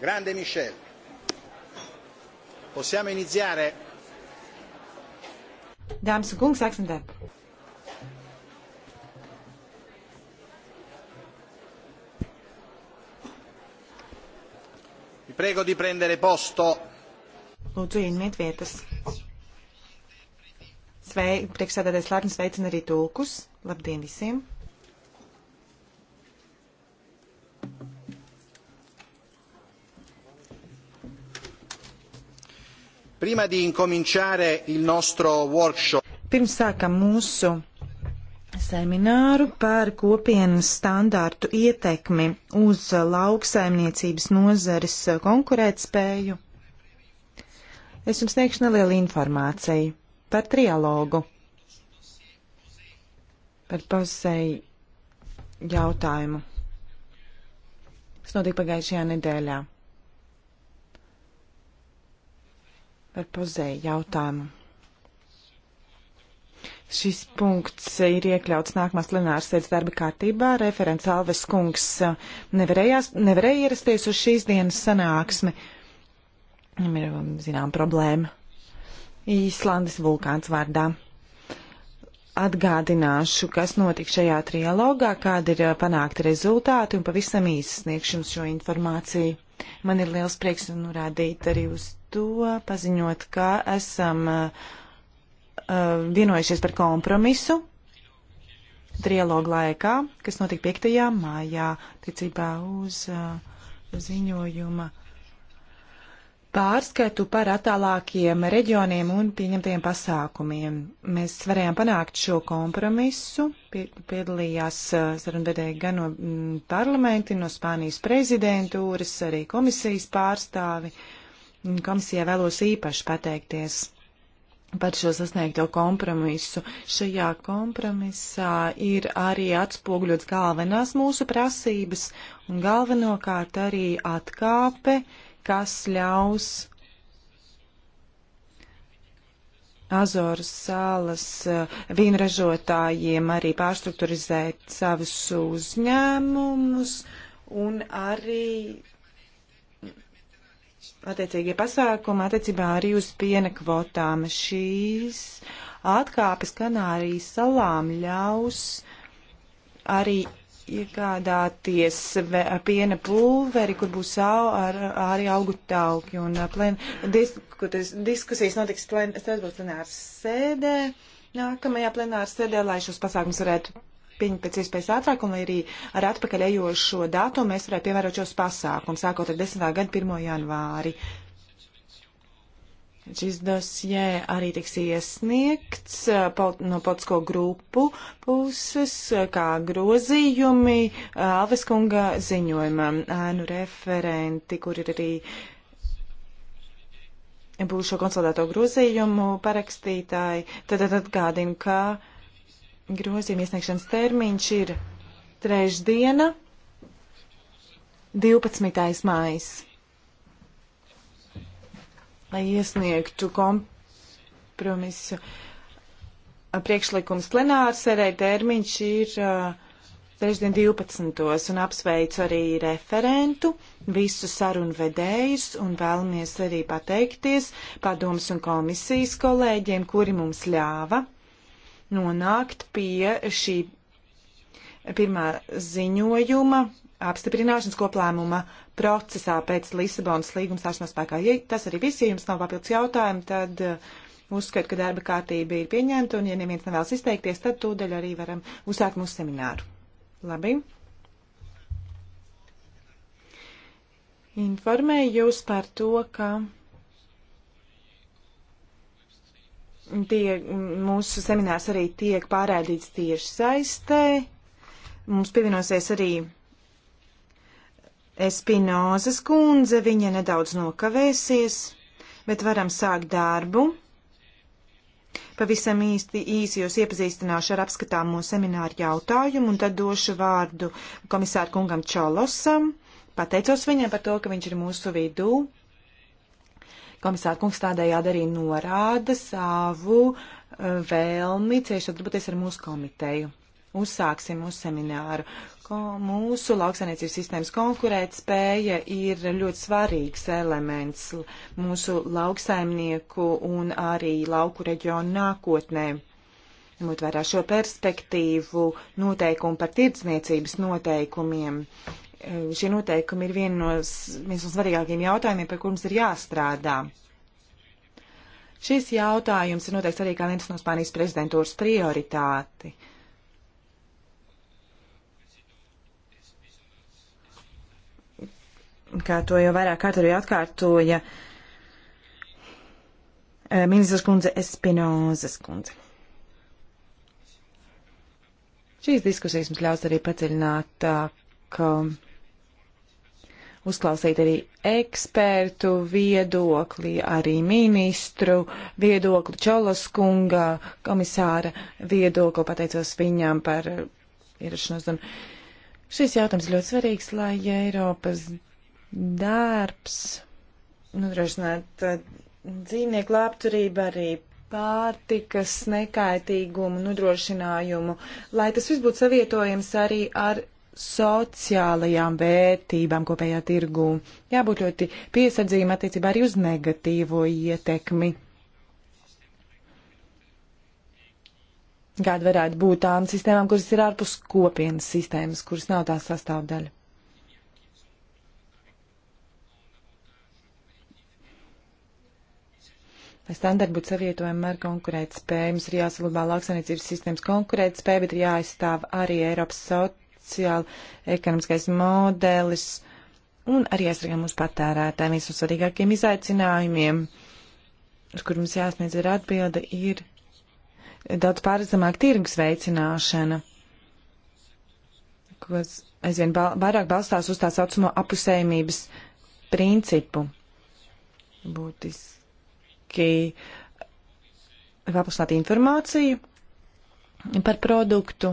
Grande Michel. Possiamo iniziare? Dāmas un kungs, sāksim darbu. Vi prego di prendere posto. Lūdzu, ieņemiet vietas. Svei, priekšsēdētais Lārnis veicina arī tulkus. Labdien visiem! Prima di incominciare il nostro workshop. Pirms sākam mūsu semināru par kopienas standārtu ietekmi uz lauksaimniecības nozares konkurētspēju. Es jums sniegšu nelielu informāciju par trialogu, par pasēju jautājumu. Tas notika pagājušajā nedēļā. par pozēju jautājumu. Šis punkts ir iekļauts nākamās plenāras sēdes darba kārtībā. Referents Alves Kungs nevarēja ierasties uz šīs dienas sanāksmi. Viņam ir, um, zinām, problēma. Īslandes vulkāns vārdā. Atgādināšu, kas notika šajā trialogā, kāda ir uh, panākta rezultāti un pavisam īsi sniegšu jums šo informāciju. Man ir liels prieks norādīt arī uz to paziņot, ka esam uh, vienojušies par kompromisu trialogu laikā, kas notika 5. mājā, ticībā uz uh, ziņojuma pārskatu par attālākiem reģioniem un pieņemtajiem pasākumiem. Mēs varējām panākt šo kompromisu, piedalījās eh, sarunvedēji gan no mm, parlamenti, no Spānijas prezidentūras, arī komisijas pārstāvi. Uh, Komisijai vēlos īpaši pateikties par šo sasniegto kompromisu. Šajā kompromisā ir arī atspoguļots galvenās mūsu prasības un galvenokārt arī atkāpe, kas ļaus Azoru salas eh, vīnražotājiem arī pārstrukturizēt savus uzņēmumus un arī attiecīgie pasākumi attiecībā arī uz piena kvotām. Šīs atkāpes Kanārijas salām ļaus arī iegādāties piena pulveri, kur būs au, ar, arī augu tauki. Un uh, plen, diskutis, diskusijas notiks plen, Strasbūras plenāras sēdē, nākamajā plenāras sēdē, lai šos pasākumus varētu pieņemt pēc iespējas ātrāk un lai arī ar atpakaļ ejošo datumu mēs varētu pievērot šos pasākumus, sākot ar 10. gada 1. janvāri. Šis dosjē arī tiks iesniegts eh, no politisko grupu puses, eh, kā grozījumi eh, Alves kunga ziņojumam, ēnu referenti, kur ir arī būs šo konsolidēto grozījumu parakstītāji. Tad atgādinu, ka. Grozījuma iesniegšanas termiņš ir trešdiena, 12. mājas. Lai iesniegtu kompromisu priekšlikums plenārsarē, termiņš ir trešdien 12. un apsveicu arī referentu, visu sarunu vedējus un vēlamies arī pateikties padomus un komisijas kolēģiem, kuri mums ļāva nonākt pie šī pirmā ziņojuma apstiprināšanas koplēmuma procesā pēc Lisabonas līguma stāšanās spēkā. Ja tas arī viss, ja jums nav papildus jautājumu, tad uh, uzskatu, ka darba kārtība ir pieņemta, un ja neviens nevēlas izteikties, tad tūdaļ arī varam uzsākt mūsu semināru. Labi. Informēju jūs par to, ka. Tie, mūsu seminārs arī tiek pārēdīts tieši saistē. Mums pievienosies arī Espinozas kundze, viņa nedaudz nokavēsies, bet varam sākt darbu. Pavisam īsti īsi jūs iepazīstināšu ar apskatāmo semināru jautājumu un tad došu vārdu komisāru kungam Čolosam. Pateicos viņam par to, ka viņš ir mūsu vidū. Komisāra kungs tādējādi arī norāda savu e, vēlmi cieši sadarboties ar mūsu komiteju. Uzsāksim mūsu semināru. Ko mūsu lauksainiecības sistēmas konkurētspēja ir ļoti svarīgs elements mūsu lauksaimnieku un arī lauku reģionu nākotnē. Ņemot vērā šo perspektīvu, noteikumu par tirdzniecības noteikumiem, Eh, šie noteikumi ir viena no, viens no svarīgākajiem jautājumiem, par kur mums ir jāstrādā. Šis jautājums ir noteikti arī kā viens no Spānijas prezidentūras prioritāti. Kā to jau vairāk kārt arī atkārtoja eh, ministrs kundze Espinozes kundze. Šīs diskusijas mums ļaus arī paceļināt tā, um, ka uzklausīt arī ekspertu viedokli, arī ministru viedokli, Čolas kunga komisāra viedokli, pateicos viņām par ierašanos. Un šis jautājums ļoti svarīgs, lai Eiropas darbs nodrošinātu nu, eh, dzīvnieku labturību arī pārtikas nekaitīgumu nodrošinājumu, lai tas viss būtu savietojams arī ar sociālajām vērtībām kopējā tirgū. Jābūt ļoti piesardzīgiem attiecībā arī uz negatīvo ietekmi. Kāda varētu būt tām sistēmām, kuras ir ārpus kopienas sistēmas, kuras nav tās sastāvdaļa? Lai standarti būtu savietojami ar konkurētspēju, mums ir jāsaglabā lauksainiecības sistēmas konkurētspēja, bet ir jāaizstāv arī Eiropas sociālā sociāli, ekonomiskais modelis un arī aizsargā mūsu patērētājiem visiem svarīgākiem izaicinājumiem, uz kur mums jāsniedz ir atbilde, ir daudz pārzemāk tirgus veicināšana, kas aizvien bal vairāk balstās uz tā saucamo apusējumības principu. Būtiski paplašināt informāciju par produktu,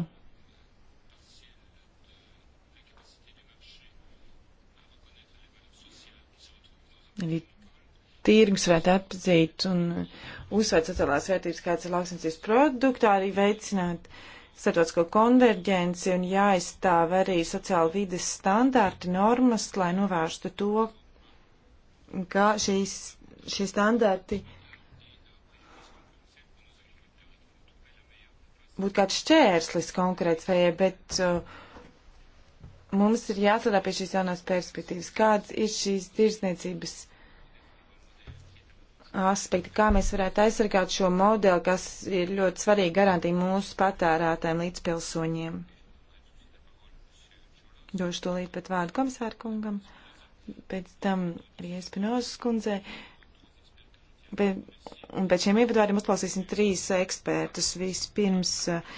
arī tirgus varētu atpazīt un uzsvērt sociālās vērtības, kāds ir lauksensības produktā, arī veicināt starptautisko konverģenci un jāizstāv arī sociāla vides standārti, normas, lai novērstu to, ka šīs, šie standārti būtu kāds šķērslis konkrēts, vai, bet uh, mums ir jāstrādā pie šīs jaunās perspektīvas. Kāds ir šīs tirsniecības aspekti, kā mēs varētu aizsargāt šo modeli, kas ir ļoti svarīgi garantija mūsu patērētājiem līdz pilsoņiem? Došu to līdz pat vārdu komisāru kungam, pēc tam arī Espinosas kundzei. Bet, un pēc šiem ievadvārdiem uzklausīsim trīs ekspertus. Vispirms uh,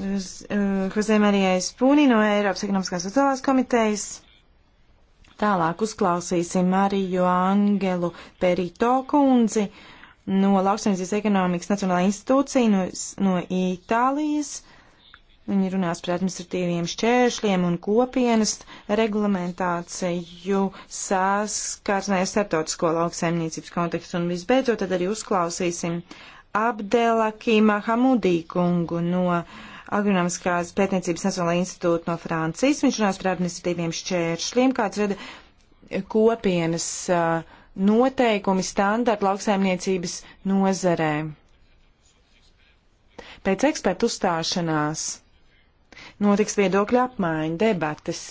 Eh, Jose Marijai Spūni no Eiropas ekonomiskās sociālās komitejas. Tālāk uzklausīsim Mariju Angelu Perito kundzi no Lauksaimniecības ekonomikas Nacionālā institūcija no, no Itālijas. Viņi runās par administratīviem šķēršļiem un kopienas reglamentāciju saskarsnē ar starptautisko lauksaimniecības kontekstu. Un visbeidzot, tad arī uzklausīsim Abdelakīma Hamudī kungu no uh, Agronomiskās pētniecības Nacionālajā institūta no Francijas. Viņš runās par administratīviem šķēršļiem, kāds rada kopienas noteikumi standarta lauksaimniecības nozarē. Pēc ekspertu uzstāšanās notiks viedokļu apmaiņa, debates.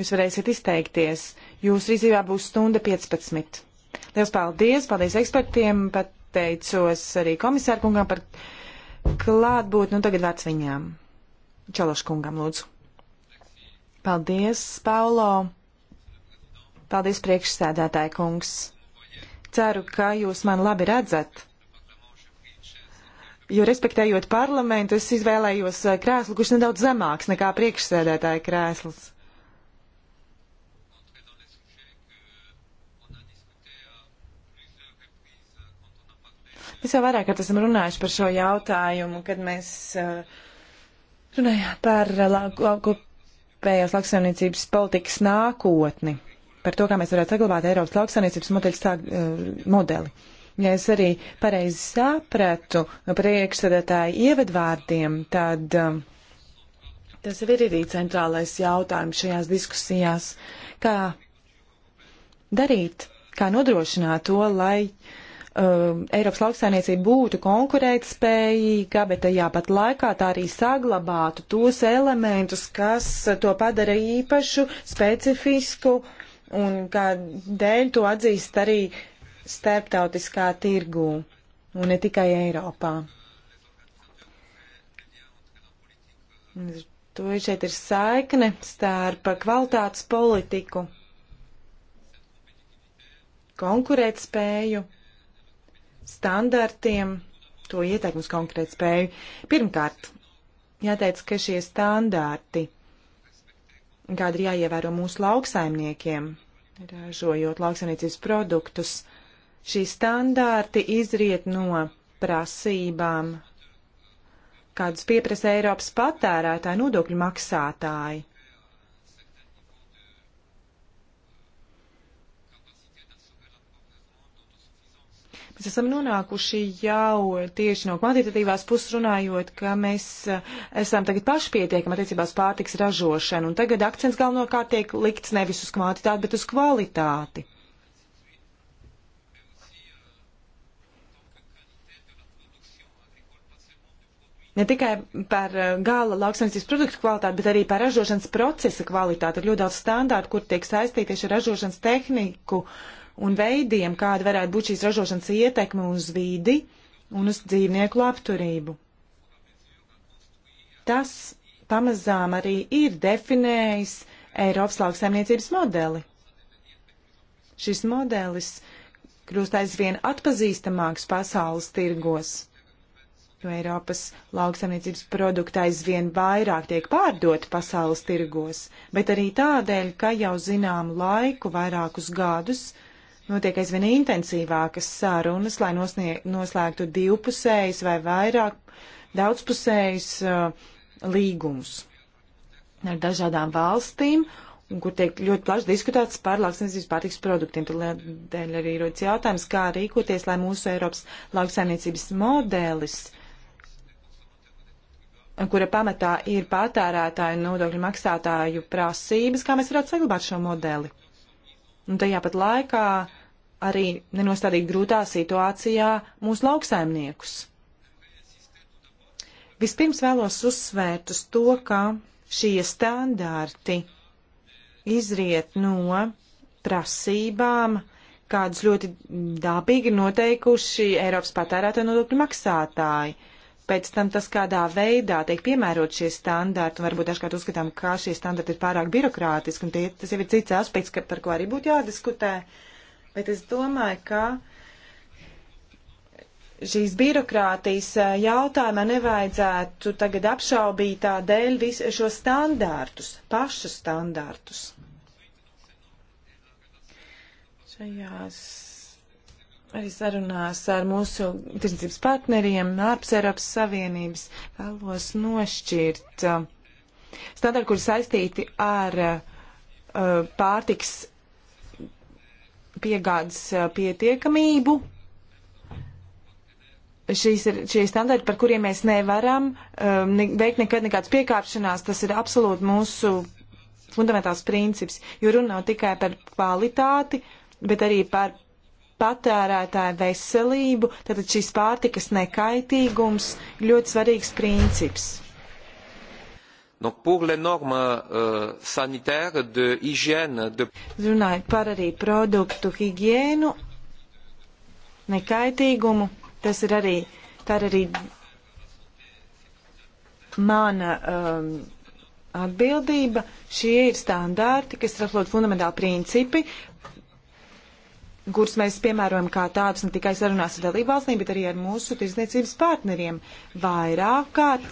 Jūs varēsiet izteikties. Jūsu rīzībā būs stunda 15. Lielas paldies! Paldies ekspertiem! Pateicos arī komisārkungam par klātbūt. Nu, tagad vārds viņām. Čalaškungam, lūdzu. Paldies, Paulo. Paldies, priekšsēdētāji kungs. Ceru, ka jūs mani labi redzat. Jo respektējot parlamentu, es izvēlējos eh, krēslu, kurš nedaudz zemāks nekā priekšsēdētāja krēsls. Mēs jau vairāk kārt esam runājuši par šo jautājumu, kad mēs eh, runājām par eh, kopējās lauksaimniecības politikas nākotni, par to, kā mēs varētu saglabāt Eiropas lauksaimniecības eh, modeli. Ja es arī pareizi sapratu no priekšsēdētāja ievadvārdiem, tad um, Tas ir arī centrālais jautājums šajās diskusijās. Kā darīt, kā nodrošināt to, lai um, Eiropas lauksainiecība būtu konkurētspējīga, bet tajā pat laikā tā arī saglabātu tos elementus, kas to padara īpašu, specifisku un kā dēļ to atzīst arī starptautiskā tirgū un ne tikai Eiropā. To šeit ir saikne starp kvalitātes politiku, konkurētspēju standartiem, to ietekmi uz konkrētu spēju. Pirmkārt, jāteic, ka šie standarti, kādi ir jāievēro mūsu lauksaimniekiem, ražojot lauksaimniecības produktus, šī standārti izriet no prasībām, kādas pieprasa Eiropas patērētāji, nodokļu maksātāji. Mēs esam nonākuši jau tieši no kvantitatīvās puses runājot, ka mēs eh, esam tagad pašpietiekami attiecībās pārtiks ražošanu, un tagad akcents galvenokārt tiek likts nevis uz kvantitāti, bet uz kvalitāti. ne tikai par eh, gala lauksaimniecības produktu kvalitāti, bet arī par ražošanas procesa kvalitāti. Ir ļoti daudz standārtu, kur tiek saistīties ar ražošanas tehniku, un veidiem, kāda varētu būt šīs ražošanas ietekme uz vidi un uz dzīvnieku labturību. Tas pamazām arī ir definējis Eiropas lauksaimniecības modeli. Šis modelis kļūst aizvien atpazīstamāks pasaules tirgos jo Eiropas lauksaimniecības produkti aizvien vairāk tiek pārdoti pasaules tirgos, bet arī tādēļ, ka jau zināmu laiku, vairākus gadus, Notiek aizvien intensīvākas sarunas, lai nosnieg, noslēgtu divpusējus vai vairāk daudzpusējus uh, līgumus ar dažādām valstīm, un kur tiek ļoti plaši diskutēts par lauksaimniecības pārtiks produktiem. Tādēļ arī rodas jautājums, kā rīkoties, lai mūsu Eiropas lauksaimniecības modelis, kura pamatā ir patērētāju un nodokļu maksātāju prasības, kā mēs varētu saglabāt šo modeli un tajā pat laikā arī nenostādīt grūtā situācijā mūsu lauksaimniekus. Vispirms vēlos uzsvērt uz to, ka šie standārti izriet no prasībām, kādas ļoti dabīgi noteikuši Eiropas patērētāju nodokļu maksātāji. Uh, pēc tam tas, kādā veidā tiek piemērot šie standarti, un varbūt dažkārt uzskatām, ka šie standarti ir pārāk birokrātiski, un tie, tas jau ir cits aspekts, ka, par ko arī būtu jādiskutē. Bet es domāju, ka šīs birokrātijas eh, jautājumā nevajadzētu tagad apšaubīt tā dēļ visu šo standārtus, pašu standārtus. Šajās arī sarunās ar mūsu tirdzniecības partneriem ārpus Eiropas Savienības vēlos nošķirt uh, standarti, kuri saistīti ar uh, pārtiks piegādes uh, pietiekamību. Šīs ir šie standarti, par kuriem mēs nevaram ne, veikt nekad nekādas piekāpšanās. Tas ir absolūti mūsu fundamentāls princips, jo runa nav tikai par kvalitāti, bet arī par patērētāju veselību, tad šīs pārtikas nekaitīgums ir ļoti svarīgs princips. Donc pour les normes euh, sanitaires de hygiène de Runājot par arī produktu higiēnu, nekaitīgumu, tas ir arī, tā ir arī mana um, atbildība. Šie ir standārti, kas ir aplūda fundamentāli principi, kurus mēs piemērojam kā tādus ne tikai sarunās ar dalībvalstīm, bet arī ar mūsu tirsniecības partneriem. Vairāk kārt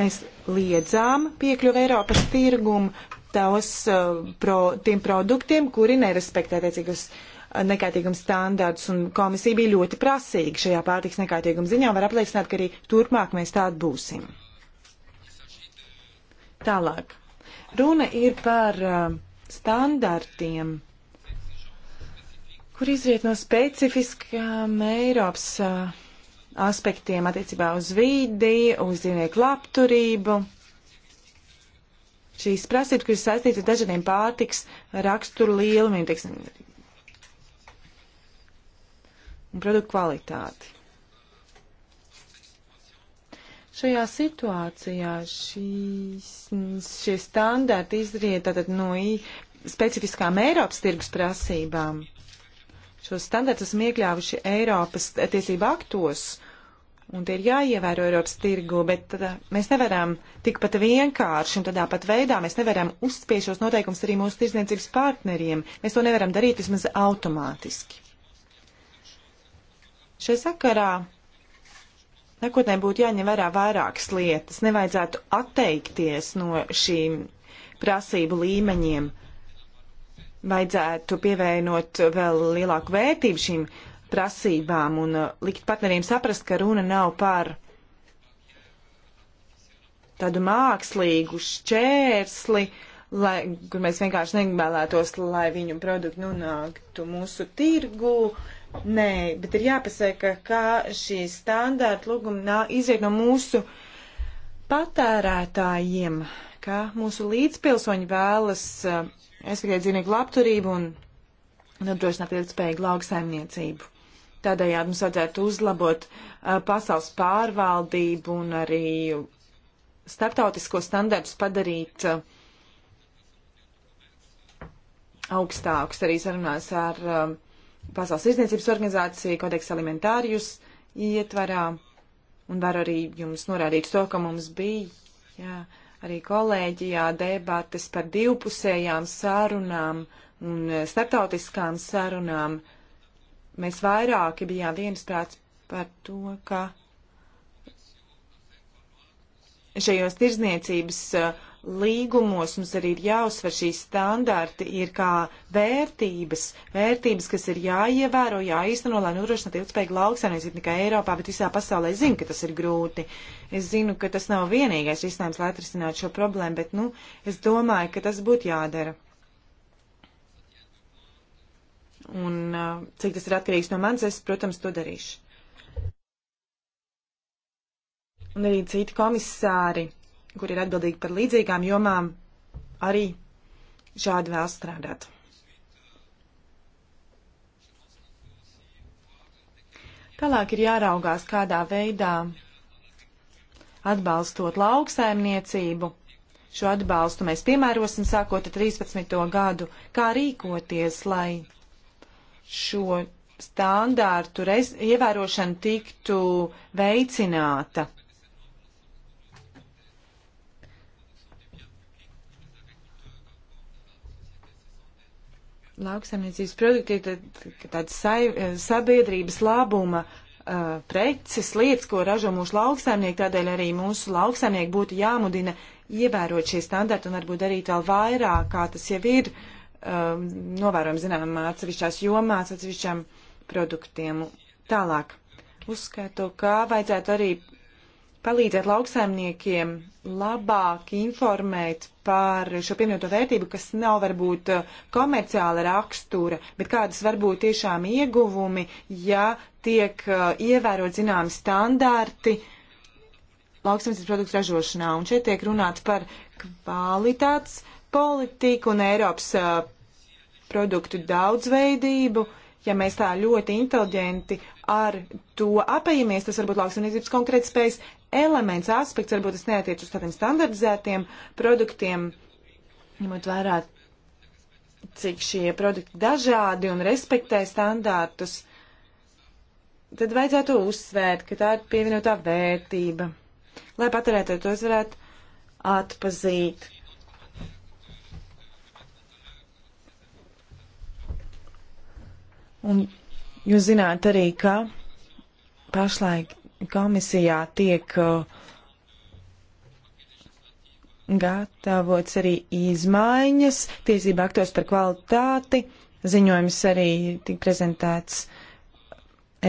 mēs liedzām piekļuvu Eiropas tirgumu tos, uh, pro, tiem produktiem, kuri nerespektē tiecīgus uh, nekaitīgums standārdus, un komisija bija ļoti prasīga šajā pārtiks nekaitīguma ziņā, un var apliecināt, ka arī turpmāk mēs tādi būsim. Tālāk. Runa ir par uh, standartiem kur izriet no specifiskām Eiropas uh, aspektiem attiecībā uz vīdi, uz dzīvnieku labturību. Šīs prasības, kuras saistītas ar dažādiem pārtiks raksturu lielumiem, teiksim, un produktu kvalitāti. Šajā situācijā šīs, šie standarti izriet tātad no specifiskām Eiropas tirgus prasībām. Šos standartus esam iekļāvuši Eiropas tiesību aktos, un tie ir jāievēro Eiropas tirgu, bet tādā, mēs nevaram tikpat vienkārši un tādā pat veidā mēs nevaram uzspiešos šos noteikumus arī mūsu tirzniecības partneriem. Mēs to nevaram darīt vismaz automātiski. Šai sakarā nākotnē būtu jāņem vērā vairākas lietas. Nevajadzētu atteikties no šīm prasību līmeņiem. Uh, vajadzētu pievienot vēl lielāku vērtību šīm prasībām un uh, likt partneriem saprast, ka runa nav par tādu mākslīgu šķērsli, lai, kur mēs vienkārši negribēlētos, lai viņu produktu nonāktu mūsu tirgu. Nē, bet ir jāpasaka, ka šī standārta lūguma iziet no mūsu patērētājiem, ka mūsu līdzpilsoņi vēlas uh, aizsargāt dzīvnieku labturību un nodrošināt ilgspējīgu lauksaimniecību. Tādējādi mums vajadzētu uzlabot uh, pasaules pārvaldību un arī starptautisko standartus padarīt uh, augstākus. Arī sarunās ar uh, Pasaules izniecības organizāciju Kodeks Alimentārijus ietvarā un varu arī jums norādīt to, ka mums bija jā, arī kolēģijā debates par divpusējām sarunām un eh, starptautiskām sarunām. Mēs vairāki bijām viensprāts par to, ka šajos tirzniecības uh, līgumos mums arī ir jāuzsver šīs standarti, ir kā vērtības, vērtības, kas ir jāievēro, jāīsteno, lai nodrošinātu ilgspējīgu lauksaimniecību ne tikai Eiropā, bet visā pasaulē. Es zinu, ka tas ir grūti. Es zinu, ka tas nav vienīgais risinājums, lai atrisinātu šo problēmu, bet, nu, es domāju, ka tas būtu jādara. Un uh, cik tas ir atkarīgs no manis, es, protams, to darīšu. Un arī citi komisāri kur ir atbildīgi par līdzīgām jomām, arī šādi vēl strādāt. Tālāk ir jāraugās, kādā veidā atbalstot lauksaimniecību. Šo atbalstu mēs piemērosim sākot ar 13. gadu, kā rīkoties, lai šo standārtu reiz, ievērošana tiktu veicināta. lauksaimniecības produkti ir tāds eh, sabiedrības labuma uh, preces, lietas, ko ražo mūsu lauksaimnieki, tādēļ arī mūsu lauksaimnieki būtu jāmudina ievērot šie standarti un varbūt darīt vēl vairāk, kā tas jau ir uh, ehm, novērojams, zinām, atsevišķās jomās, atsevišķām produktiem. Tālāk. Uzskatu, ka vajadzētu arī palīdzēt lauksaimniekiem labāk informēt par šo pievienoto vērtību, kas nav varbūt uh, komerciāla rakstura, bet kādas varbūt tiešām ieguvumi, ja tiek uh, ievērot zināmi standarti lauksaimniecības produktu ražošanā. Un šeit tiek runāts par kvalitātes politiku un Eiropas uh, produktu daudzveidību. Uh, ja mēs tā ļoti inteliģenti ar to apējamies, tas varbūt lauksaimniecības konkrēti spējas elements, aspekts, varbūt tas neatiec uz tādiem standardizētiem produktiem, ņemot vērā, cik šie produkti dažādi un respektē standārtus, tad vajadzētu uzsvērt, ka tā ir pievienotā vērtība, lai patērētāji tos varētu atpazīt. Un jūs zināt arī, ka pašlaik komisijā tiek uh, gatavots arī izmaiņas tiesību aktos par kvalitāti. Ziņojums arī tika prezentēts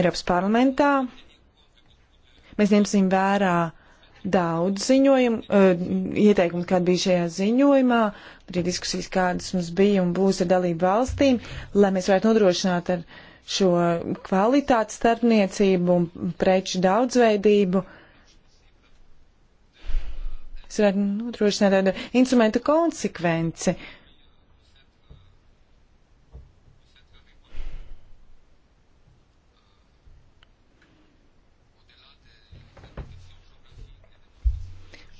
Eiropas parlamentā. Mēs ņemsim vērā uh, daudz ziņojumu, uh, ieteikumu, kāda bija šajā ziņojumā, arī diskusijas, kādas mums bija un būs ar dalību valstīm, lai mēs varētu nodrošināt ar šo kvalitātes starpniecību un preču daudzveidību. Es varētu nodrošināt tādu instrumentu konsekvenci. Uh,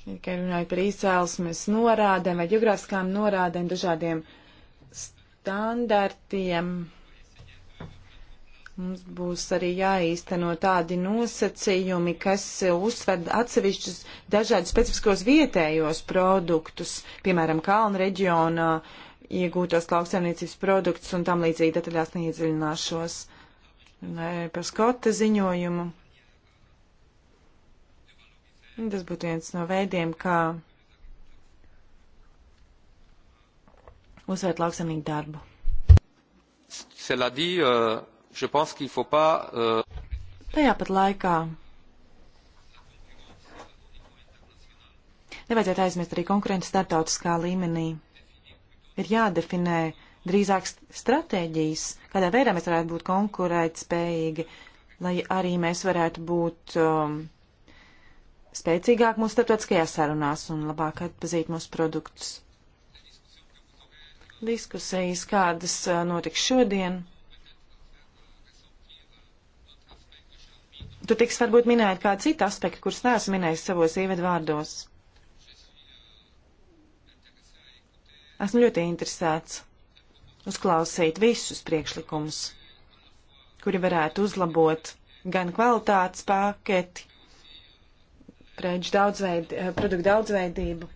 Tikai runājot par izcēlesmes norādēm vai geogrāfiskām norādēm, dažādiem standartiem. Mums būs arī jāīsteno tādi nosacījumi, kas uzsver atsevišķus dažādus specifiskos vietējos produktus, piemēram, kalnu reģionā iegūtos lauksaimniecības produktus un tam līdzīgi detaļās neiedziļināšos. Par skota ziņojumu Tas būtu viens no veidiem, kā uzsvērt lauksanīgu darbu. Cela dit, euh, je pense qu'il faut pas. Euh... Tajā pat laikā nevajadzētu aizmirst arī konkurenci starptautiskā līmenī. Ir jādefinē drīzāk stratēģijas, kādā veidā mēs varētu būt konkurētspējīgi, lai arī mēs varētu būt um, spēcīgāk mūsu starptautiskajās sarunās un labāk atpazīt mūsu produktus. Diskusijas, kādas notiks šodien, tur tiks varbūt minēt kā cita aspekta, kurus neesmu minējis savos ievedvārdos. Esmu ļoti interesēts uzklausīt visus priekšlikumus, kuri varētu uzlabot gan kvalitātes paketi, preču daudzveid, eh, produktu daudzveidību.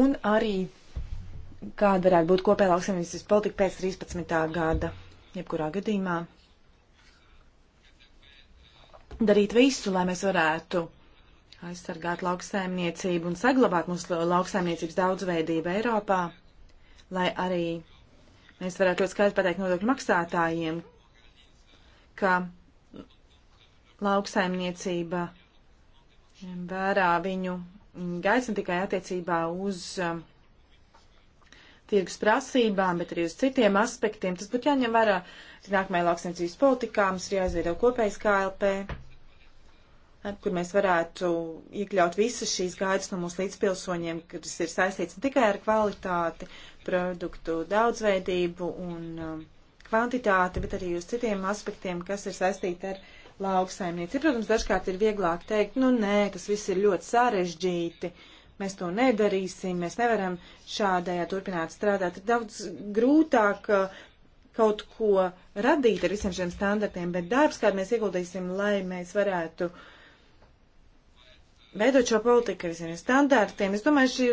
Un arī kāda varētu būt kopējā lauksaimniecības politika pēc 13. gada, jebkurā gadījumā. Darīt visu, lai mēs varētu aizsargāt lauksaimniecību un saglabāt mūsu lauksaimniecības daudzveidību Eiropā, lai arī mēs varētu ļoti skaidri pateikt nodokļu maksātājiem, ka lauksaimniecība vērā viņu gaismu tikai attiecībā uz um, tirgus prasībām, bet arī uz citiem aspektiem. Tas būtu jāņem vērā nākamajai lauksaimniecības politikā, mums ir jāizveido kopējs KLP, kur mēs varētu iekļaut visas šīs gaidas no mūsu līdzpilsoņiem, kas ir saistīts ne tikai ar kvalitāti, produktu daudzveidību un um, kvantitāti, bet arī uz citiem aspektiem, kas ir saistīti ar uh, lauksaimniecību. Protams, dažkārt ir vieglāk teikt, nu nē, tas viss ir ļoti sarežģīti, mēs to nedarīsim, mēs nevaram šādējā turpināt strādāt. Ir daudz grūtāk uh, kaut ko radīt ar visiem šiem standartiem, bet darbs, kādu mēs ieguldīsim, lai mēs varētu uh, veidot šo politiku ar visiem standārtiem. Es domāju, šī,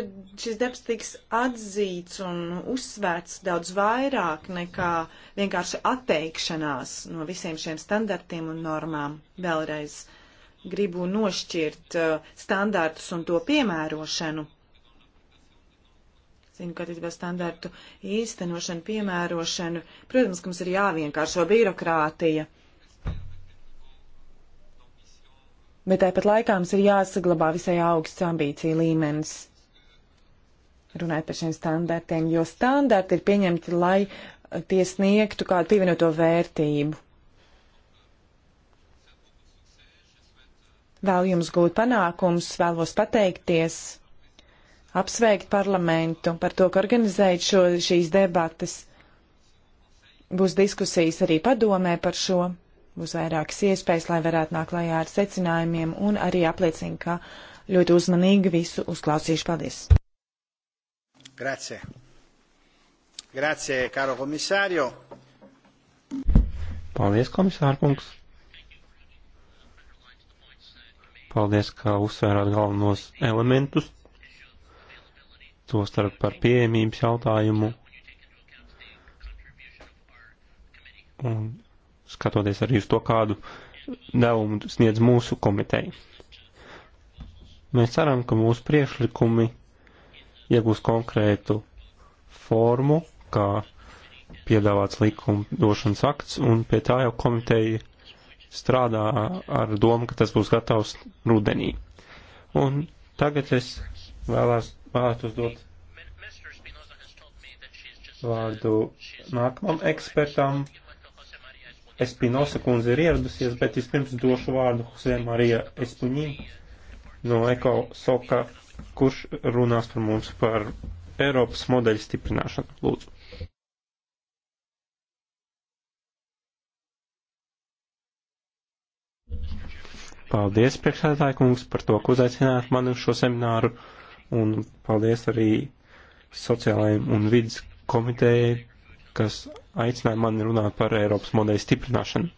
šis darbs tiks atzīts un uzsvērts daudz vairāk nekā vienkārši atteikšanās no visiem šiem standartiem un normām. Vēlreiz gribu nošķirt uh, standārtus un to piemērošanu. Zinu, ka attiecībā standārtu īstenošanu, piemērošanu, protams, ka mums ir jāvienkāršo birokrātija bet tāpat laikā mums ir jāsaglabā visai augsts ambīcija līmenis. Runājot par šiem standartiem, jo standarti ir pieņemti, lai eh, tie sniegtu kādu pievienoto vērtību. Vēl jums gūt panākums, vēlos pateikties, apsveikt parlamentu par to, ka organizējat šo, šīs debatas. Būs diskusijas arī padomē par šo būs vairākas iespējas, lai varētu nākt klajā ar secinājumiem un arī apliecina, ka ļoti uzmanīgi visu uzklausīšu. Paldies! Grazie! Grazie, karo komisārio! Paldies, komisārkungs! Paldies, ka uzsvērāt galvenos elementus, to starp par pieejamības jautājumu un skatoties arī uz to, kādu devumu sniedz mūsu komiteja. Mēs ceram, ka mūsu priešlikumi iegūs konkrētu formu, kā piedāvāts likumdošanas akts, un pie tā jau komiteja strādā ar domu, ka tas būs gatavs rudenī. Un tagad es vēlās, vēlētos dot vārdu nākamam ekspertam, Espinosa kundze ir ieradusies, bet vispirms došu vārdu Husē Marija Espuņī no Eko Soka, kurš runās par mums par Eiropas modeļu stiprināšanu. Lūdzu. Paldies, priekšsēdētāji kungs, par to, ka uzaicinājāt mani uz šo semināru, un paldies arī sociālajiem un vidas komitejai, kas aicināja mani runāt par Eiropas modeļu stiprināšanu.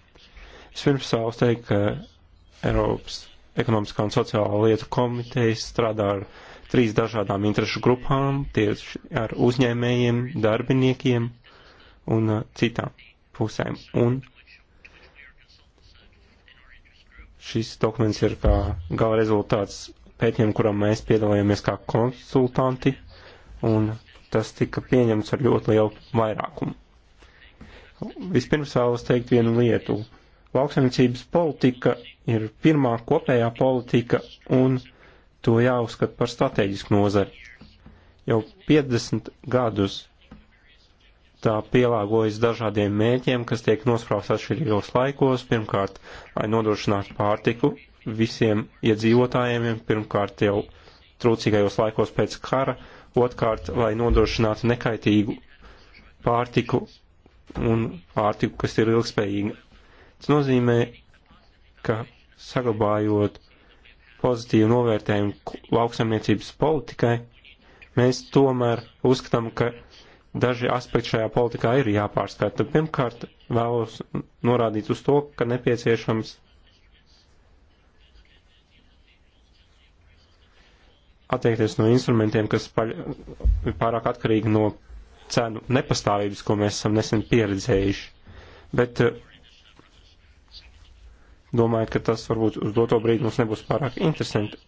Es pirms savus teikt, ka Eiropas ekonomiskā un sociālā lietu komiteja strādā ar trīs dažādām interešu grupām, tieši ar uzņēmējiem, darbiniekiem un uh, citām pusēm. Un šis dokuments ir kā gala rezultāts pētījumu, kuram mēs piedalījāmies kā konsultanti, un tas tika pieņemts ar ļoti lielu vairākumu. Nu, vispirms vēlos teikt vienu lietu. Lauksaimniecības politika ir pirmā kopējā politika un to jāuzskata par strateģisku nozari. Jau 50 gadus tā pielāgojas dažādiem mēķiem, kas tiek nosprausts atšķirīgos laikos. Pirmkārt, lai nodrošinātu pārtiku visiem iedzīvotājiem, pirmkārt jau trūcīgajos laikos pēc kara, otrkārt, lai nodrošinātu nekaitīgu pārtiku un pārtiku, kas ir ilgspējīga. Tas nozīmē, ka saglabājot pozitīvu novērtējumu lauksaimniecības politikai, mēs tomēr uzskatām, ka daži aspekti šajā politikā ir jāpārskata. Pirmkārt, vēlos norādīt uz to, ka nepieciešams atteikties no instrumentiem, kas paļ, pārāk atkarīgi no cenu nepastāvības, ko mēs esam nesen pieredzējuši. Bet eh, domājot, ka tas varbūt uz doto brīdi mums nebūs pārāk interesanti.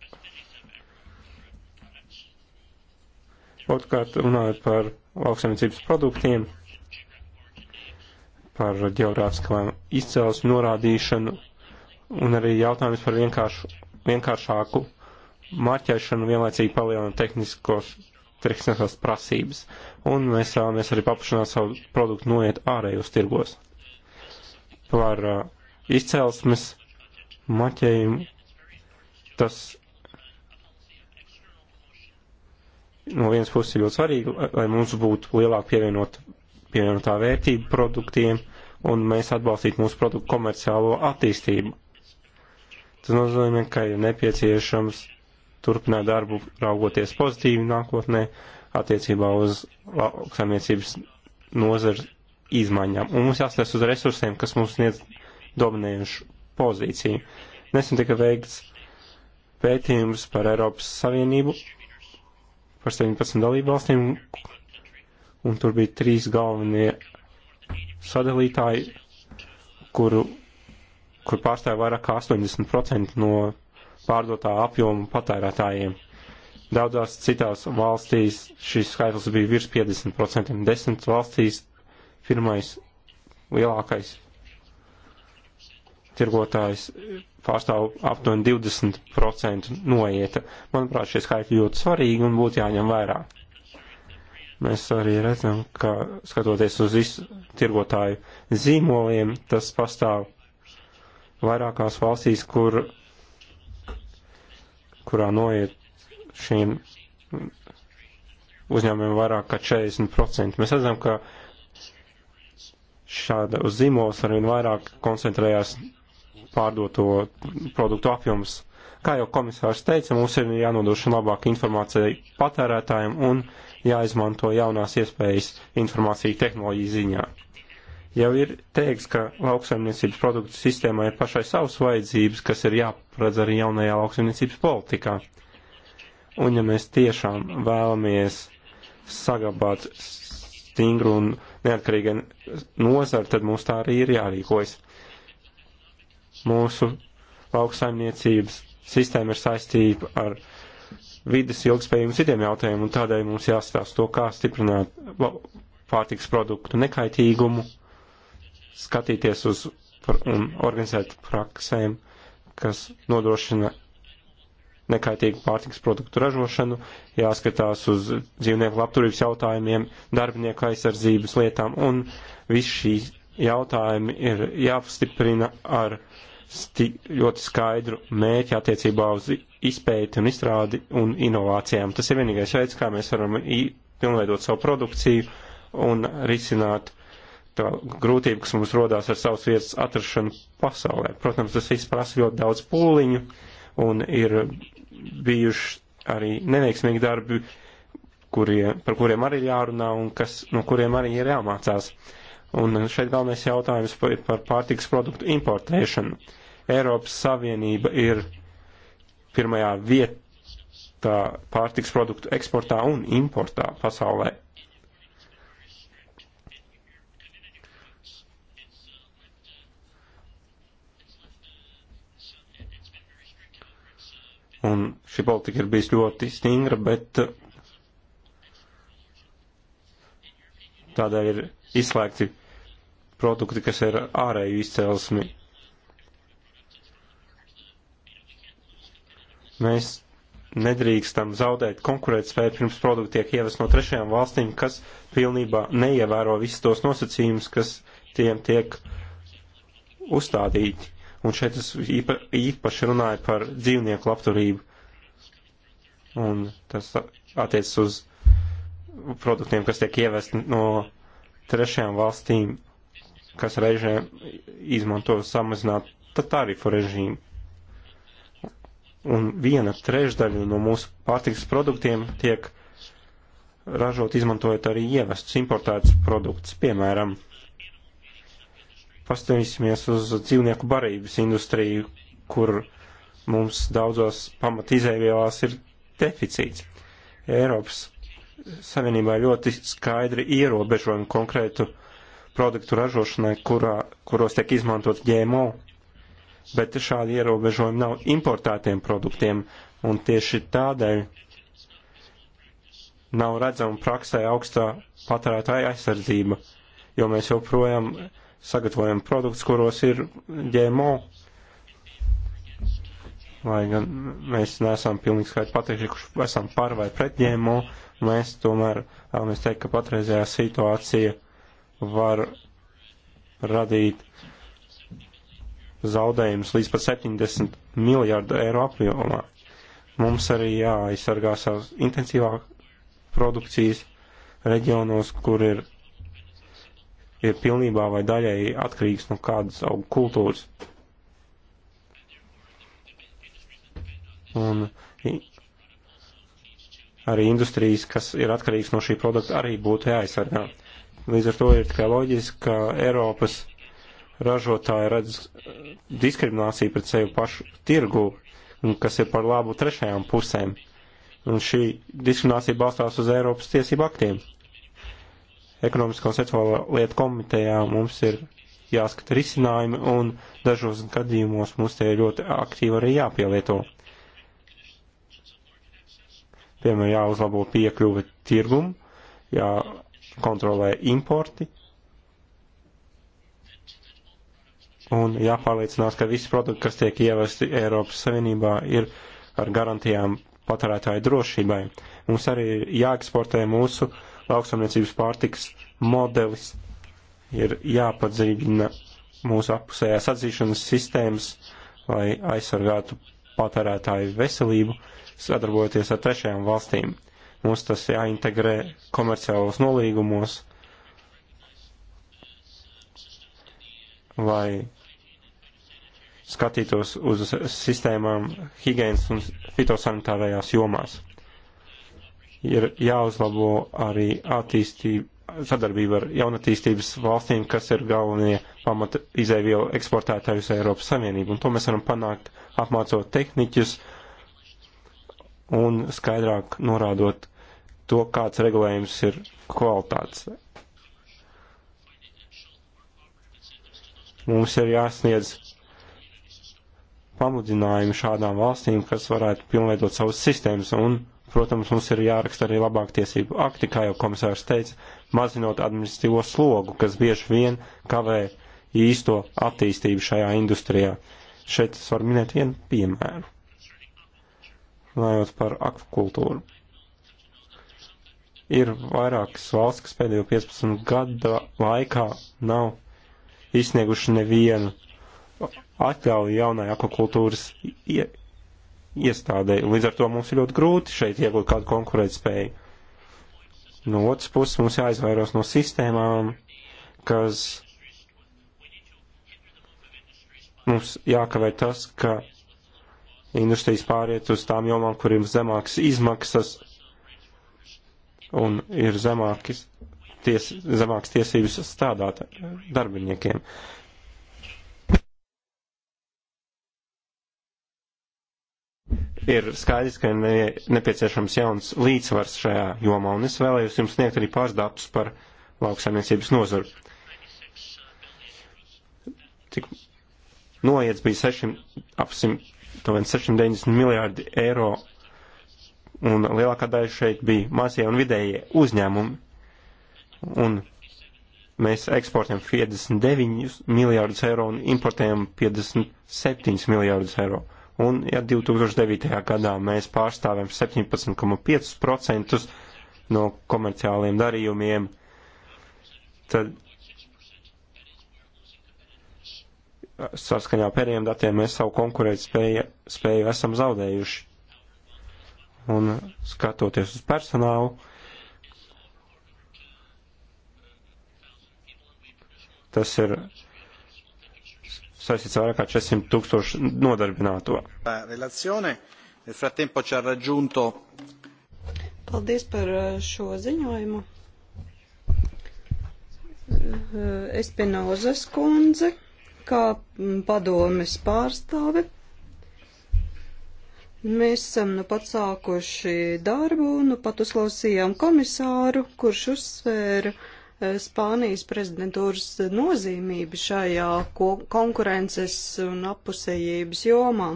Otkārt, runājot par lauksaimniecības produktiem, par ģeogrāfiskām izcelsmi norādīšanu un arī jautājums par vienkāršu, vienkāršāku marķēšanu vienlaicīgi palielina tehniskos tehniskās prasības, un mēs vēlamies arī paplašināt savu produktu noiet ārējos tirgos. Par uh, izcelsmes maķējumu tas no vienas puses ir ļoti svarīgi, lai mums būtu lielāka pievienot, pievienotā vērtība produktiem, un mēs atbalstītu mūsu produktu komerciālo attīstību. Tas nozīmē, ka ir nepieciešams turpināt darbu, raugoties pozitīvi nākotnē attiecībā uz lauksaimniecības nozaru izmaiņām. Un mums jāsties uz resursiem, kas mums sniedz dominējušu pozīciju. Nesen tika veikts pētījums par Eiropas Savienību, par 17 dalību valstīm, un tur bija trīs galvenie sadalītāji, kuru, kur pārstāja vairāk kā 80% no pārdotā apjoma patērētājiem. Daudzās citās valstīs šis skaitlis bija virs 50%, desmit valstīs pirmais lielākais tirgotājs pārstāv aptuveni 20% noieta. Manuprāt, šie skaitļi ļoti svarīgi un būtu jāņem vērā. Mēs arī redzam, ka skatoties uz visu tirgotāju zīmoliem, tas pastāv vairākās valstīs, kur kurā noiet šīm uzņēmumiem vairāk kā 40%. Mēs redzam, ka šāda uz zīmos arvien vairāk koncentrējās pārdoto produktu apjoms. Kā jau komisārs teica, mums ir jānodrošina labāka informācija patērētājiem un jāizmanto jaunās iespējas informāciju tehnoloģiju ziņā. Jau ir teiks, ka lauksaimniecības produktu sistēmā ir pašai savas vajadzības, kas ir jāparedz arī jaunajā lauksaimniecības politikā. Un ja mēs tiešām vēlamies saglabāt stingru un neatkarīgu nozaru, tad mums tā arī ir jārīkojas. Mūsu lauksaimniecības sistēma ir saistība ar vidas ilgspējību citiem jautājumiem, un tādēļ mums jāstāsta to, kā stiprināt pārtiks produktu nekaitīgumu skatīties uz un organizēt praksēm, kas nodrošina nekaitīgu pārtiks produktu ražošanu, jāskatās uz dzīvnieku labturības jautājumiem, darbinieku aizsardzības lietām, un visi šī jautājumi ir jāpastiprina ar sti ļoti skaidru mēķi attiecībā uz izpēti un izstrādi un inovācijām. Tas ir vienīgais veids, kā mēs varam pilnveidot savu produkciju un risināt to grūtību, kas mums rodās ar savas vietas atrašanu pasaulē. Protams, tas viss prasa ļoti daudz pūliņu un ir bijuši arī neveiksmīgi darbi, kurie, par kuriem arī jārunā un kas, no kuriem arī ir jāmācās. Un šeit galvenais jautājums par, par pārtiks produktu importēšanu. Eiropas Savienība ir pirmajā vietā pārtiks produktu eksportā un importā pasaulē. Un šī politika ir bijis ļoti stingra, bet uh, tādēļ ir izslēgti produkti, kas ir ārēju izcelsmi. Mēs nedrīkstam zaudēt konkurētspēju pirms produkti tiek ievest no trešajām valstīm, kas pilnībā neievēro visus tos nosacījumus, kas tiem tiek uzstādīti. Un šeit es īpa, īpaši runāju par dzīvnieku labturību. Un tas attiecas uz produktiem, kas tiek ievesti no trešajām valstīm, kas reizēm izmanto samazināt tarifu režīmu. Un viena trešdaļa no mūsu pārtikas produktiem tiek ražot, izmantojot arī ievestus importētus produktus, piemēram, Pastaņīsimies uz dzīvnieku barības industriju, kur mums daudzos pamatizēvielās ir deficīts. Eiropas Savienībā ļoti skaidri ierobežojumi konkrētu produktu ražošanai, kurā, kuros tiek izmantot GMO, bet šādi ierobežojumi nav importētiem produktiem, un tieši tādēļ nav redzama praksē augstā patērētāja aizsardzība, jo mēs joprojām sagatavojam produktus, kuros ir ģēmo, lai gan mēs neesam pilnīgi skaidri pateikti, kurš esam par vai pret ģēmo, mēs tomēr vēlamies teikt, ka patreizējā situācija var radīt zaudējumus līdz pat 70 miljārdu eiro apjomā. Mums arī jāaizsargā savas intensīvāk produkcijas reģionos, kur ir ir pilnībā vai daļēji atkarīgs no kādas augu kultūras. Un arī industrijas, kas ir atkarīgs no šī produkta, arī būtu jāaizsargā. Līdz ar to ir tikai loģiski, ka Eiropas ražotāji redz diskrimināciju pret sevi pašu tirgu, kas ir par labu trešajām pusēm. Un šī diskriminācija balstās uz Eiropas tiesību aktiem ekonomisko un sociālo lietu komitejā mums ir jāskata risinājumi un dažos gadījumos mums tie ļoti aktīvi arī jāpielieto. Piemēram, jāuzlabo piekļuve tirgumu, jākontrolē importi un jāpārliecinās, ka visi produkti, kas tiek ievesti Eiropas Savienībā, ir ar garantijām patērētāju drošībai. Mums arī ir jāeksportē mūsu uh, lauksamniecības pārtikas modelis ir jāpadziļina mūsu apusējās atzīšanas sistēmas, lai aizsargātu patērētāju veselību, sadarbojoties ar trešajām valstīm. Mums tas jāintegrē komerciālos nolīgumos, lai skatītos uz sistēmām higienas un fitosanitārajās jomās ir jāuzlabo arī attīstība sadarbība ar jaunatīstības valstīm, kas ir galvenie pamata izēvielu eksportētājus Eiropas Savienību. Un to mēs varam panākt apmācot tehniķus un skaidrāk norādot to, kāds regulējums ir kvalitāts. Mums ir jāsniedz pamudinājumi šādām valstīm, kas varētu pilnveidot savas sistēmas un Protams, mums ir jāraksta arī labāk tiesību akti, kā jau komisārs teica, mazinot administratīvo slogu, kas bieži vien kavē īsto attīstību šajā industrijā. Šeit es varu minēt vienu piemēru. Runājot par akvakultūru. Ir vairākas valsts, kas pēdējo 15 gada laikā nav izsnieguši nevienu atļauju jaunai akvakultūras iestādē. Līdz ar to mums ir ļoti grūti šeit iegūt kādu konkurētspēju. No otras puses mums jāizvairās no sistēmām, kas mums jākavē tas, ka industrijas pāriet uz tām jomām, kur ir zemākas izmaksas un ir zemākas, ties, zemākas tiesības strādāt darbiniekiem. ir skaidrs, ka ne, nepieciešams jauns līdzsvars šajā jomā, un es vēlējos jums sniegt arī pāris datus par lauksaimniecības nozaru. Tik noiets bija 6, ap 690 miljārdi eiro, un lielākā daļa šeit bija mazie un vidējie uzņēmumi, un mēs eksportējam 59 miljārdus eiro un importējam 57 miljārdus eiro. Uh, Un ja 2009. gadā mēs pārstāvjam 17,5% no komerciāliem darījumiem, tad saskaņā pēdējiem datiem mēs savu konkurētspēju spēju esam zaudējuši. Un skatoties uz personālu, tas ir saistīts vairāk kā 400 tūkstoši nodarbināto. Paldies par eh, šo ziņojumu. Eh, Espinozas kundze, kā mm, padomes pārstāve. Mēs esam nu pat sākuši darbu, nu pat uzklausījām komisāru, kurš uzsvēra uh, Spānijas prezidentūras nozīmību šajā konkurences un apusējības jomā,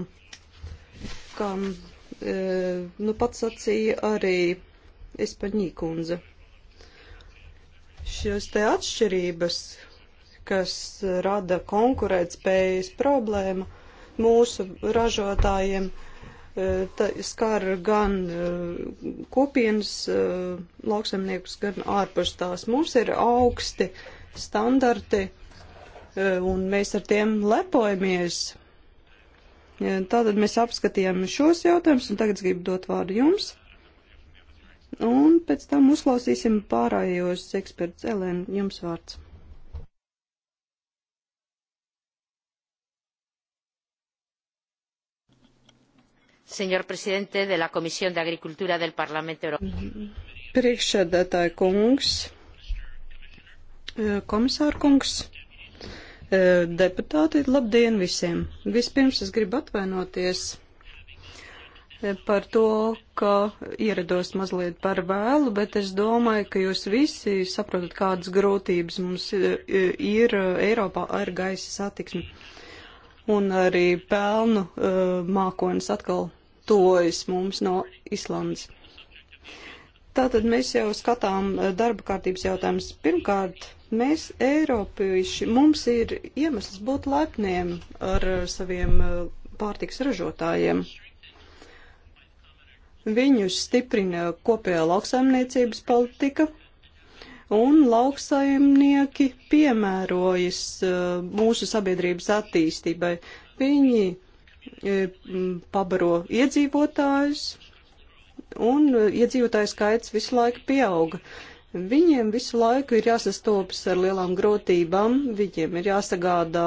kā e, nu pats sacīja arī Espaņīkundze. Šīs te atšķirības, kas rada konkurētspējas problēmu mūsu ražotājiem, uh, E, skar gan e, kopienas e, lauksaimniekus, gan ārpus tās. Mums ir augsti standarti, un mēs ar tiem lepojamies. Tātad mēs apskatījām šos jautājumus, un tagad gribu dot vārdu jums. Un pēc tam uzklausīsim pārējos eksperts. Elēna, jums vārds. señor presidente de la Comisión de Agricultura del Parlamento Europeo. Priekšsēdētāja kungs, eh, komisāra kungs, eh, deputāti, labdien visiem! Vispirms es gribu atvainoties eh, par to, ka ierados mazliet par vēlu, bet es domāju, ka jūs visi saprotat, kādas grūtības mums ir Eiropā ar gaisa satiksmi. Uh, un arī pelnu uh, mākonis atkal tojas mums no Islandes. Tātad mēs jau skatām eh, darba kārtības jautājumus. Pirmkārt, mēs, Eiropieši, mums ir iemesls būt laipniem ar eh, saviem pārtiks ražotājiem. Viņus stiprina kopējā lauksaimniecības politika, un lauksaimnieki piemērojas eh, mūsu sabiedrības attīstībai. Viņi eh, pabaro iedzīvotājus, un eh, iedzīvotāju skaits visu laiku pieauga. Viņiem visu laiku ir jāsastopas ar lielām grūtībām, viņiem ir jāsagādā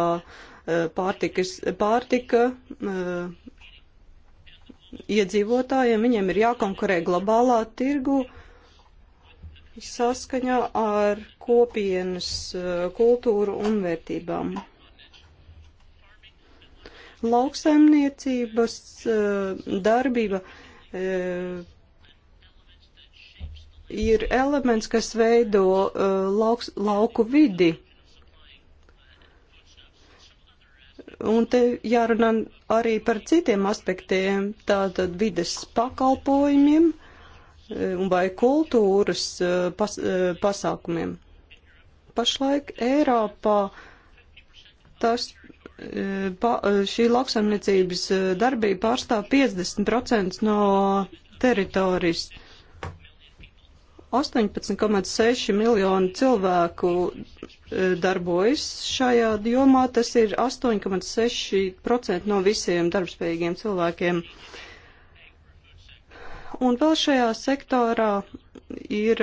pārtikas, pārtika iedzīvotājiem, viņiem ir jākonkurē globālā tirgu, uh, saskaņā ar kopienas eh, kultūru un vērtībām. Lauksaimniecības eh, darbība eh, ir elements, kas veido lauks, lauku vidi. Un te jārunā arī par citiem aspektiem, tātad vides pakalpojumiem, uh, vai kultūras eh, pas, eh, pasākumiem. Pašlaik Eiropā tas, eh, pa, šī lauksaimniecības darbība pārstāv 50% no teritorijas. 18,6 miljonu cilvēku darbojas šajā jomā, tas ir 8,6% no visiem darbspējīgiem cilvēkiem. Uh, Un vēl šajā sektorā ir,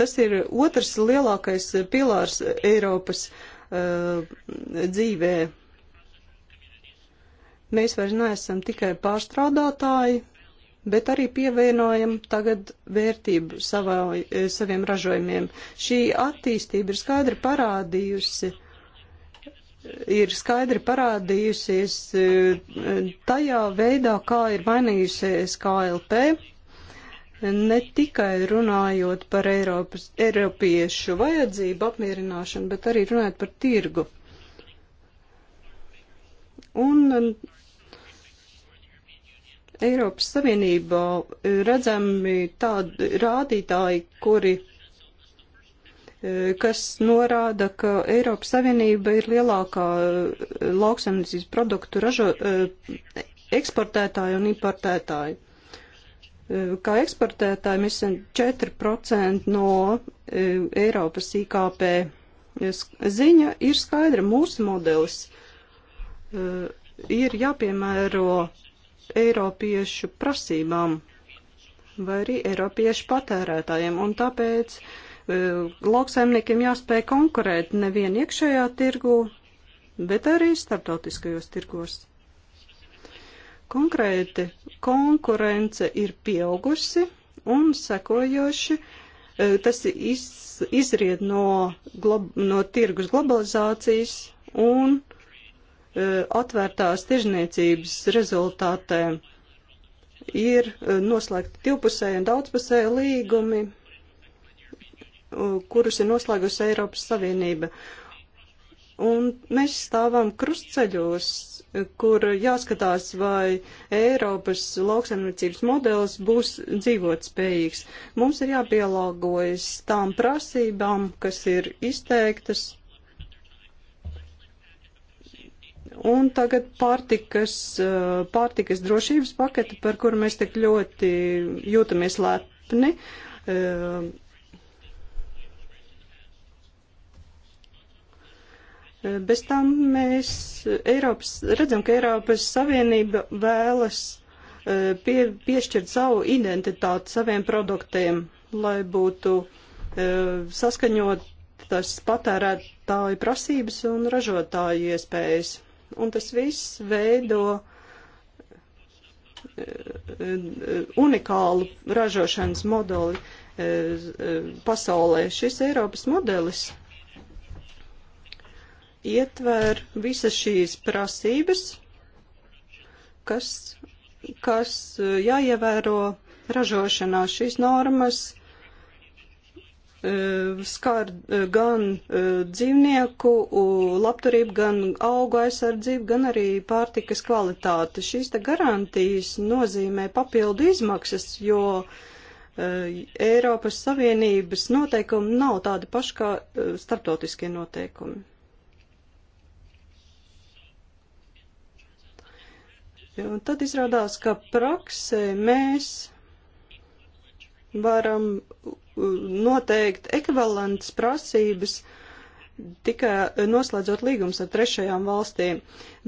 tas ir otrs lielākais pilārs Eiropas uh, dzīvē. Mēs vairs neesam tikai pārstrādātāji, bet arī pievienojam tagad vērtību savā, eh, saviem ražojumiem. Šī attīstība ir skaidri parādījusi, uh, ir skaidri parādījusies eh, tajā veidā, kā ir mainījusies KLP, ne tikai runājot par Eiropas, Eiropiešu vajadzību apmierināšanu, bet arī runājot par tirgu. Un eh, Eiropas Savienībā eh, redzami tādi rādītāji, kuri kas norāda, ka Eiropas Savienība ir lielākā eh, lauksaimniecības produktu ražo, eh, eksportētāja un importētāja. Eh, kā eksportētāji mēs esam 4% no Eiropas IKP. Ziņa ir skaidra, mūsu modelis ir jāpiemēro Eiropiešu prasībām vai arī Eiropiešu patērētājiem, un tāpēc uh, E, lauksaimniekiem jāspēj konkurēt nevien iekšējā tirgu, bet arī starptautiskajos tirgos. Konkrēti, konkurence ir pieaugusi un sekojoši e, tas iz, izried no, glob, no tirgus globalizācijas un e, atvērtās tirzniecības rezultātē ir noslēgti divpusēji un daudzpusēji līgumi Uh, kurus ir noslēgusi Eiropas Savienība. Un mēs stāvam krustceļos, uh, kur jāskatās, vai Eiropas lauksaimniecības modelis būs dzīvotspējīgs. Mums ir jāpielāgojas tām prasībām, kas ir izteiktas. Un tagad pārtikas, uh, pārtikas drošības pakete, par kuru mēs tik ļoti jūtamies lepni, Bez tam mēs Eiropas, redzam, ka Eiropas Savienība vēlas e, pie, piešķirt savu identitāti saviem produktiem, lai būtu e, saskaņotas patērētāju prasības un ražotāju iespējas. Un tas viss veido e, unikālu ražošanas modeli pasaulē. Šis Eiropas modelis ietver visas šīs prasības, kas, kas eh, jāievēro ražošanā. Šīs normas eh, skar eh, gan dzīvnieku labturību, gan augu aizsardzību, gan arī pārtikas kvalitāti. Šīs te garantijas nozīmē papildu izmaksas, jo Eiropas Savienības noteikumi nav tādi paši kā starptautiskie noteikumi. Un tad izrādās, ka praksē mēs varam noteikt ekvivalentas prasības tikai noslēdzot līgums ar trešajām valstīm,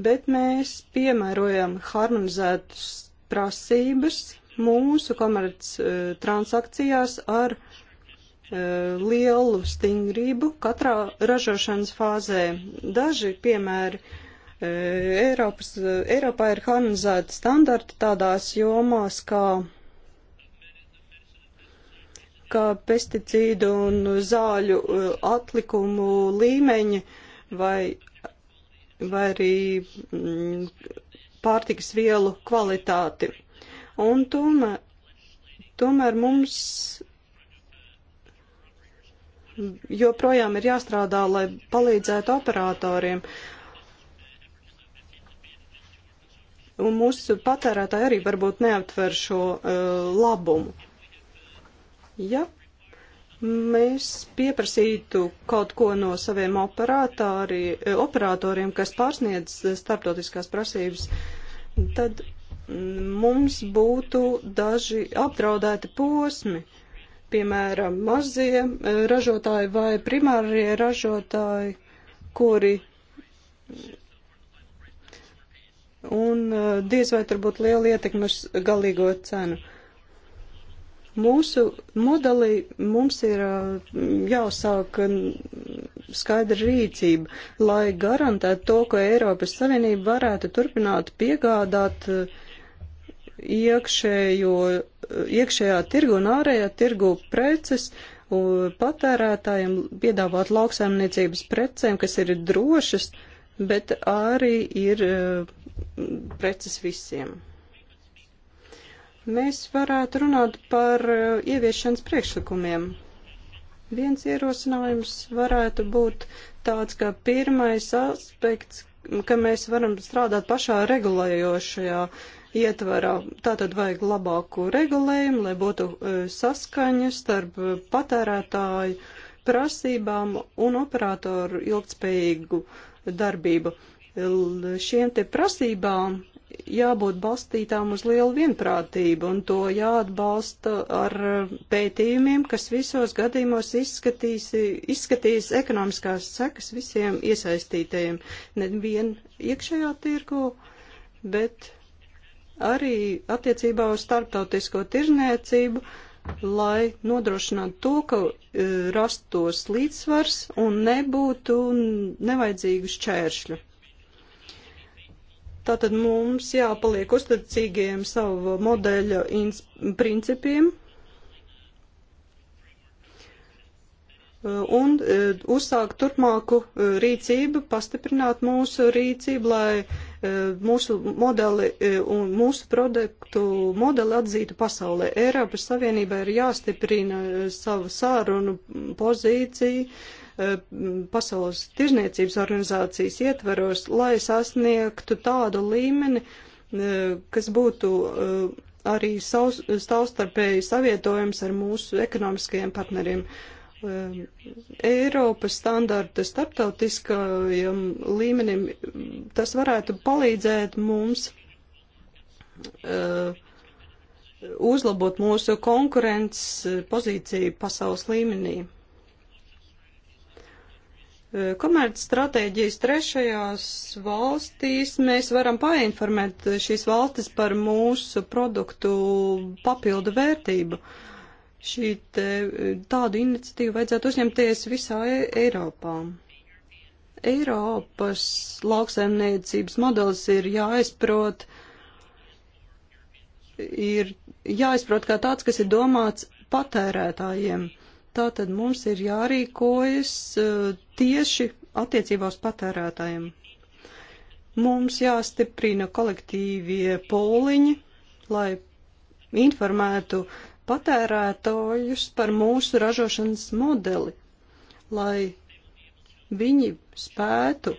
bet mēs piemērojam harmonizētas prasības mūsu komerc e, transakcijās ar e, lielu stingrību katrā ražošanas fāzē. Daži piemēri E, Eiropas, e, Eiropā ir harmonizēti standarti tādās jomās kā, kā pesticīdu un zāļu e, atlikumu līmeņi vai, vai arī mm, pārtikas vielu kvalitāti. Un tomēr, tomēr mums joprojām ir jāstrādā, lai palīdzētu operatoriem. Uh, un mūsu patērētāji arī varbūt neaptver šo uh, labumu. Ja mēs pieprasītu kaut ko no saviem uh, operatoriem, kas pārsniedz starptautiskās prasības, tad mm, mums būtu daži apdraudēti posmi, piemēram, mazie uh, ražotāji vai primārie ražotāji, kuri un uh, diez vai tur būtu liela ietekme uz galīgo cenu. Mūsu modelī mums ir uh, jāsāk skaidra rīcība, lai garantētu to, ka Eiropas Savienība varētu turpināt piegādāt uh, iekšējo, iekšējā tirgu un ārējā tirgu preces, patērētājiem piedāvāt lauksaimniecības precēm, kas ir drošas, bet arī ir preces visiem. Mēs varētu runāt par uh, ieviešanas priekšlikumiem. Viens ierosinājums varētu būt tāds, ka pirmais aspekts, ka mēs varam strādāt pašā regulējošajā ietvarā. Tātad vajag labāku regulējumu, lai būtu uh, saskaņa starp patērētāju prasībām un operatoru ilgtspējīgu darbību. Šiem te prasībām jābūt balstītām uz lielu vienprātību, un to jāatbalsta ar pētījumiem, kas visos gadījumos izskatīs, izskatīs ekonomiskās sekas visiem iesaistītajiem, nevien iekšējā tirgu, bet arī attiecībā uz starptautisko tirzniecību, lai nodrošinātu to, ka e, rastos līdzsvars un nebūtu nevajadzīgu šķēršļu. Tātad mums jāpaliek uzticīgiem savu modeļa principiem un e, uzsākt turpmāku e, rīcību, pastiprināt mūsu rīcību, lai e, mūsu modeli un mūsu produktu modeli atzītu pasaulē. Eiropas Savienībai ir jāstiprina savu sārunu pozīciju Eh, pasaules tirzniecības organizācijas ietveros, lai sasniegtu tādu līmeni, eh, kas būtu eh, arī savstarpēji savietojams ar mūsu ekonomiskajiem partneriem. Eiropas standarta starptautiskajam līmenim tas varētu palīdzēt mums uh, uzlabot mūsu konkurences pozīciju pasaules līmenī komercstratēģijas trešajās valstīs mēs varam painformēt šīs valstis par mūsu produktu papildu vērtību. Šī te, tādu iniciatīvu vajadzētu uzņemties visā e, Eiropā. Eiropas lauksaimniecības modelis ir jāizprot, ir jāizprot kā tāds, kas ir domāts patērētājiem. Uh, Tātad mums ir jārīkojas eh, tieši attiecībā uz patērētājiem. Mums jāstiprina kolektīvie poliņi, lai informētu patērētājus par mūsu ražošanas modeli, lai viņi spētu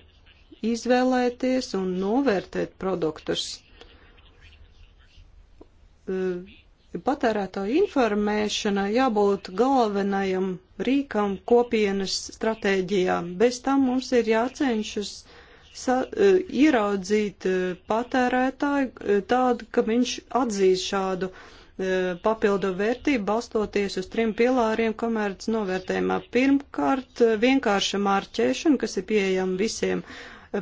izvēlēties un novērtēt produktus eh, patērētāju informēšana jābūt galvenajam rīkam kopienas stratēģijā. Bez tam mums ir jācenšas sa, e, ieraudzīt e, patērētāju e, tādu, ka viņš atzīst šādu papildu vērtību balstoties uz trim pilāriem komerc novērtējumā. Pirmkārt, vienkārša mārķēšana, kas ir pieejama visiem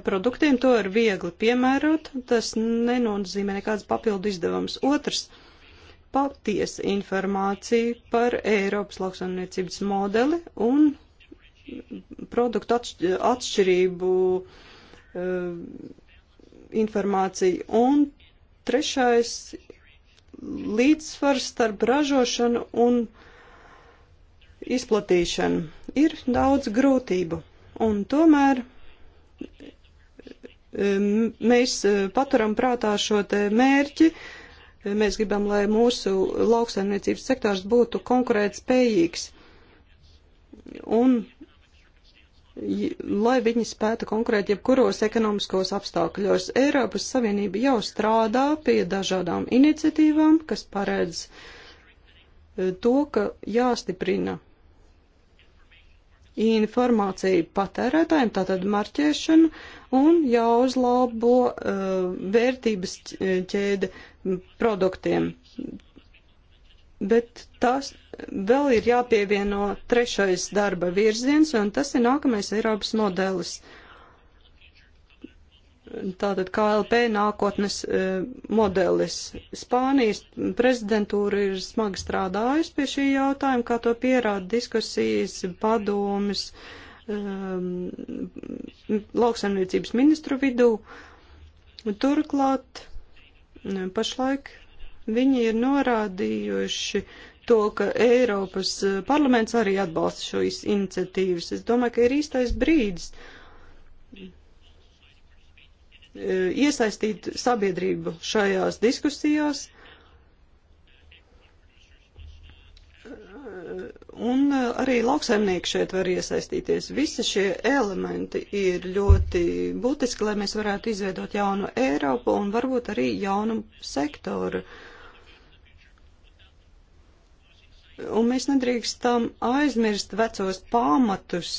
produktiem, to ir viegli piemērot, tas nenozīmē nekāds papildu izdevums. Otrs, uh, patiesa informācija par Eiropas lauksaimniecības modeli un produktu atšķ atšķirību eh, informāciju. Un trešais - līdzsvars starp ražošanu un izplatīšanu. Ir daudz grūtību, un tomēr eh, mēs eh, paturam prātā šo te mērķi, uh, Mēs gribam, lai mūsu lauksaimniecības sektors būtu konkurētspējīgs un lai viņi spētu konkurēt jebkuros ekonomiskos apstākļos. Eiropas Savienība jau strādā pie dažādām iniciatīvām, kas paredz e, to, ka jāstiprina informāciju patērētājiem, tātad marķēšanu, un jāuzlabo uh, vērtības ķēde produktiem. Bet tas vēl ir jāpievieno trešais darba virziens, un tas ir nākamais Eiropas modelis. Tātad KLP nākotnes e, modelis. Spānijas prezidentūra ir smagi strādājusi pie šī jautājuma, kā to pierāda diskusijas, padomis, e, lauksaimniecības ministru vidū. Turklāt pašlaik viņi ir norādījuši to, ka Eiropas eh, parlaments arī atbalsta šo iniciatīvas. Es domāju, ka ir īstais brīdis eh, iesaistīt sabiedrību šajās diskusijās un e, arī lauksaimnieki šeit var iesaistīties. Visi šie elementi ir ļoti būtiski, lai mēs varētu izveidot jaunu Eiropu un varbūt arī jaunu sektoru. Un mēs nedrīkstam aizmirst vecos pamatus,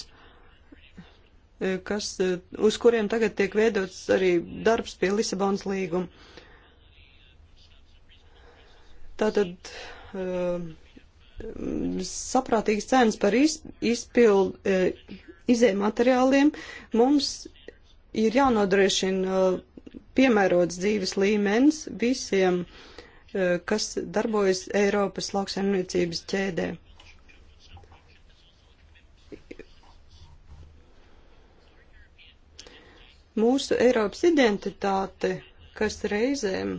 e, kas, e, uz kuriem tagad tiek veidots arī darbs pie Lisabonas līguma. Tātad. Uh, Mm, saprātīgas cenas par izpildu e, izējai materiāliem, mums ir jānodrošina e, piemērots dzīves līmenis visiem, e, kas darbojas Eiropas lauksaimniecības ķēdē. Mūsu Eiropas identitāte, kas reizēm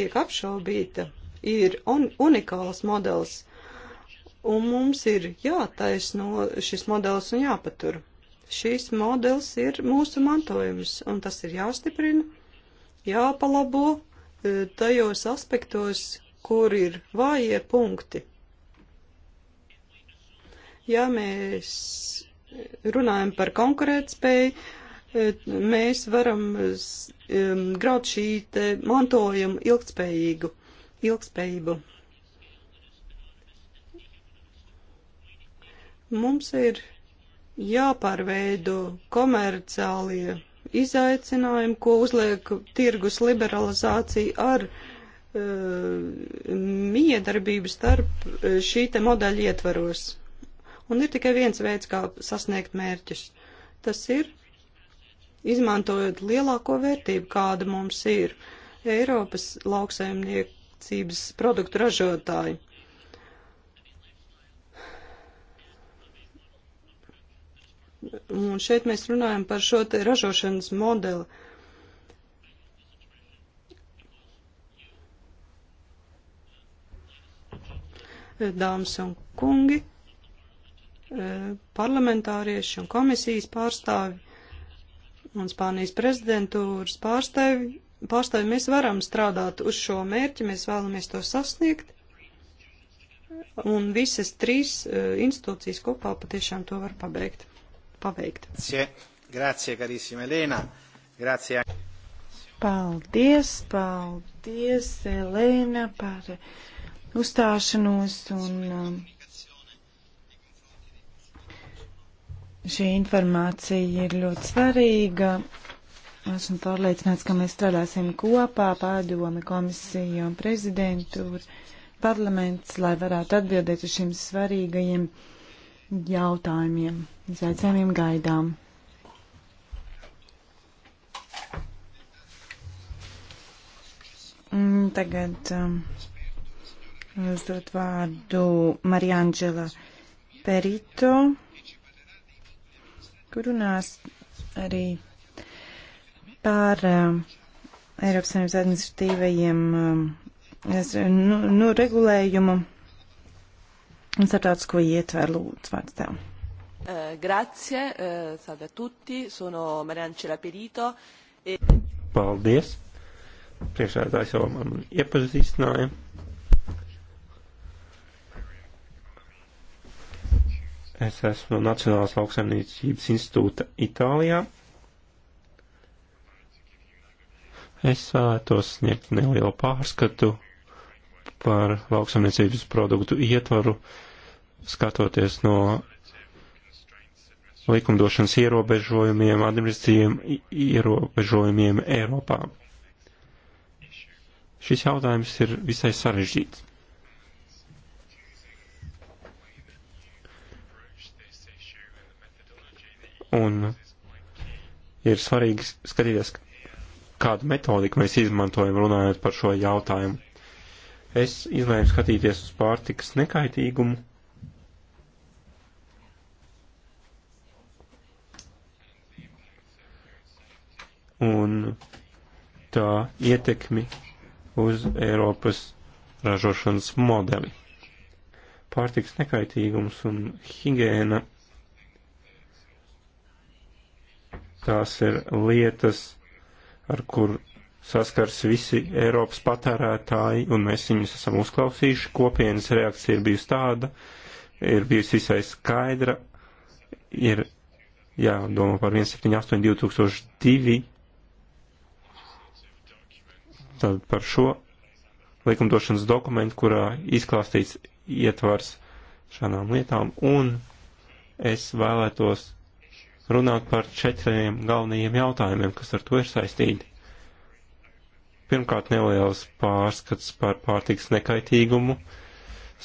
tiek apšaubīta, ir un unikāls modelis un mums ir jātaisno šis modelis un jāpatur. Šīs modelis ir mūsu mantojums, un tas ir jāstiprina, jāpalabo e, tajos aspektos, kur ir vājie punkti. Ja mēs runājam par konkurētspēju, e, mēs varam e, graut šī mantojuma ilgspējīgu, ilgspējību. Mums ir jāpārveido komerciālie izaicinājumi, ko uzliek tirgus liberalizācija ar uh, miedarbību starp eh, šī te modeļa ietvaros. Un ir tikai viens veids, kā sasniegt mērķus. Tas ir izmantojot lielāko vērtību, kāda mums ir Eiropas lauksaimniecības produktu ražotāji. Un šeit mēs runājam par šo te ražošanas modeli. Dāmas un kungi, eh, parlamentārieši un komisijas pārstāvi un Spānijas prezidentūras pārstāvi, pārstāvi mēs varam strādāt uz šo mērķi, mēs vēlamies to sasniegt. Un visas trīs eh, institūcijas kopā patiešām to var pabeigt paveikt. Grazie, karīsima Elēna. Grazie. Paldies, paldies, Elēna, par uzstāšanos un um, šī informācija ir ļoti svarīga. Esmu pārliecināts, ka mēs strādāsim kopā pārdomi komisiju un prezidentūru parlaments, lai varētu atbildēt uz šiem svarīgajiem jautājumiem jautājumiem, izaicinājumiem gaidām. Tagad um, es dot vārdu Marianģela Perito, kur runās arī par um, Eiropas Savienības administratīvajiem um, es, nu, nu, regulējumu un starptautisko ietveru lūdzu vārds tev. Uh, grazie, uh, salve a tutti, sono Mariančela Perito. E... Paldies. Priekšētājs jau man iepazīstināja. Es esmu no Nacionālās lauksaimniecības institūta Itālijā. Es vēlētos sniegt nelielu pārskatu par lauksaimniecības produktu ietvaru skatoties no likumdošanas ierobežojumiem, administratīviem ierobežojumiem Eiropā. Šis jautājums ir visai sarežģīts. Un ir svarīgi skatīties, kādu metodiku mēs izmantojam runājot par šo jautājumu. Es izlēmu skatīties uz pārtikas nekaitīgumu un tā ietekmi uz Eiropas ražošanas modeli. Pārtiks nekaitīgums un higiēna tās ir lietas, ar kur saskars visi Eiropas patērētāji, un mēs viņus esam uzklausījuši. Kopienas reakcija ir bijusi tāda, ir bijusi visai skaidra, ir jādomā par 178 2002 Tad par šo likumdošanas dokumentu, kurā izklāstīts ietvars šādām lietām, un es vēlētos runāt par četriem galvenajiem jautājumiem, kas ar to ir saistīti. Pirmkārt, neliels pārskats par pārtiks nekaitīgumu,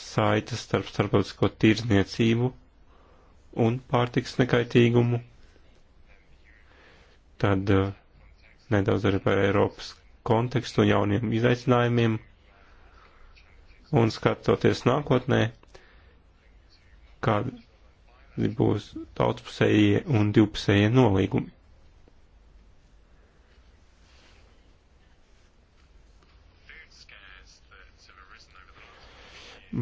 saites starp starptautisko tirzniecību un pārtiks nekaitīgumu. Tad eh, nedaudz arī par Eiropas kontekstu un jauniem izaicinājumiem un skatoties nākotnē, kādi būs daudzpusējie un divpusējie nolīgumi.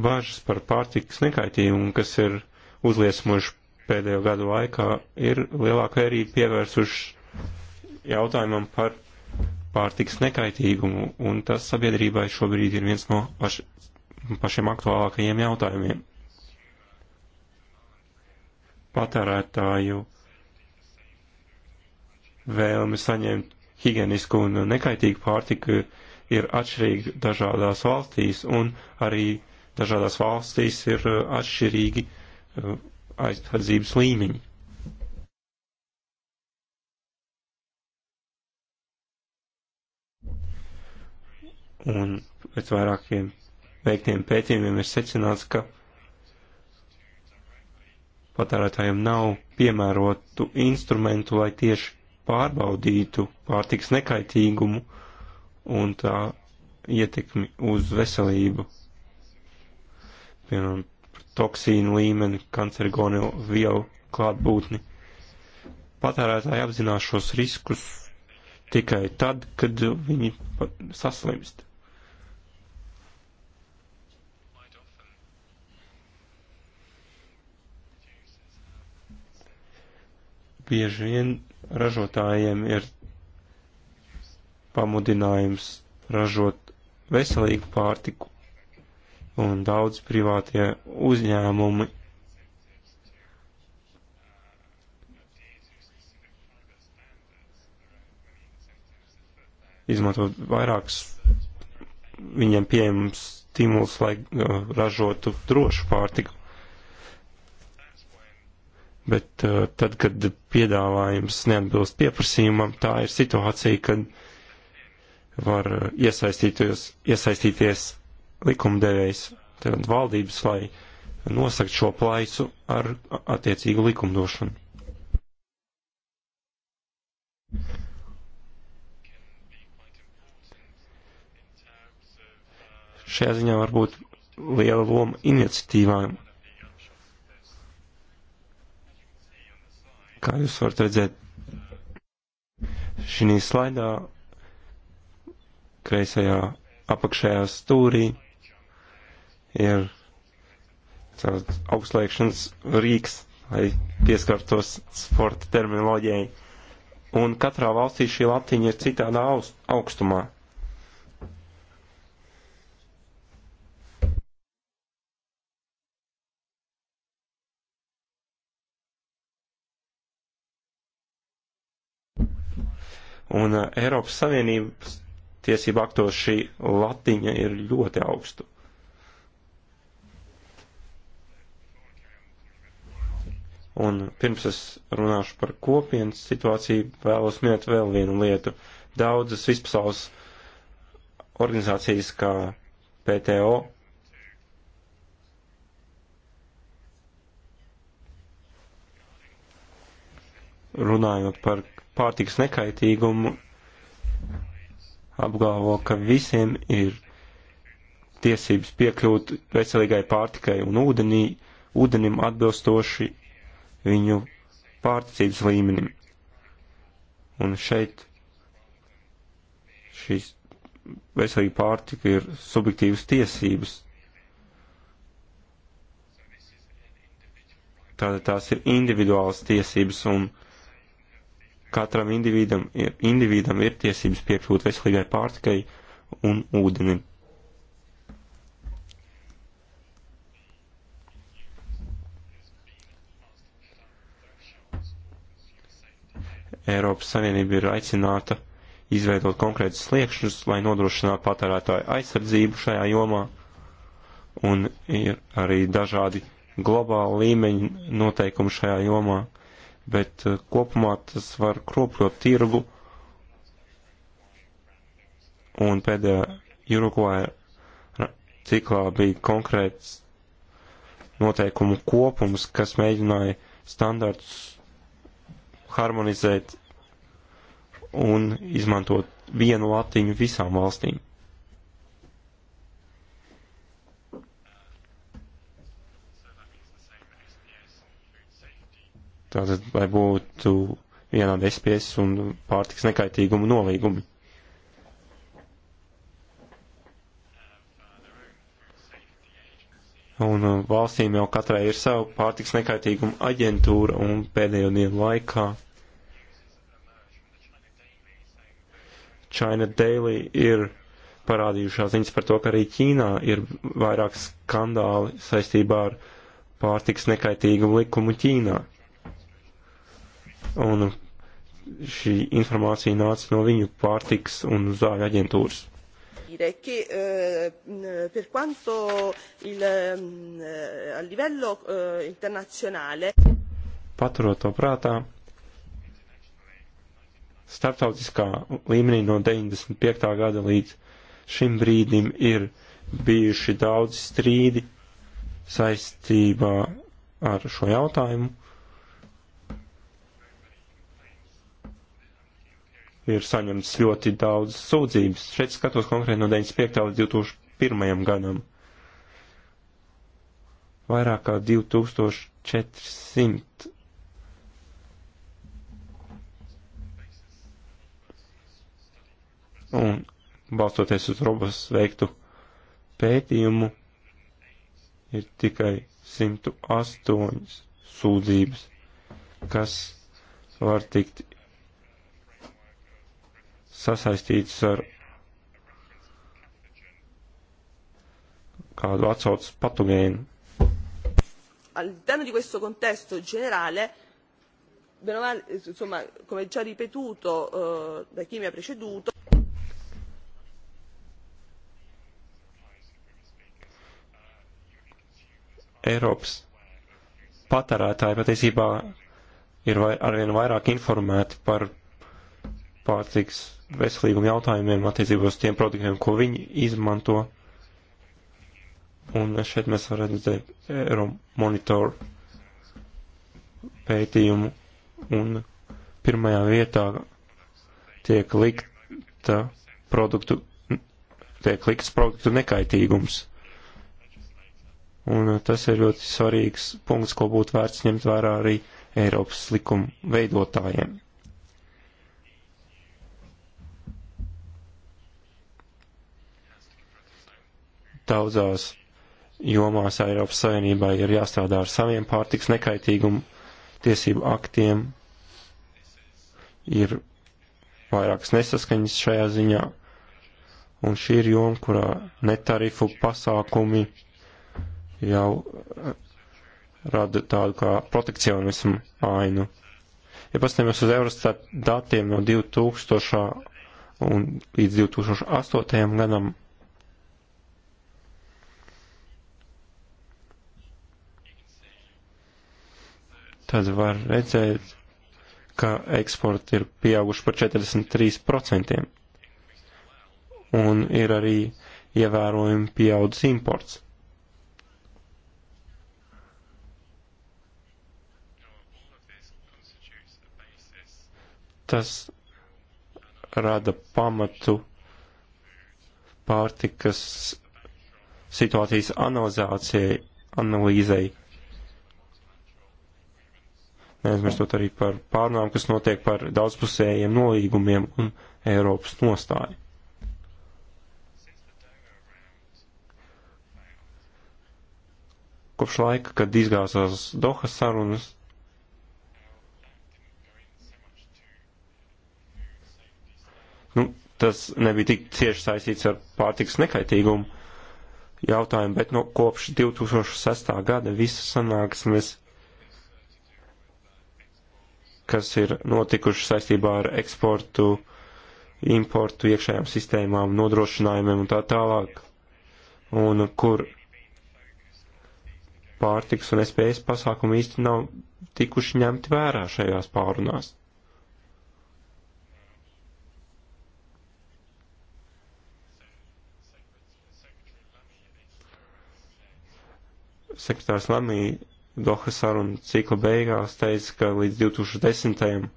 Bažas par pārtikas nekaitījumu, kas ir uzliesmojuši pēdējo gadu laikā, ir lielākai arī pievērsuši jautājumam par pārtiks nekaitīgumu, un tas sabiedrībai šobrīd ir viens no paš, pašiem aktuālākajiem jautājumiem. Patērētāju vēlme saņemt higienisku un nekaitīgu pārtiku ir atšķirīga dažādās valstīs, un arī dažādās valstīs ir uh, atšķirīgi uh, aizsardzības līmeņi. Un pēc vairākiem veiktiem pētījumiem ir secināts, ka patērētājiem nav piemērotu instrumentu, lai tieši pārbaudītu pārtiks nekaitīgumu un tā ietekmi uz veselību. Piemēram, toksīnu līmeni, kancerogonu vielu klātbūtni. Patērētāji apzinās šos riskus tikai tad, kad viņi saslimst. bieži vien ražotājiem ir pamudinājums ražot veselīgu pārtiku, un daudz privātie uzņēmumi izmantot vairākus viņiem pieejams stimulus, lai uh, ražotu drošu pārtiku bet uh, tad, kad piedāvājums neatbilst pieprasījumam, tā ir situācija, kad var iesaistīties, iesaistīties likumdevējs, tad valdības, lai nosakt šo plaisu ar attiecīgu likumdošanu. Šajā ziņā var būt liela loma iniciatīvām, Kā jūs varat redzēt, šī slaidā kreisajā apakšējā stūrī ir tāds augstlēkšanas rīks, lai pieskartos sporta terminoloģijai. Un katrā valstī šī latiņa ir citādā augstumā. Un uh, Eiropas Savienības tiesība aktos šī latiņa ir ļoti augstu. Un pirms es runāšu par kopienas situāciju, vēlos minēt vēl vienu lietu. Daudzas vispasaules organizācijas kā PTO runājot par pārtiks nekaitīgumu, apgalvo, ka visiem ir tiesības piekļūt veselīgai pārtikai un ūdenī, ūdenim atbilstoši viņu pārticības līmenim. Un šeit šīs veselīga pārtika ir subjektīvas tiesības. Tātad tās ir individuālas tiesības un Katram individam, individam ir tiesības piekļūt veselīgai pārtikai un ūdenim. Eiropas Savienība ir aicināta izveidot konkrētus sliekšņus, lai nodrošinātu patērētāju aizsardzību šajā jomā, un ir arī dažādi globāli līmeņi noteikumi šajā jomā bet eh, kopumā tas var kropļot tirgu. Un pēdējā Juruguajā ciklā bija konkrēts noteikumu kopums, kas mēģināja standartus harmonizēt un izmantot vienu latiņu visām valstīm. Tātad, lai būtu vienādi SPS un pārtiks nekaitīguma nolīgumi. Un uh, valstīm jau katrai ir sava pārtiks nekaitīguma aģentūra un pēdējo dienu laikā China Daily ir parādījušās ziņas par to, ka arī Ķīnā ir vairāk skandāli saistībā ar pārtiks nekaitīgumu likumu Ķīnā un šī informācija nāca no viņu pārtiks un zāļu aģentūras. Che, eh, per quanto il, eh, a livello eh, internazionale Paturot to prātā, starptautiskā līmenī no 95. gada līdz šim brīdim ir bijuši daudz strīdi saistībā ar šo jautājumu, ir saņemts ļoti daudz sūdzības. Šeit skatos konkrēti no 95. līdz 2001. gadam. Vairāk kā 2400. Un balstoties uz robas veiktu pētījumu, ir tikai 108 sūdzības, kas var tikt sasaistīts ar kādu atsaucas patogēnu. All'interno di questo contesto generale, bene o male, insomma, come già ripetuto eh, da chi mi ha preceduto, Eiropas patērētāji patiesībā ir vai, arvien vairāk informēti par pārtiks veselīguma jautājumiem attiecībā uz tiem produktiem, ko viņi izmanto. Un šeit mēs varam redzēt Euromonitoru pētījumu. Un pirmajā vietā tiek likta produktu, tiek likts produktu nekaitīgums. Un tas ir ļoti svarīgs punkts, ko būtu vērts ņemt vērā arī Eiropas likuma veidotājiem. Daudzās jomās Eiropas Savienībai ir jāstrādā ar saviem pārtiks nekaitīgumu tiesību aktiem. Ir vairākas nesaskaņas šajā ziņā. Un šī ir joma, kurā netarifu pasākumi jau rada tādu kā protekcionismu ainu. Ja paskatāmies uz Eurostat datiem no 2000. un līdz 2008. gadam, tad var redzēt, ka eksporti ir pieauguši par 43%. Un ir arī ievērojami pieaudzis imports. Tas rada pamatu pārtikas situācijas analizācijai, analīzei neaizmirstot arī par pārnām, kas notiek par daudzpusējiem nolīgumiem un Eiropas nostāju. Kopš laika, kad izgāzās Dohas sarunas, nu, tas nebija tik cieši saistīts ar pārtiks nekaitīgumu jautājumu, bet no nu, kopš 2006. gada visas sanāksmes kas ir notikuši saistībā ar eksportu, importu, iekšējām sistēmām, nodrošinājumiem un tā tālāk, un kur pārtiks un SPS pasākumi īsti nav tikuši ņemti vērā šajās pārunās. Sekretārs Lamī Doha saruna cikla beigās teica, ka līdz 2010.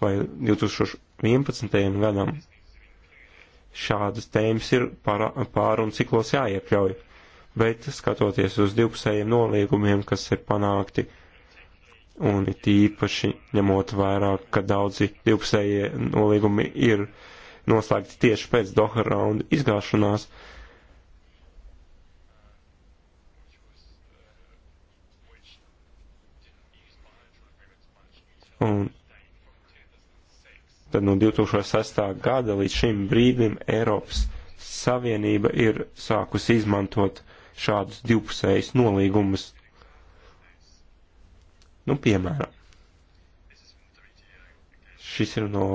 vai 2011. gadam šādas tēmas ir pārunu ciklos jāiekļauj, bet skatoties uz divpusējiem nolīgumiem, kas ir panākti, un it īpaši ņemot vērā, ka daudzi divpusējie nolīgumi ir noslēgti tieši pēc Doha raunda izgāšanās, uh, Un tad no 2006. gada līdz šim brīdim Eiropas Savienība ir sākus izmantot šādus divpusējus nolīgumus. Nu, piemēram, šis ir no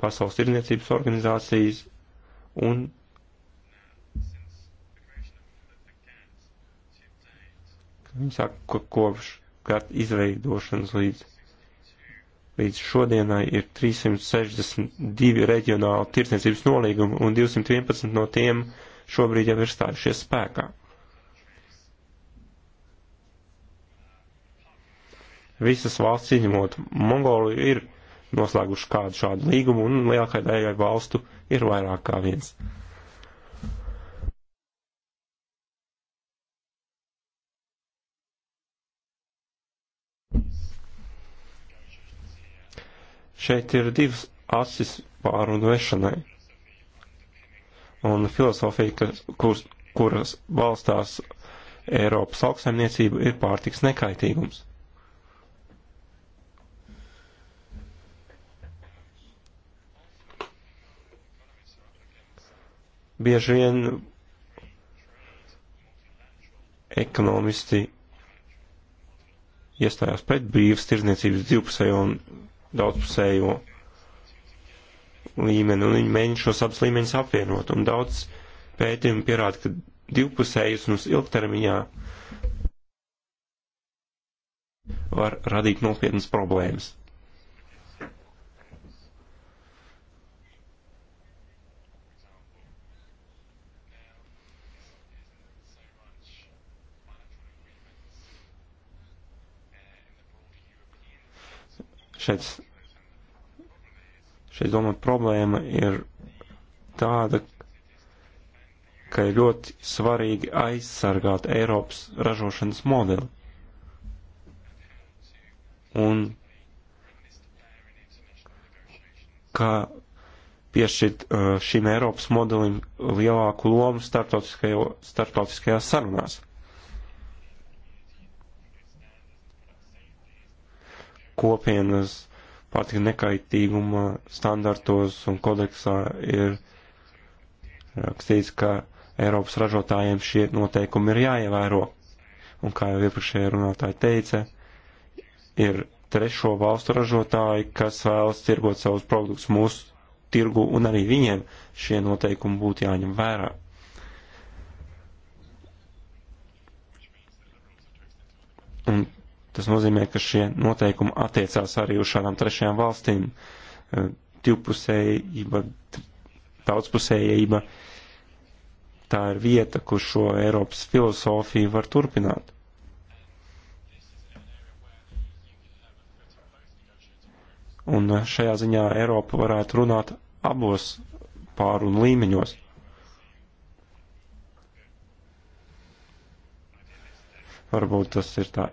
Pasaules tirniecības organizācijas un viņi saka, ka kopš apkārt izveidošanas līdz, līdz šodienai ir 362 reģionāli tirdzniecības nolīgumi un 211 no tiem šobrīd jau ir stājušies spēkā. Visas valsts izņemot Mongoliju ir noslēguši kādu šādu līgumu un lielākai daļai valstu ir vairāk kā viens. Mm. Šeit ir divas asis pārunu vešanai. Un filozofija, kuras, kuras balstās Eiropas lauksaimniecība, ir pārtiks nekaitīgums. bieži vien ekonomisti iestājās pret brīvas tirzniecības divpusējo un daudzpusējo līmeni, un viņi mēģina šos abus līmeņus apvienot, un daudz pētījumi pierāda, ka divpusējas un uz ilgtermiņā var radīt nopietnas problēmas. Šeit, šeit domāju, problēma ir tāda, ka ir ļoti svarīgi aizsargāt Eiropas ražošanas modeli. Un kā piešķirt uh, šim Eiropas modelim lielāku lomu starptautiskajās sarunās. kopienas pārtika nekaitīguma standartos un kodeksā ir rakstīts, ka Eiropas ražotājiem šie noteikumi ir jāievēro. Un kā jau iepriekšējā runātāja teica, ir trešo valstu ražotāji, kas vēlas tirgot savus produktus mūsu tirgu, un arī viņiem šie noteikumi būtu jāņem vērā. Un Tas nozīmē, ka šie noteikumi attiecās arī uz šādām trešajām valstīm. Eh, divpusējība, daudzpusējība, tā ir vieta, kur šo Eiropas filozofiju var turpināt. Un eh, šajā ziņā Eiropa varētu runāt abos pārunu līmeņos. Varbūt tas ir tā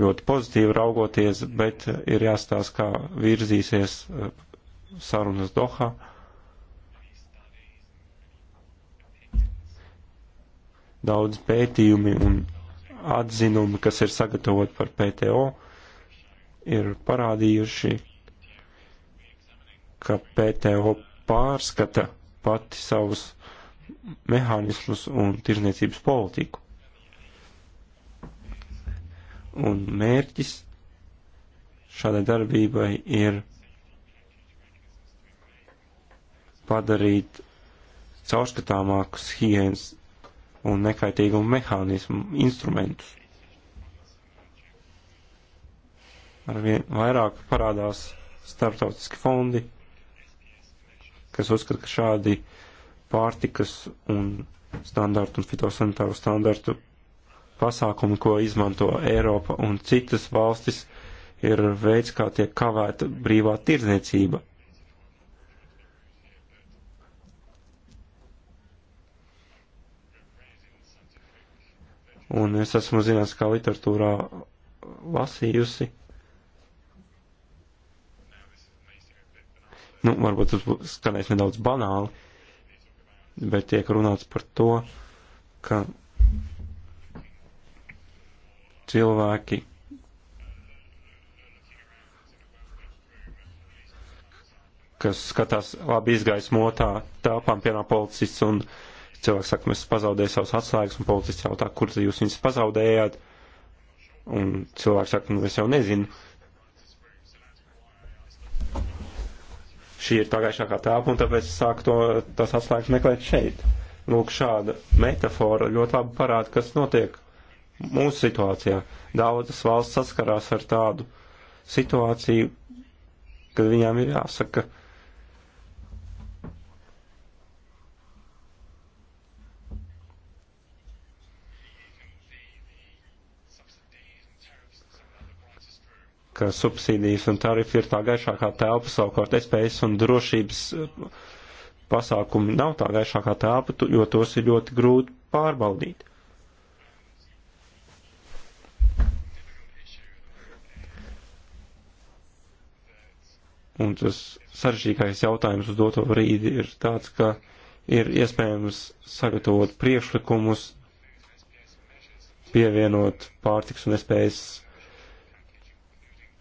ļoti pozitīvi raugoties, bet ir jāstāsta, kā virzīsies eh, sarunas Doha. Daudz pētījumi un atzinumi, kas ir sagatavoti par PTO, ir parādījuši, ka PTO pārskata pati savus mehānismus un tirzniecības politiku. Un mērķis šādai darbībai ir padarīt caurskatāmākus hienas un nekaitīgumu mehānismu instrumentus. Arvien vairāk parādās starptautiski fondi, kas uzskata, ka šādi pārtikas un standartu un fitosanitāru standartu pasākumi, ko izmanto Eiropa un citas valstis, ir veids, kā tiek kavēta brīvā tirdzniecība. Un es esmu zinās, kā literatūrā lasījusi. Nu, varbūt tas skanēs nedaudz banāli, bet tiek runāts par to, ka cilvēki, kas skatās labi izgājis motā, telpām pienā policists un cilvēks saka, mēs pazaudējām savus atslēgas un policists jautā, kur jūs viņus pazaudējāt. Un cilvēks saka, nu es jau nezinu. Šī ir tā gaišākā telpa un tāpēc es sāku to, tas atslēgas meklēt šeit. Lūk, šāda metafora ļoti labi parāda, kas notiek mūsu situācijā. Daudzas valsts saskarās ar tādu situāciju, kad viņām ir jāsaka, ka subsīdijas un tarifi ir tā gaišākā telpa, savukārt SPS un drošības eh, pasākumi nav tā gaišākā telpa, jo tos ir ļoti grūti pārbaudīt. Un tas sarežģīgais jautājums uz doto brīdi ir tāds, ka ir iespējams sagatavot priekšlikumus, pievienot pārtiks un espējas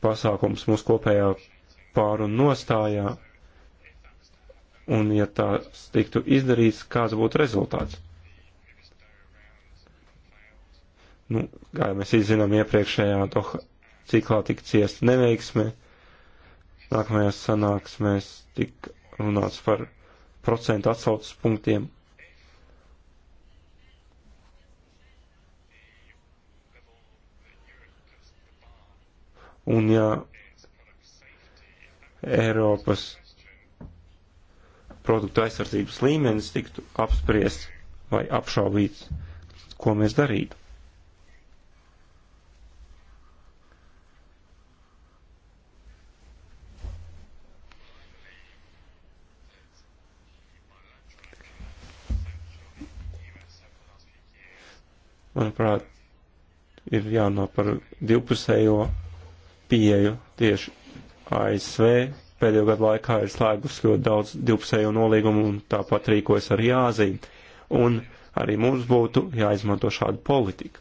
pasākums mūsu kopējā pārunu nostājā, un ja tās tiktu izdarīts, kāds būtu rezultāts. Nu, kā jau mēs izzinām, iepriekšējā to ciklā tika ciest neveiksme, nākamajās sanāksmēs tik runāts par procentu atsaucas punktiem. Un ja Eiropas produktu aizsardzības līmenis tiktu apspriests vai apšaubīts, ko mēs darītu. manuprāt, ir jānā par divpusējo pieeju tieši ASV. Pēdējo gadu laikā ir slēgus ļoti daudz divpusējo nolīgumu un tāpat rīkojas arī Āzija. Un arī mums būtu jāizmanto šāda politika.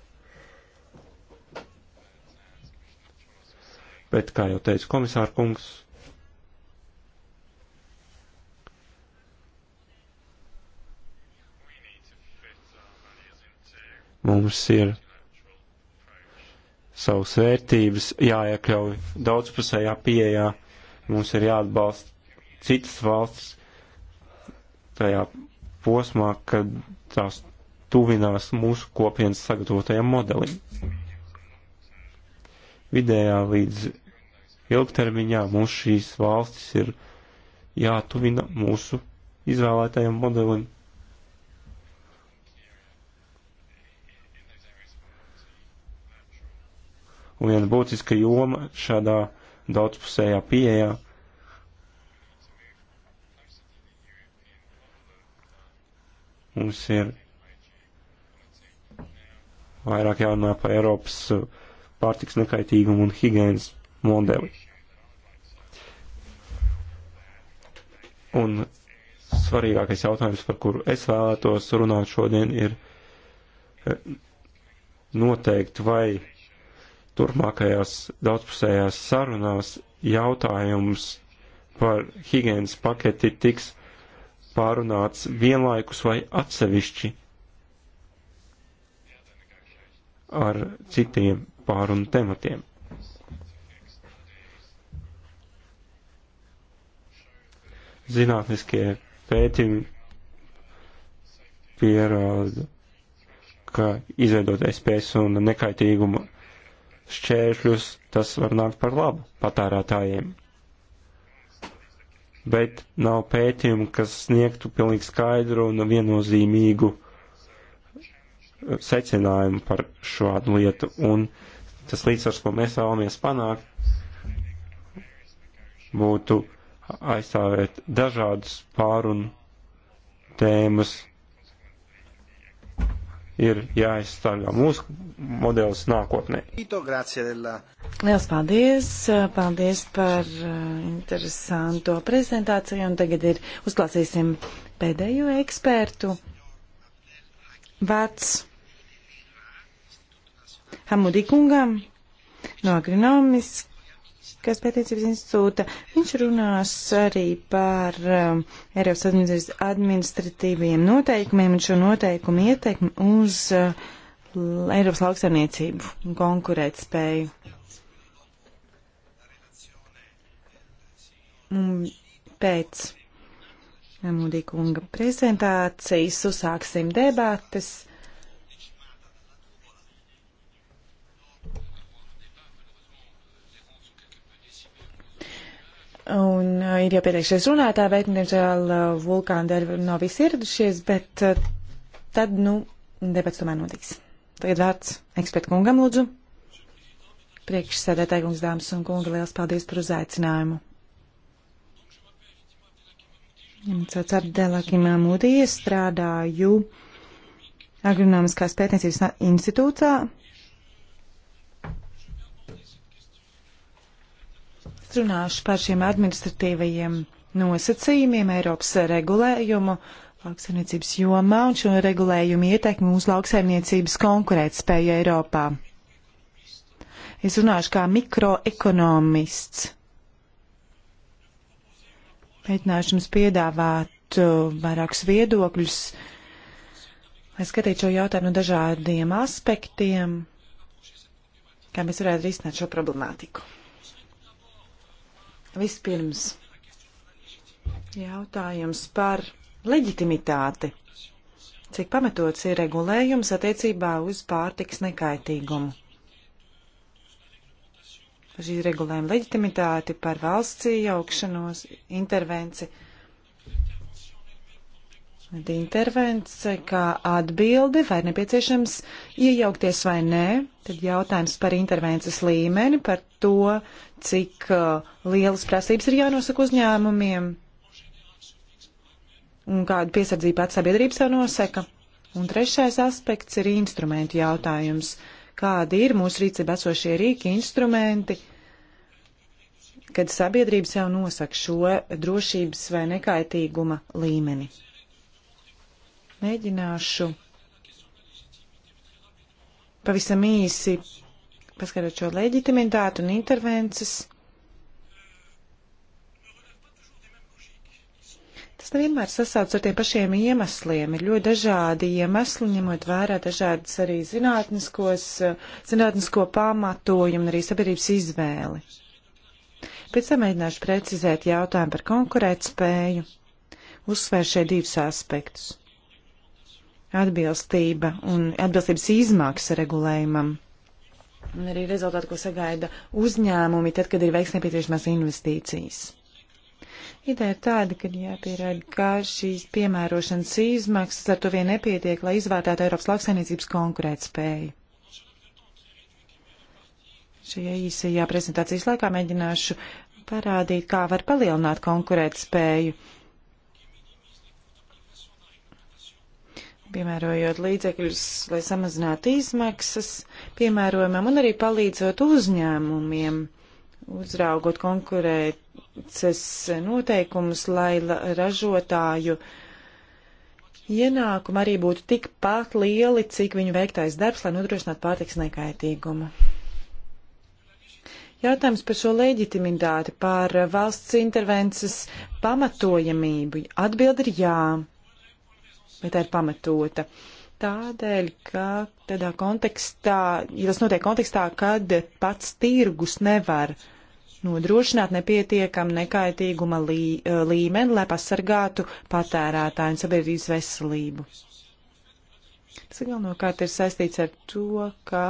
Bet, kā jau teica komisārkungs, Mums ir savas vērtības jāiekļauj daudzpusējā pieejā, mums ir jāatbalsta citas valstis tajā posmā, kad tās tuvinās mūsu kopienas sagatavotajam modelim. Vidējā līdz ilgtermiņā mums šīs valstis ir jātuvina mūsu izvēlētajam modelim. un viena būtiska joma šādā daudzpusējā pieejā. Mums ir vairāk jārunā par Eiropas uh, pārtiks nekaitīgumu un higienas modeli. Un svarīgākais jautājums, par kuru es vēlētos runāt šodien, ir eh, noteikti vai turpmākajās daudzpusējās sarunās jautājums par higienas paketi tiks pārunāts vienlaikus vai atsevišķi ar citiem pārunu tematiem. Zinātniskie pētījumi pierāda, ka izveidot SPS un nekaitīguma šķēršļus, tas var nākt par labu patērētājiem. Bet nav pētījumu, kas sniegtu pilnīgi skaidru un viennozīmīgu eh, secinājumu par šādu lietu. Un tas līdzsvars, ko mēs vēlamies panākt, būtu aizstāvēt dažādas pārunu tēmas ir jāizstāvjā mūsu modelis nākotnē. Liels paldies! Paldies par uh, interesanto prezentāciju. Un tagad ir uzklāsīsim pēdējo ekspertu. Vārds Hamudikungam no agronomiskā Starptautiskās pētniecības institūta. Viņš runās arī par um, Eiropas Savienības administratīviem noteikumiem un šo noteikumu ieteikumu uz uh, Eiropas lauksaimniecību un konkurētspēju. Un pēc Mūdīkunga prezentācijas uzsāksim debatas. Un uh, ir jau pieteikšies runātāji, bet, nu, diemžēl, uh, vulkāna dēļ nav visi ieradušies, bet uh, tad, nu, debats tomēr notiks. Tagad vērts ekspertu kungam lūdzu. Priekšsēdētāji kungs, dāmas un kungi, liels paldies par uzaicinājumu. Cēlts ar Delakimā Mūdī strādāju Agronomiskās pētniecības institūtā Runāšu par šiem administratīvajiem nosacījumiem Eiropas regulējumu lauksaimniecības jomā un šo regulējumu ietekmi uz lauksaimniecības konkurētspēju Eiropā. Es runāšu kā mikroekonomists. Mēģināšu jums piedāvāt uh, vairākus viedokļus, lai skatītu šo jautājumu no dažādiem aspektiem, kā mēs varētu risināt šo problemātiku. Vispirms jautājums par leģitimitāti. Cik pamatots ir regulējums attiecībā uz pārtiks nekaitīgumu? Par šī regulējuma leģitimitāti, par valsts iejaukšanos, intervenci intervence kā atbildi, vai nepieciešams iejaukties vai nē. Tad jautājums par intervences līmeni, par to, cik uh, lielas prasības ir jānosaka uzņēmumiem un kādu piesardzību pats sabiedrība sev nosaka. Un trešais aspekts ir instrumentu jautājums. Kādi ir mūsu rīcība esošie rīki, instrumenti, kad sabiedrība sev nosaka šo drošības vai nekaitīguma līmeni? Mēģināšu pavisam īsi paskatot šo leģitimitātu un intervences. Tas nevienmēr sasauc ar tiem pašiem iemesliem. Ir ļoti dažādi iemesli, ņemot vērā dažādas arī zinātnisko pamatojumu un arī sabiedrības izvēli. Pēc tam mēģināšu precizēt jautājumu par konkurētspēju, uzsvērt šeit divus aspektus atbilstība un atbilstības izmaksa regulējumam. Un arī rezultāti, ko sagaida uzņēmumi, tad, kad ir veiks nepieciešamās investīcijas. Ideja ir tāda, ka jāpierāda, ka šīs piemērošanas izmaksas ar to vien nepietiek, lai izvērtētu Eiropas lauksainiecības konkurētspēju. Šajā īsajā prezentācijas laikā mēģināšu parādīt, kā var palielināt konkurētspēju piemērojot līdzekļus, lai samazinātu izmaksas piemērojumam un arī palīdzot uzņēmumiem uzraugot konkurēces noteikumus, lai ražotāju ienākumi arī būtu tikpat lieli, cik viņu veiktais darbs, lai nodrošinātu pārtiks nekaitīgumu. Jautājums par šo leģitimitāti, par valsts intervences pamatojamību. Atbildi ir jā vai tā ir pamatota. Tādēļ, ka tādā kontekstā, ja tas notiek kontekstā, kad pats tirgus nevar nodrošināt nepietiekam nekaitīguma lī, līmeni, lai pasargātu patērētāju un sabiedrības veselību. Tas galvenokārt ir saistīts ar to, ka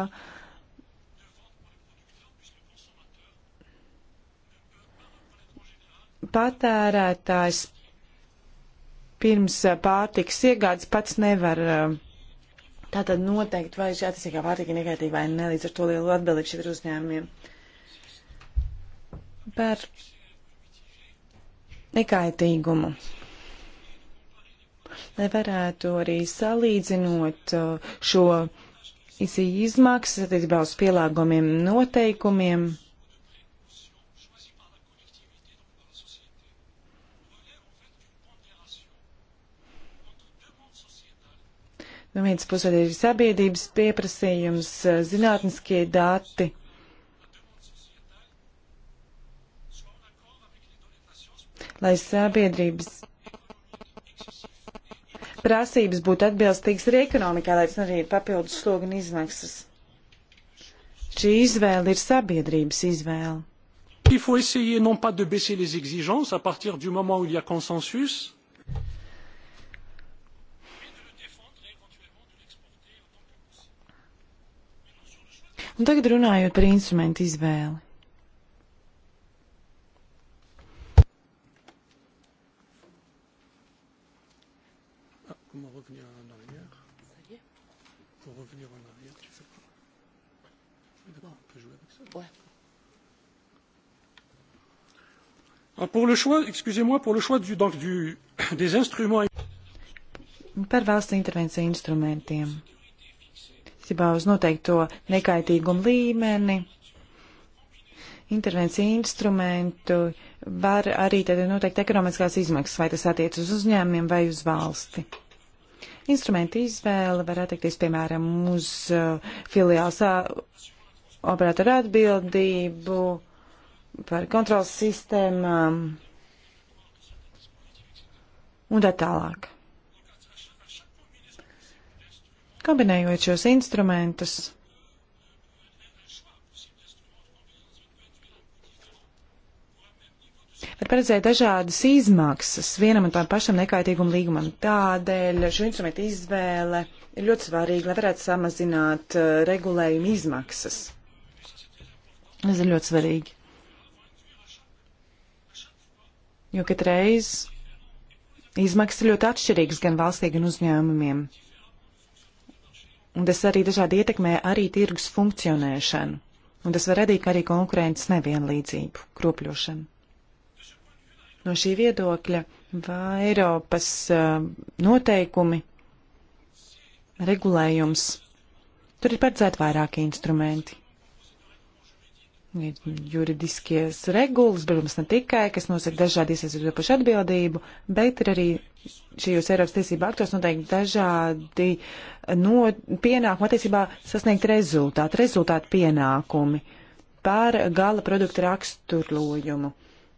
patērētājs pirms eh, pārtikas iegādes pats nevar eh, tātad noteikt, vai šī attiecīgā pārtika ir negatīva vai ne, līdz ar to lielu atbildību šeit ir uzņēmumiem. Par nekaitīgumu. Lai varētu arī salīdzinot eh, šo izmaksas attiecībā uz pielāgumiem noteikumiem No vienas puses arī ir sabiedrības pieprasījums, eh, zinātniskie dati. Lai sabiedrības prasības būtu atbilstīgas arī ekonomikā, lai tas arī ir papildus slogu un izmaksas. Šī izvēle ir sabiedrības izvēle. Il faut essayer non pas de baisser les exigences à partir du moment où il y a consensus, Un tagad runājot par instrumentu izvēli. Ah, ah, pour le choix, excusez-moi, pour le choix du, donc, du, des instruments. Par valsts intervenciju instrumentiem attiecībā uz noteikto nekaitīgumu līmeni, intervencija instrumentu, var arī tad noteikt ekonomiskās izmaksas, vai tas attiec uz uzņēmumiem vai uz valsti. Instrumenta izvēle var attiekties, piemēram, uz uh, filiāls uh, operatora atbildību, par kontrolas sistēmām un tā tālāk. Kombinējot šos instrumentus, var paredzēt dažādas izmaksas vienam un tam pašam nekaitīguma līgumam. Tādēļ šo instrumentu izvēle ir ļoti svarīga, lai varētu samazināt uh, regulējumu izmaksas. Tas ir ļoti svarīgi. Jo katreiz izmaksas ir ļoti atšķirīgas gan valstī, gan uzņēmumiem. Un tas arī dažādi ietekmē arī tirgus funkcionēšanu. Un tas var radīt arī konkurences nevienlīdzību, kropļošanu. No šī viedokļa vai Eiropas uh, noteikumi, regulējums, tur ir paredzēti vairāki instrumenti. Ir juridiskies regulas, protams, ne tikai, kas nosaka dažādi iesaistītopašu atbildību, bet ir arī šajos Eiropas tiesību aktos noteikti dažādi no pienākumu attiecībā sasniegt rezultātu, rezultātu pienākumi par gala produktu raksturlojumu.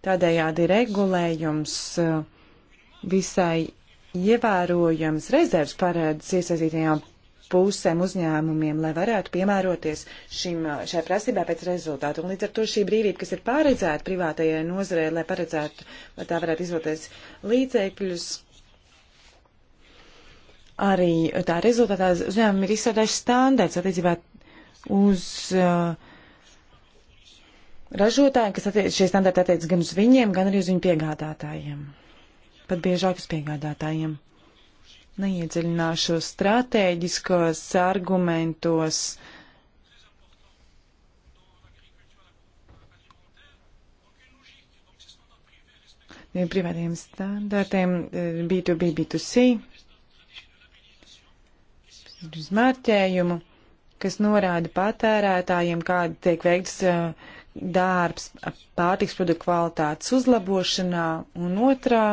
Tādējādi regulējums eh, visai ievērojams rezervs paredz eh, iesaistītajām pusēm uzņēmumiem, lai varētu piemēroties šim, šai prasībā pēc rezultātu. Un līdz ar to šī brīvība, kas ir paredzēta privātajai nozarei, lai paredzētu, lai tā varētu izvēlēties līdzekļus, arī tā rezultātā uzņēmumi ir izstrādājuši standarts attiecībā uz uh, ražotājiem, kas attiec, šie standarti attiec gan uz viņiem, gan arī uz viņu piegādātājiem. Pat biežāk uz piegādātājiem neiedziļināšos strateģiskos argumentos. Privātiem standartiem eh, B2B, B2C, uz marķējumu, kas norāda patērētājiem, kāda tiek veikts eh, darbs pārtiks produktu kvalitātes uzlabošanā, un otrā,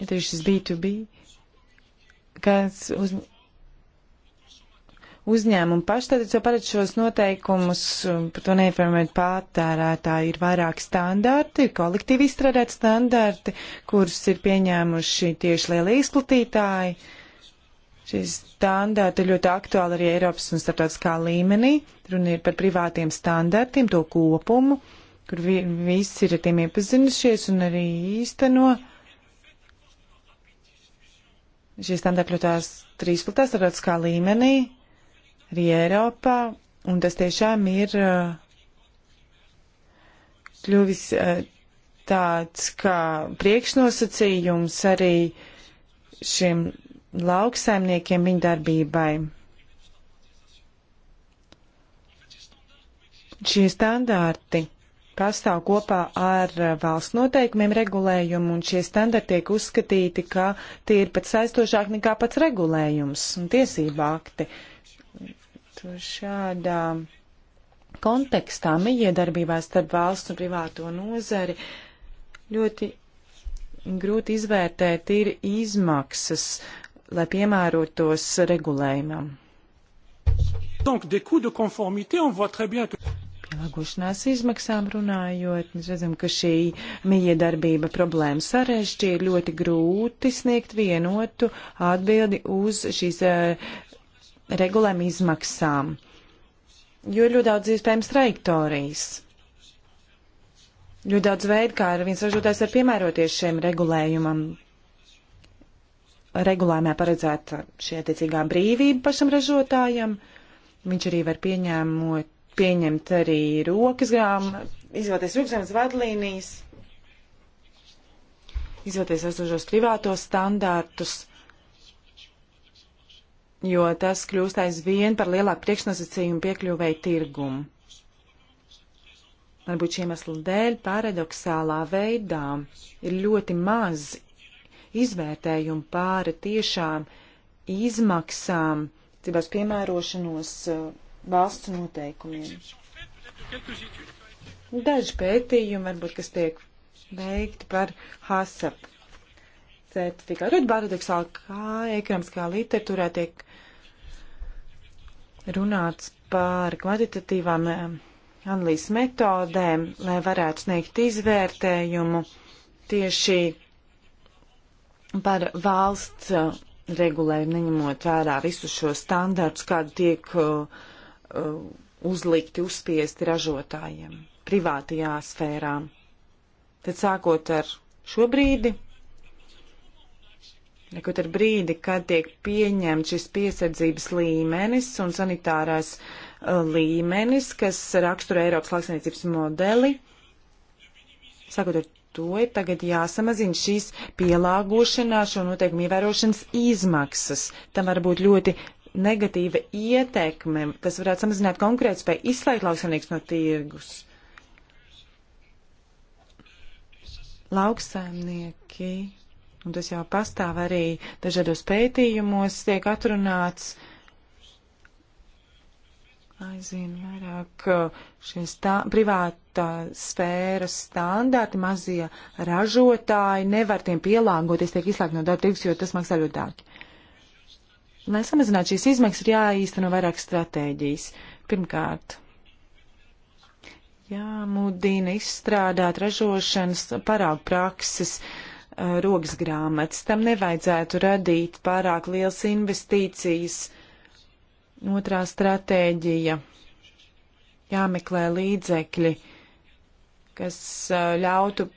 ja tieši šis B2B, uh, kas uz, uzņēmumu paštatic jau paredz šos noteikumus, um, par to neinformēt pārtērētāji, ir vairāk standarti, ir kolektīvi izstrādāti standarti, kurus ir pieņēmuši tieši lielie izplatītāji. Šīs standarti ir ļoti aktuāli arī Eiropas un starptautiskā līmenī. Runa ir par privātiem standartiem, to kopumu, kur vi visi ir ar tiem iepazinušies un arī īsteno. No Šie standarti kļūtās trīsplatā starptautiskā līmenī, arī Eiropā, un tas tiešām ir eh, kļuvis eh, tāds kā priekšnosacījums arī šiem lauksaimniekiem viņa darbībai. Šie standārti pastāv kopā ar eh, valsts noteikumiem regulējumu, un šie standarti tiek uzskatīti, ka tie ir pat saistošāk nekā pats regulējums un tiesība akti. To šādā kontekstā mijiedarbībā starp valsts un privāto nozari ļoti grūti izvērtēt ir izmaksas, lai piemērotos regulējumam. Donc, des coûts de conformité, on voit très bien que pielāgošanās izmaksām runājot, mēs redzam, ka šī mijiedarbība problēma sarežģīja, ļoti grūti sniegt vienotu atbildi uz šīs eh, regulēm izmaksām, jo ir ļoti daudz iespējams trajektorijas. Ļoti daudz veidu, kā ar viens ražotājs var piemēroties šiem regulējumam. Regulējumā paredzēta šī attiecīgā brīvība pašam ražotājam. Viņš arī var pieņēmot pieņemt arī rokas grām, izvēlēties rūpzemes vadlīnijas, izvēlēties esošos privātos standārtus, jo tas kļūst aizvien par lielāku priekšnosacījumu piekļuvēju tirgumu. Varbūt šī iemesla dēļ paradoxālā veidā ir ļoti maz izvērtējumu pāri tiešām izmaksām, cibās piemērošanos uh, valsts noteikumiem. Daži pētījumi, varbūt, kas tiek veikti par HASAP certifikātu. Bet paradoksāli, kā ekonomiskā literatūrā tiek runāts par kvalitatīvām analīzes metodēm, lai varētu sniegt izvērtējumu tieši par valsts eh, regulējumu, neņemot vērā visus šos standārtus, kādu tiek uh, Uh, uzlikti, uzspiesti ražotājiem privātajā sfērā. Tad sākot ar šo brīdi, Nekot ar brīdi, kad tiek pieņemts šis piesardzības līmenis un sanitārās uh, līmenis, kas raksturo Eiropas lauksainiecības modeli, sakot ar to, ir tagad jāsamazina šīs pielāgošanās šo noteikumu ievērošanas izmaksas. Tam var būt ļoti negatīva ietekme, kas varētu samazināt konkurētspēju, izslēgt lauksaimnieks no tirgus. Lauksaimnieki, un tas jau pastāv arī dažādos pētījumos, tiek atrunāts aizvien vairāk uh, šie stā, privātā sfēras standarti, mazie ražotāji nevar tiem pielāgoties, tiek izslēgt no darba tirgus, jo tas maksā ļoti dārgi. Lai samazinātu šīs izmaksas, ir jāīsteno vairāk stratēģijas. Pirmkārt, jāmudina izstrādāt ražošanas parāgu prakses rokas grāmatas. Tam nevajadzētu radīt pārāk liels investīcijas. Otrā stratēģija - jāmeklē līdzekļi, kas ļautu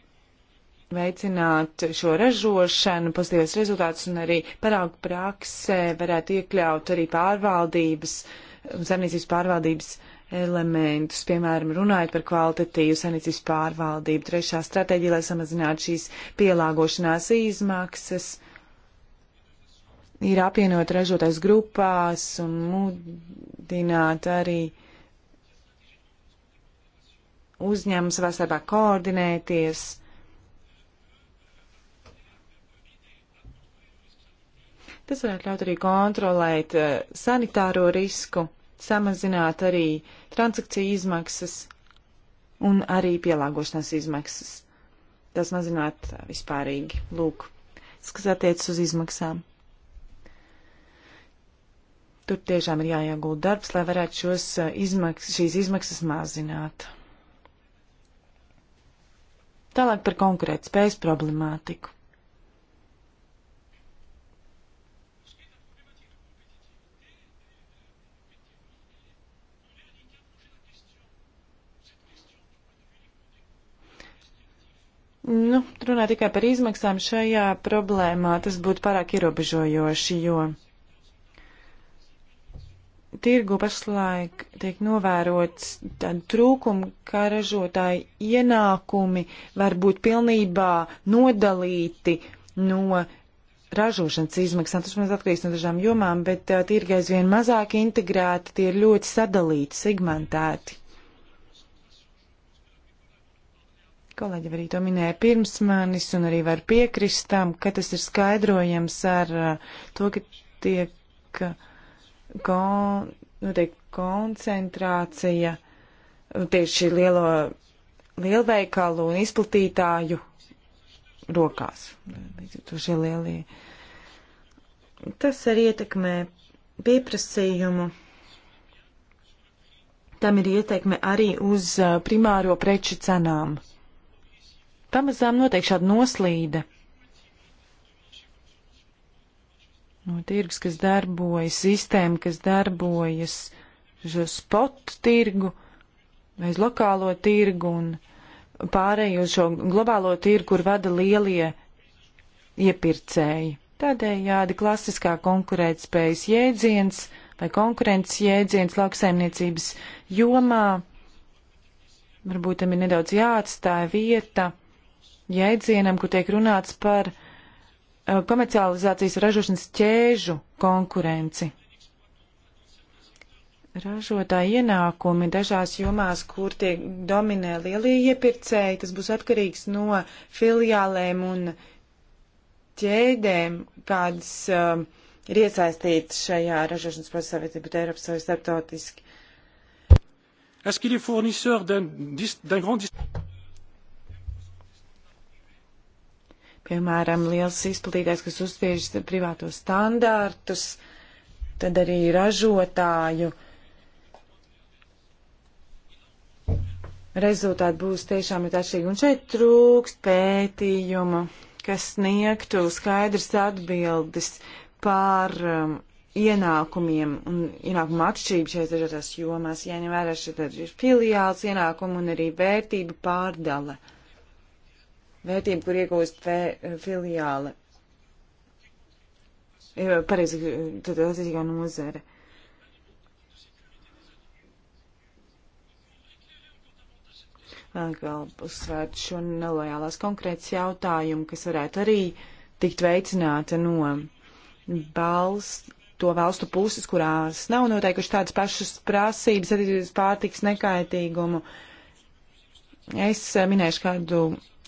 veicināt šo ražošanu, pozitīvas rezultātus un arī parāgu praksē varētu iekļaut arī pārvaldības, zemniecības pārvaldības elementus, piemēram, runājot par kvalitatīvu sanicības pārvaldību, trešā stratēģija, lai samazinātu šīs pielāgošanās izmaksas, ir apvienot ražotais grupās un mudināt arī uzņēmumu savā starpā koordinēties kas varētu ļaut arī kontrolēt eh, sanitāro risku, samazināt arī transakciju izmaksas un arī pielāgošanās izmaksas. Tas mazināt eh, vispārīgi, lūk, kas attiecas uz izmaksām. Tur tiešām ir jāiegulda darbs, lai varētu šos eh, izmaks, šīs izmaksas mazināt. Tālāk par konkurētspējas problemātiku. Nu, runā tikai par izmaksām šajā problēmā, tas būtu pārāk ierobežojoši, jo tirgu pašlaik tiek novērots tādu trūkumu, ka ražotāji ienākumi var būt pilnībā nodalīti no ražošanas izmaksām. Tas mums atkarīgs no dažām jomām, bet uh, tirgi aizvien mazāk integrēti, tie ir ļoti sadalīti, segmentēti. Kolēģi arī to minēja pirms manis un arī var piekrist tam, ka tas ir skaidrojams ar uh, to, ka tiek uh, kon, notiek koncentrācija uh, tieši lielo lielveikalu un izplatītāju rokās. Tas arī ietekmē pieprasījumu tam ir ietekme arī uz primāro preču cenām pamazām notiek šāda noslīde. No nu, tirgus, kas darbojas, sistēma, kas darbojas šo spotu tirgu vai uz lokālo tirgu un pārēju uz šo globālo tirgu, kur vada lielie iepirkēji. Tādējādi klasiskā konkurētspējas jēdziens vai konkurences jēdziens lauksaimniecības jomā varbūt tam ir nedaudz jāatstāja vieta jēdzienam, kur tiek runāts par uh, komercializācijas ražošanas ķēžu konkurenci. Ražotāji ienākumi dažās jomās, kur tiek dominē lielie iepirkēji, tas būs atkarīgs no filiālēm un ķēdēm, kādas um, uh, ir iesaistītas šajā ražošanas procesā, vai tie būtu Eiropas vai starptautiski. Est-ce qu'il est fournisseur d'un grand piemēram, liels izplatītājs, kas uzspiež privātos standārtus, tad arī ražotāju rezultāti būs tiešām ir atšķirīgi. Un šeit trūkst pētījuma, kas sniegtu skaidrs atbildes par um, ienākumiem un ienākumu atšķirību šajās dažādās jomās, ja nevērā šeit ir filiāls ienākumu un arī vērtību pārdala. Uh, vērtību, kur iegūst filiāli. Pareizi, tad attiecīgā nozare. Vēl uzsvērt šo nelojālās konkrētas jautājumu, kas varētu arī tikt veicināta no balsts to valstu puses, kurās nav noteikuši tādas pašas prasības attiecībā uz pārtiks nekaitīgumu. Uh, Es eh, minēšu kādu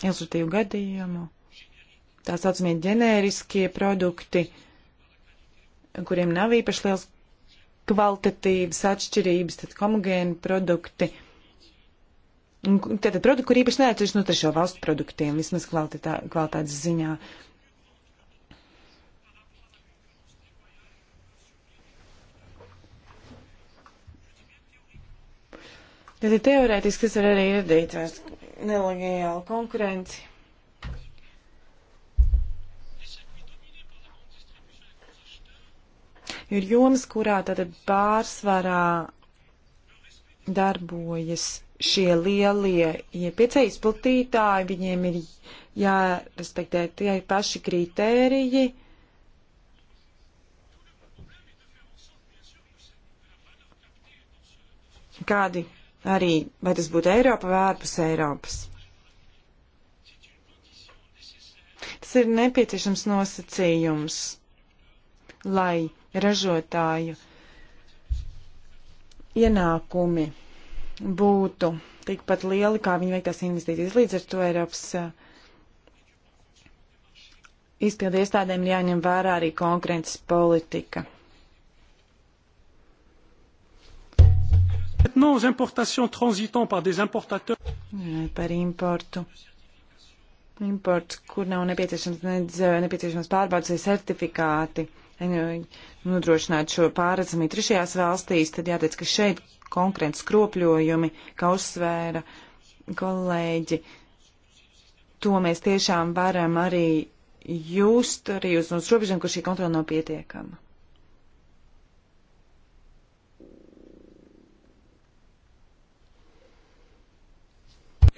ilustratīvu gadījumu. Tā saucamie ģenēriskie produkti, kuriem nav īpaši liels kvalitatīvas atšķirības, tad homogēni produkti. Tātad produkti, kur īpaši neatšķiras no trešo valstu produktiem, vismaz kvalitā, kvalitātes ziņā. Tad ir teorētiski, kas var arī radīt nelegālu konkurenci. Ir jomas, kurā tātad pārsvarā darbojas šie lielie iepirkēji, izplatītāji, viņiem ir jārespektē tie paši kritēriji. Kādi arī, vai tas būtu Eiropa vai ārpus Eiropas. Tas ir nepieciešams nosacījums, lai ražotāju ienākumi būtu tikpat lieli, kā viņi veiktās investīcijas. Līdz ar to Eiropas uh, izpildu iestādēm jāņem vērā arī konkurences politika. Maintenant aux importations transitant par des importateurs. Par importu. Imports, kur nav nepieciešams, nedz, nepieciešams pārbaudas vai certifikāti, nu, nodrošināt šo pārredzamību trešajās valstīs, tad jāteic, ka šeit konkrēti skropļojumi, kā uzsvēra kolēģi, to mēs tiešām varam arī just arī uz, uz robežām, kur šī kontrola nav pietiekama.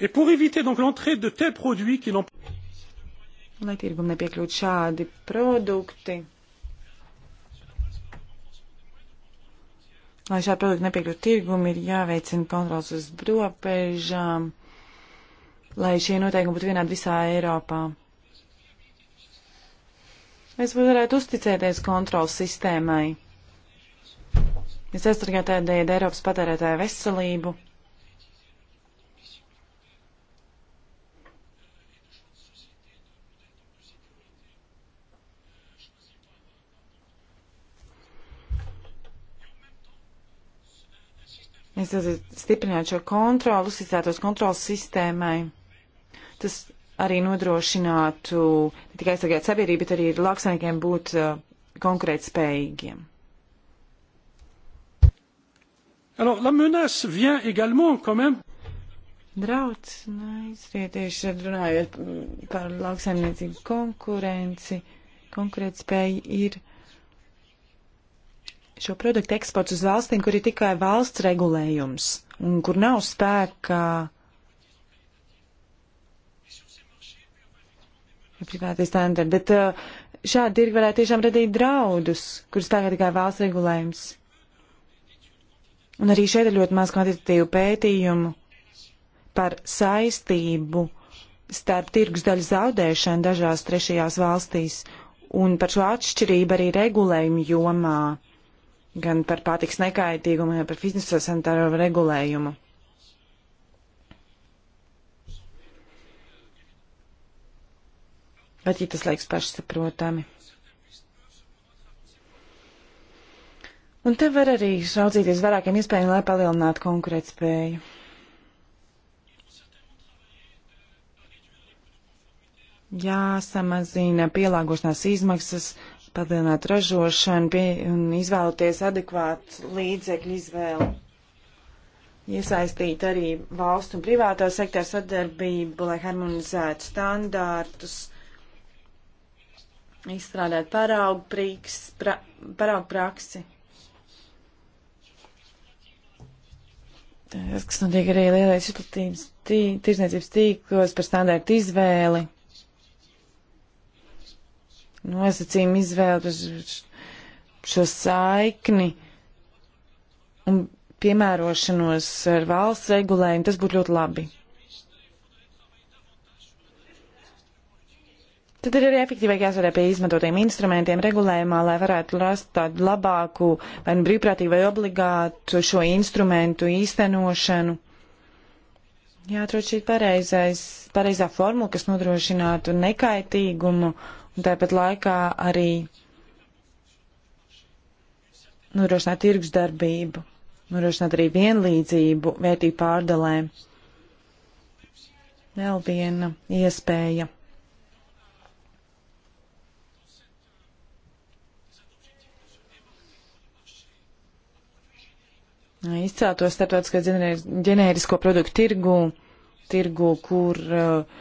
et pour éviter donc l'entrée de tels produits qui n'ont Lai tirgum nepiekļūt šādi produkti. Lai šādi produkti nepiekļūt tirgumi, ir jāveicina kontrols uz robežām, lai šie noteikumi būtu vienādi visā Eiropā. Mēs varētu uzticēties kontrols sistēmai. Es aizsargāju tādēļ Eiropas patērētāju veselību. Mēs stiprinātu šo kontrolu, uzticētos kontrolas sistēmai. Tas arī nodrošinātu ne tikai aizsargāt sabiedrību, bet arī lauksaimniekiem būt uh, konkurētspējīgiem. Alors, la menace vient également quand même. Drauds, nu, izrietieši runājot par lauksaimniecību konkurenci, konkurētspēja ir šo produktu eksports uz valstīm, kur ir tikai valsts regulējums un kur nav spēka privāti standarti. Bet uh, šādi tirgi varētu tiešām radīt draudus, kurus tagad tikai valsts regulējums. Un arī šeit ir ļoti maz kvantitatīvu pētījumu par saistību starp tirgus daļu zaudēšanu dažās trešajās valstīs un par šo atšķirību arī regulējumu jomā gan par pārtiks nekaitīgumu, gan par fitnesosanitāro regulējumu. Bet, ja tas liekas pašsaprotami. Un te var arī raudzīties vairākiem iespējām, lai palielinātu konkurētspēju. Jāsamazina pielāgošanās izmaksas, palielināt ražošanu pie, un izvēloties adekvātu līdzekļu izvēli. Iesaistīt arī valstu un privāto sektoru sadarbību, lai harmonizētu standārtus, izstrādāt paraugu, prīks, pra, paraugu praksi. Tas, kas notiek arī lielais izplatības tī, tirsniecības tīklos par standārtu izvēli nosacījumu izvēli, šo saikni un piemērošanos ar valsts regulējumu, tas būtu ļoti labi. Tad ir arī efektīvāk jāsvarē pie izmantotiem instrumentiem regulējumā, lai varētu rast tādu labāku vai nu brīvprātīgu vai obligātu šo instrumentu īstenošanu. Jāatrod šī pareizais, pareizā formula, kas nodrošinātu nekaitīgumu Tāpat laikā arī nodrošināt tirgus darbību, nodrošināt arī vienlīdzību vērtību pārdalē. Vēl viena iespēja. Izcēltos starptautiskā ģenērisko produktu tirgu, tirgu, kur uh,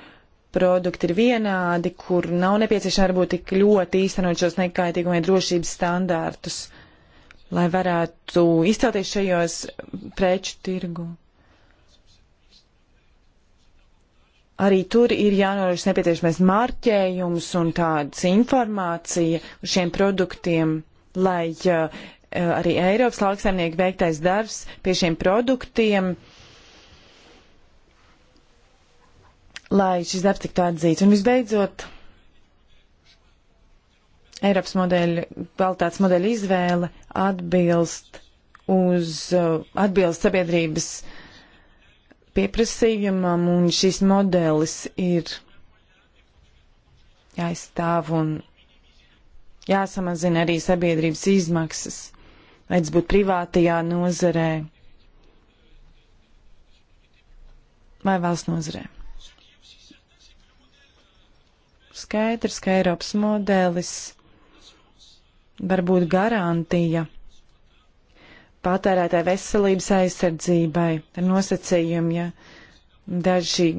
produkti ir vienādi, kur nav nepieciešama varbūt tik ļoti īstenot šos nekaitīgumiem drošības standārtus, lai varētu izcelties šajos preču tirgu. Arī tur ir jānorož nepieciešamais marķējums un tāds informācija uz šiem produktiem, lai uh, arī Eiropas lauksaimnieku veiktais darbs pie šiem produktiem uh, lai šis darbs tiktu atzīts. Un visbeidzot, Eiropas modeļa, kvalitātes modeļa izvēle atbilst uz, atbilst sabiedrības pieprasījumam, un šis modelis ir jāizstāv un jāsamazina arī sabiedrības izmaksas, lai tas būtu privātajā nozarē vai valsts nozarē skaidrs, ka Eiropas modelis var būt garantija patērētāja veselības aizsardzībai ar nosacījumu, ja daži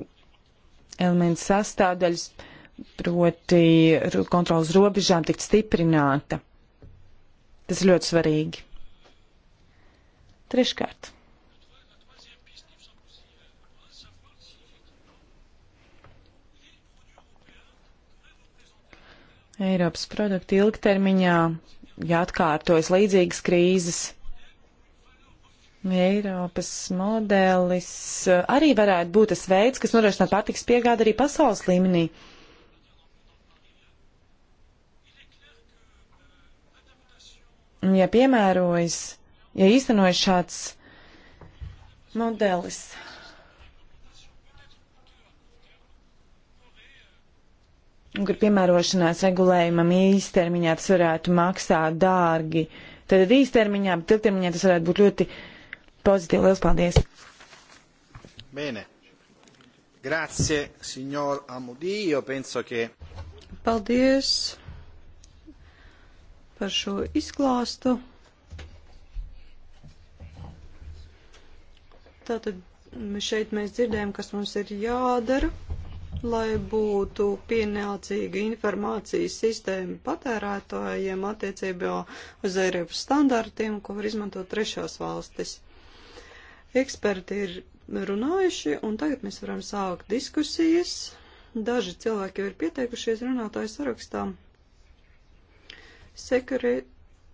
elementi sastāvdaļas, proti kontrolas robežām, tikt stiprināta. Tas ir ļoti svarīgi. Treškārt. Eiropas produkti ilgtermiņā, ja atkārtojas līdzīgas krīzes. Eiropas modelis eh, arī varētu būt tas veids, kas nodrošinātu pārtiks piegādi arī pasaules līmenī. Ja piemērojas, ja īstenojas šāds modelis, kur piemērošanās regulējumam īstermiņā tas varētu maksāt dārgi. Tad īstermiņā, bet ilgtermiņā tas varētu būt ļoti pozitīvi. Lielas paldies! Bene. Grazie, signor Amudī, jo penso, ka. Che... Paldies par šo izklāstu. Tātad šeit mēs dzirdējam, kas mums ir jādara lai būtu pienācīga informācijas sistēma patērētājiem attiecībā uz Eiropas standartiem, ko var izmantot trešās valstis. Eksperti ir runājuši, un tagad mēs varam sākt diskusijas. Daži cilvēki jau ir pieteikušies runātāju sarakstā. Sekare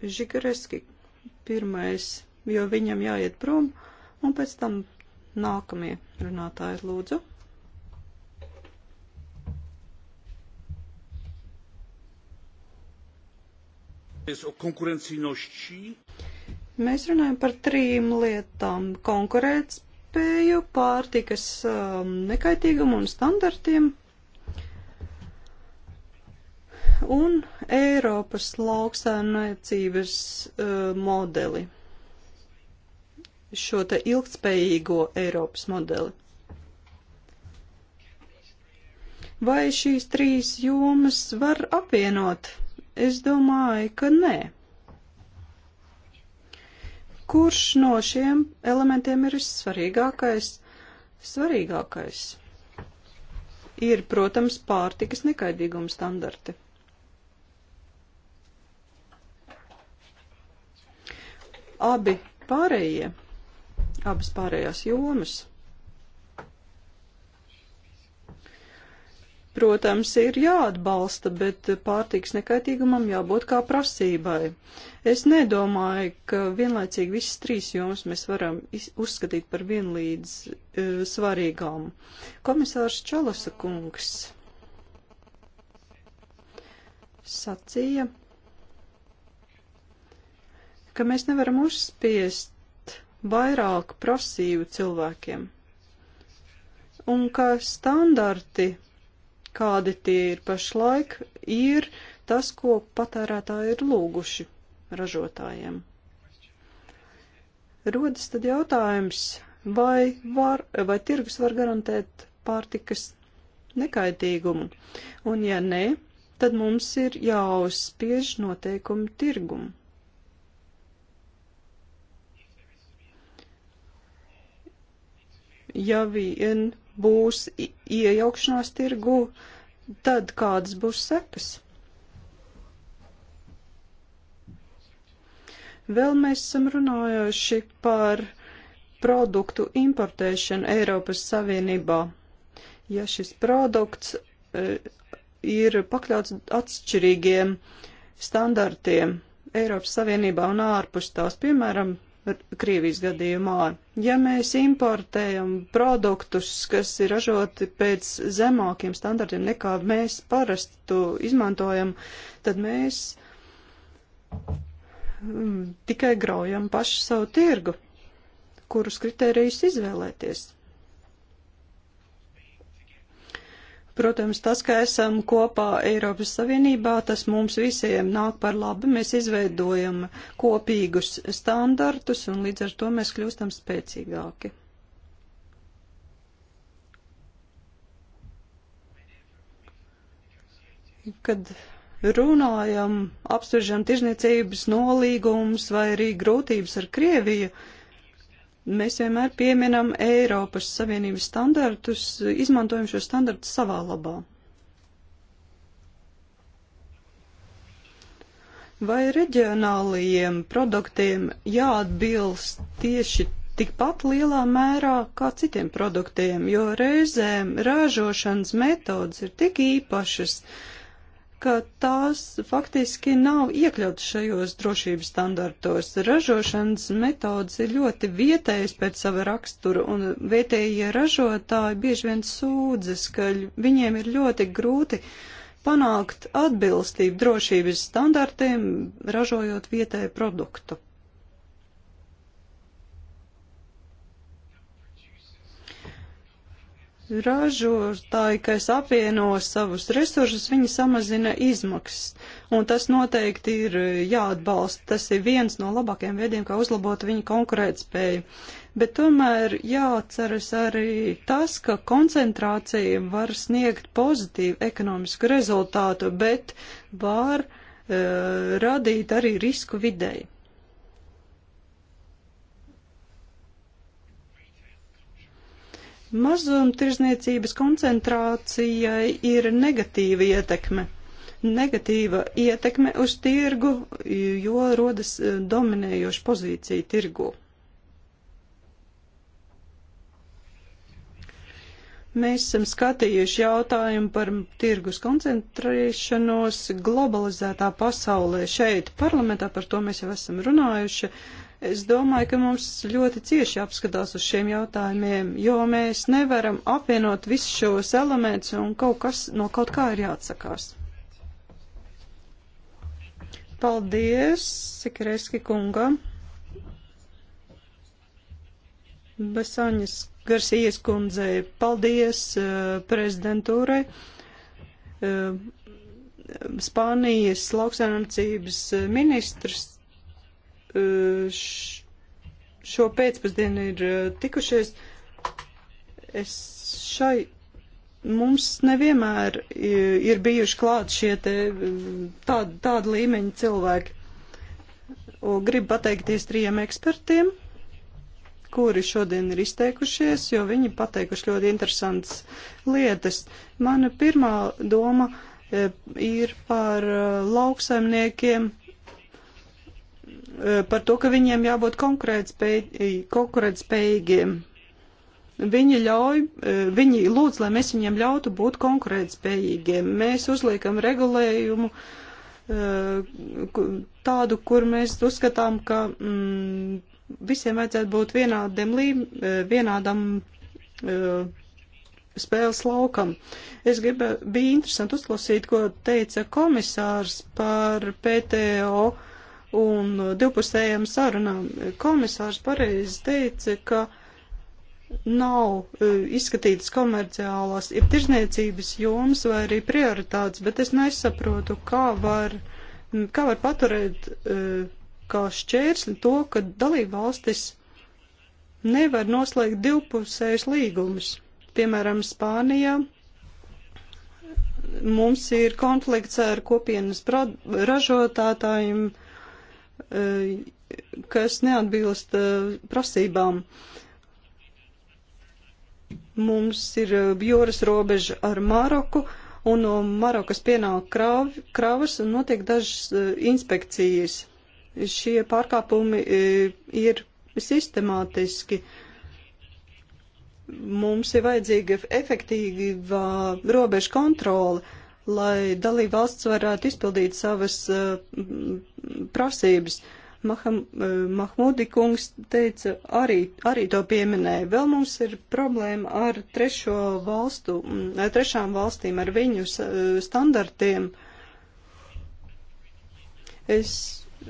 Žigareski pirmais, jo viņam jāiet prom, un pēc tam nākamie runātāji lūdzu. Mēs runājam par trim lietām - konkurētspēju, pārtikas um, nekaitīgumu un standartiem un Eiropas lauksēmniecības uh, modeli, šo te ilgtspējīgo Eiropas modeli. Vai šīs trīs jomas var apvienot? Es domāju, ka nē. Kurš no šiem elementiem ir vissvarīgākais? Svarīgākais ir, protams, pārtikas nekaidīguma standarti. Abi pārējie, abas pārējās jomas protams, ir jāatbalsta, bet pārtīks nekaitīgumam jābūt kā prasībai. Es nedomāju, ka vienlaicīgi visas trīs jomas mēs varam uzskatīt par vienlīdz e, svarīgām. Komisārs Čalasa kungs sacīja, ka mēs nevaram uzspiest vairāk prasību cilvēkiem un ka standarti kādi tie ir pašlaik, ir tas, ko patērētāji ir lūguši ražotājiem. Rodas tad jautājums, vai, var, vai tirgus var garantēt pārtikas nekaitīgumu, un ja nē, tad mums ir jāuzspiež noteikumi tirgumu. Ja vien būs iejaukšanās tirgu, tad kādas būs sekas? Vēl mēs esam runājuši par produktu importēšanu Eiropas Savienībā. Ja šis produkts e, ir pakļauts atšķirīgiem standartiem Eiropas Savienībā un ārpus tās, piemēram, Krievijas gadījumā. Ja mēs importējam produktus, kas ir ražoti pēc zemākiem standartiem nekā mēs parasti to izmantojam, tad mēs mm, tikai graujam pašu savu tirgu, kurus kritērijus izvēlēties. Protams, tas, ka esam kopā Eiropas Savienībā, tas mums visiem nāk par labu. Mēs izveidojam kopīgus standartus un līdz ar to mēs kļūstam spēcīgāki. Kad runājam, apsvežam tirzniecības nolīgumus vai arī grūtības ar Krieviju, uh, Mēs vienmēr pieminam Eiropas Savienības standartus, izmantojam šo standartu savā labā. Vai reģionālajiem produktiem jāatbilst tieši tikpat lielā mērā kā citiem produktiem, jo reizēm ražošanas metodas ir tik īpašas, uh, ka tās faktiski nav iekļautas šajos drošības standartos. Ražošanas metodas ir ļoti vietējas pēc sava rakstura, un vietējie ražotāji bieži vien sūdzas, ka viņiem ir ļoti grūti panākt atbilstību drošības standartiem, ražojot vietēju produktu. ražotāji, kas apvieno savus resursus, viņi samazina izmaksas. Un tas noteikti ir jāatbalsta. Tas ir viens no labākajiem veidiem, kā uzlabot viņa konkurētspēju. Bet tomēr jāatceras arī tas, ka koncentrācija var sniegt pozitīvu ekonomisku rezultātu, bet var uh, radīt arī risku videi. Mazumtirzniecības koncentrācijai ir negatīva ietekme. Negatīva ietekme uz tirgu, jo rodas eh, dominējoša pozīcija tirgu. Mēs esam skatījuši jautājumu par tirgus koncentrēšanos globalizētā pasaulē. Šeit parlamentā par to mēs jau esam runājuši. Uh, Es domāju, ka mums ļoti cieši apskatās uz šiem jautājumiem, jo mēs nevaram apvienot visus šos elementus un kaut kas no kaut kā ir jāatsakās. Paldies Sikreski kungam. Besaņas Garsijas kundzei. Paldies uh, prezidentūrai. Uh, Spānijas lauksaimniecības eh, ministrs šo pēcpusdienu ir tikušies, es šai mums nevienmēr ir bijuši klāt šie te tādi, tādi līmeņi cilvēki. Un gribu pateikties trijiem ekspertiem, kuri šodien ir izteikušies, jo viņi pateikuši ļoti interesantas lietas. Mana pirmā doma ir par lauksaimniekiem Eh, par to, ka viņiem jābūt eh, konkurētspējīgiem. Viņi ļauj, eh, viņi lūdz, lai mēs viņiem ļautu būt konkurētspējīgiem. Mēs uzliekam regulējumu tādu, kur mēs uzskatām, ka mm, visiem vajadzētu būt vienādiem līm, vienādam spēles laukam. Es gribēju, bija interesanti uzklausīt, ko teica komisārs par PTO uh, un divpusējām sarunām. Komisārs pareizi teica, ka nav e, izskatītas komerciālās, ir tirzniecības jomas vai arī prioritātes, bet es nesaprotu, kā var, kā var paturēt e, kā šķērsli to, ka dalībvalstis nevar noslēgt divpusējus līgumus. Piemēram, Spānijā mums ir konflikts ar kopienas ražotātājiem Eh, kas neatbilst eh, prasībām. Mums ir eh, jūras robeža ar Maroku, un no Marokas pienāk krāv, krāvas un notiek dažas inspekcijas. Šie pārkāpumi ir sistemātiski. Mums ir vajadzīga efektīva robeža kontrola lai dalība valsts varētu izpildīt savas uh, prasības. Maham, uh, Mahmudi kungs teica, arī, arī to pieminēja. Vēl mums ir problēma ar trešo valstu, ar trešām valstīm, ar viņu uh, standartiem. Es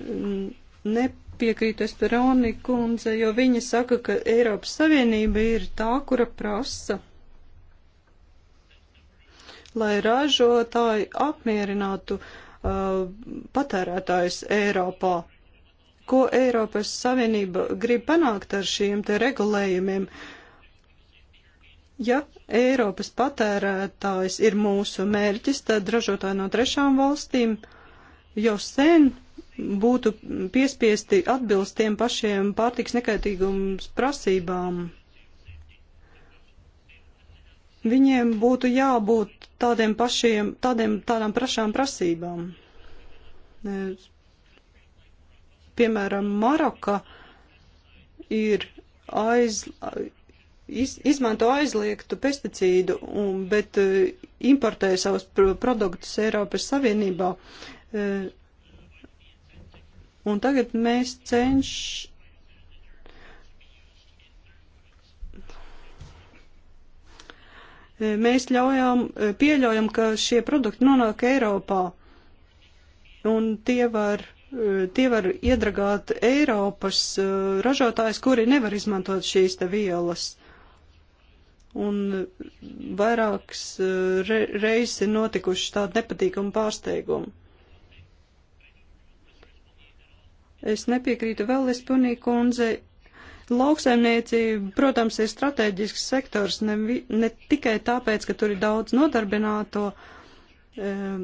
mm, ne piekrītu Esperoni kundze, jo viņa saka, ka Eiropas Savienība ir tā, kura prasa lai ražotāji apmierinātu uh, patērētājus Eiropā. Ko Eiropas Savienība grib panākt ar šiem te regulējumiem? Ja Eiropas patērētājs ir mūsu mērķis, tad ražotāji no trešām valstīm jau sen būtu piespiesti atbilst tiem pašiem pārtiks nekaitīgums prasībām Viņiem būtu jābūt tādiem pašiem, tādiem, tādām prašām prasībām. E, piemēram, Maroka ir aiz, iz, izmanto aizliegtu pesticīdu, un, bet e, importē savus produktus Eiropas Savienībā. E, un tagad mēs cenš, Eh, mēs ļaujam, eh, pieļaujam, ka šie produkti nonāk Eiropā un tie var, eh, tie var iedragāt Eiropas ražotājs, kuri nevar izmantot šīs te vielas. Un vairākas reizes ir notikuši tādi nepatīkami pārsteigumi. Es nepiekrītu vēl, es punīju kundze, Lauksaimniecība, protams, ir strateģisks sektors ne, ne tikai tāpēc, ka tur ir daudz nodarbināto, ehm,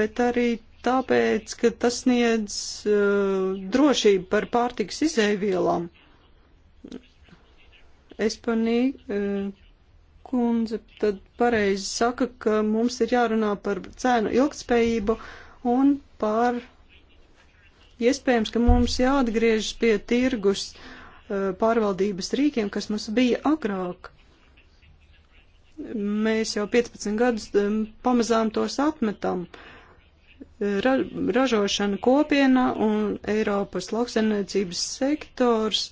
bet arī tāpēc, ka tas sniedz eh, drošību par pārtiks izēvielām. Espanī eh, kundze tad pareizi saka, ka mums ir jārunā par cēnu ilgtspējību un par Iespējams, ka mums jāatgriežas pie tirgus eh, pārvaldības rīkiem, kas mums bija agrāk. Mēs jau 15 gadus eh, pamazām tos atmetam. Eh, ra ražošana kopiena un Eiropas lauksaimniecības sektors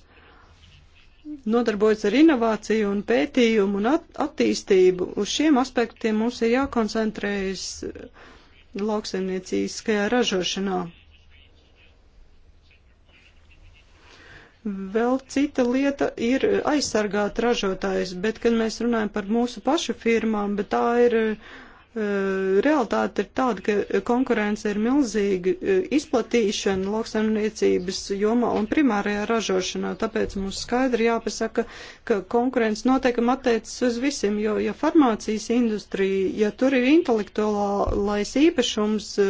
nodarbojas ar inovāciju un pētījumu un at attīstību. Uz šiem aspektiem mums ir jākoncentrējas lauksaimniecīskajā ražošanā. Vēl cita lieta ir aizsargāt ražotājus, bet, kad mēs runājam par mūsu pašu firmām, bet tā ir, e, realitāte ir tāda, ka konkurence ir milzīga e, izplatīšana lauksaimniecības jomā un primārajā ražošanā, tāpēc mums skaidri jāpasaka, ka konkurence noteikam attiecas uz visiem, jo, ja farmācijas industrija, ja tur ir intelektuālais īpašums, e,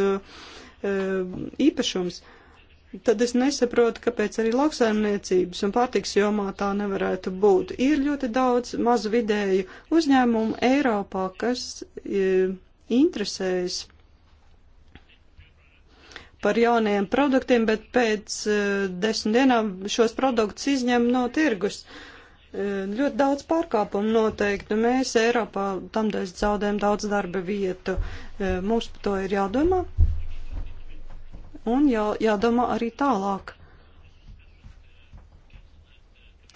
īpašums, tad es nesaprotu, kāpēc arī lauksaimniecības un pārtiks jomā tā nevarētu būt. Ir ļoti daudz mazu vidēju uzņēmumu Eiropā, kas e, interesējas par jauniem produktiem, bet pēc e, desmit dienām šos produktus izņem no tirgus. E, ļoti daudz pārkāpumu noteikti. Mēs Eiropā tamdēļ zaudējam daudz darba vietu. E, mums par to ir jādomā un jā, jādomā arī tālāk.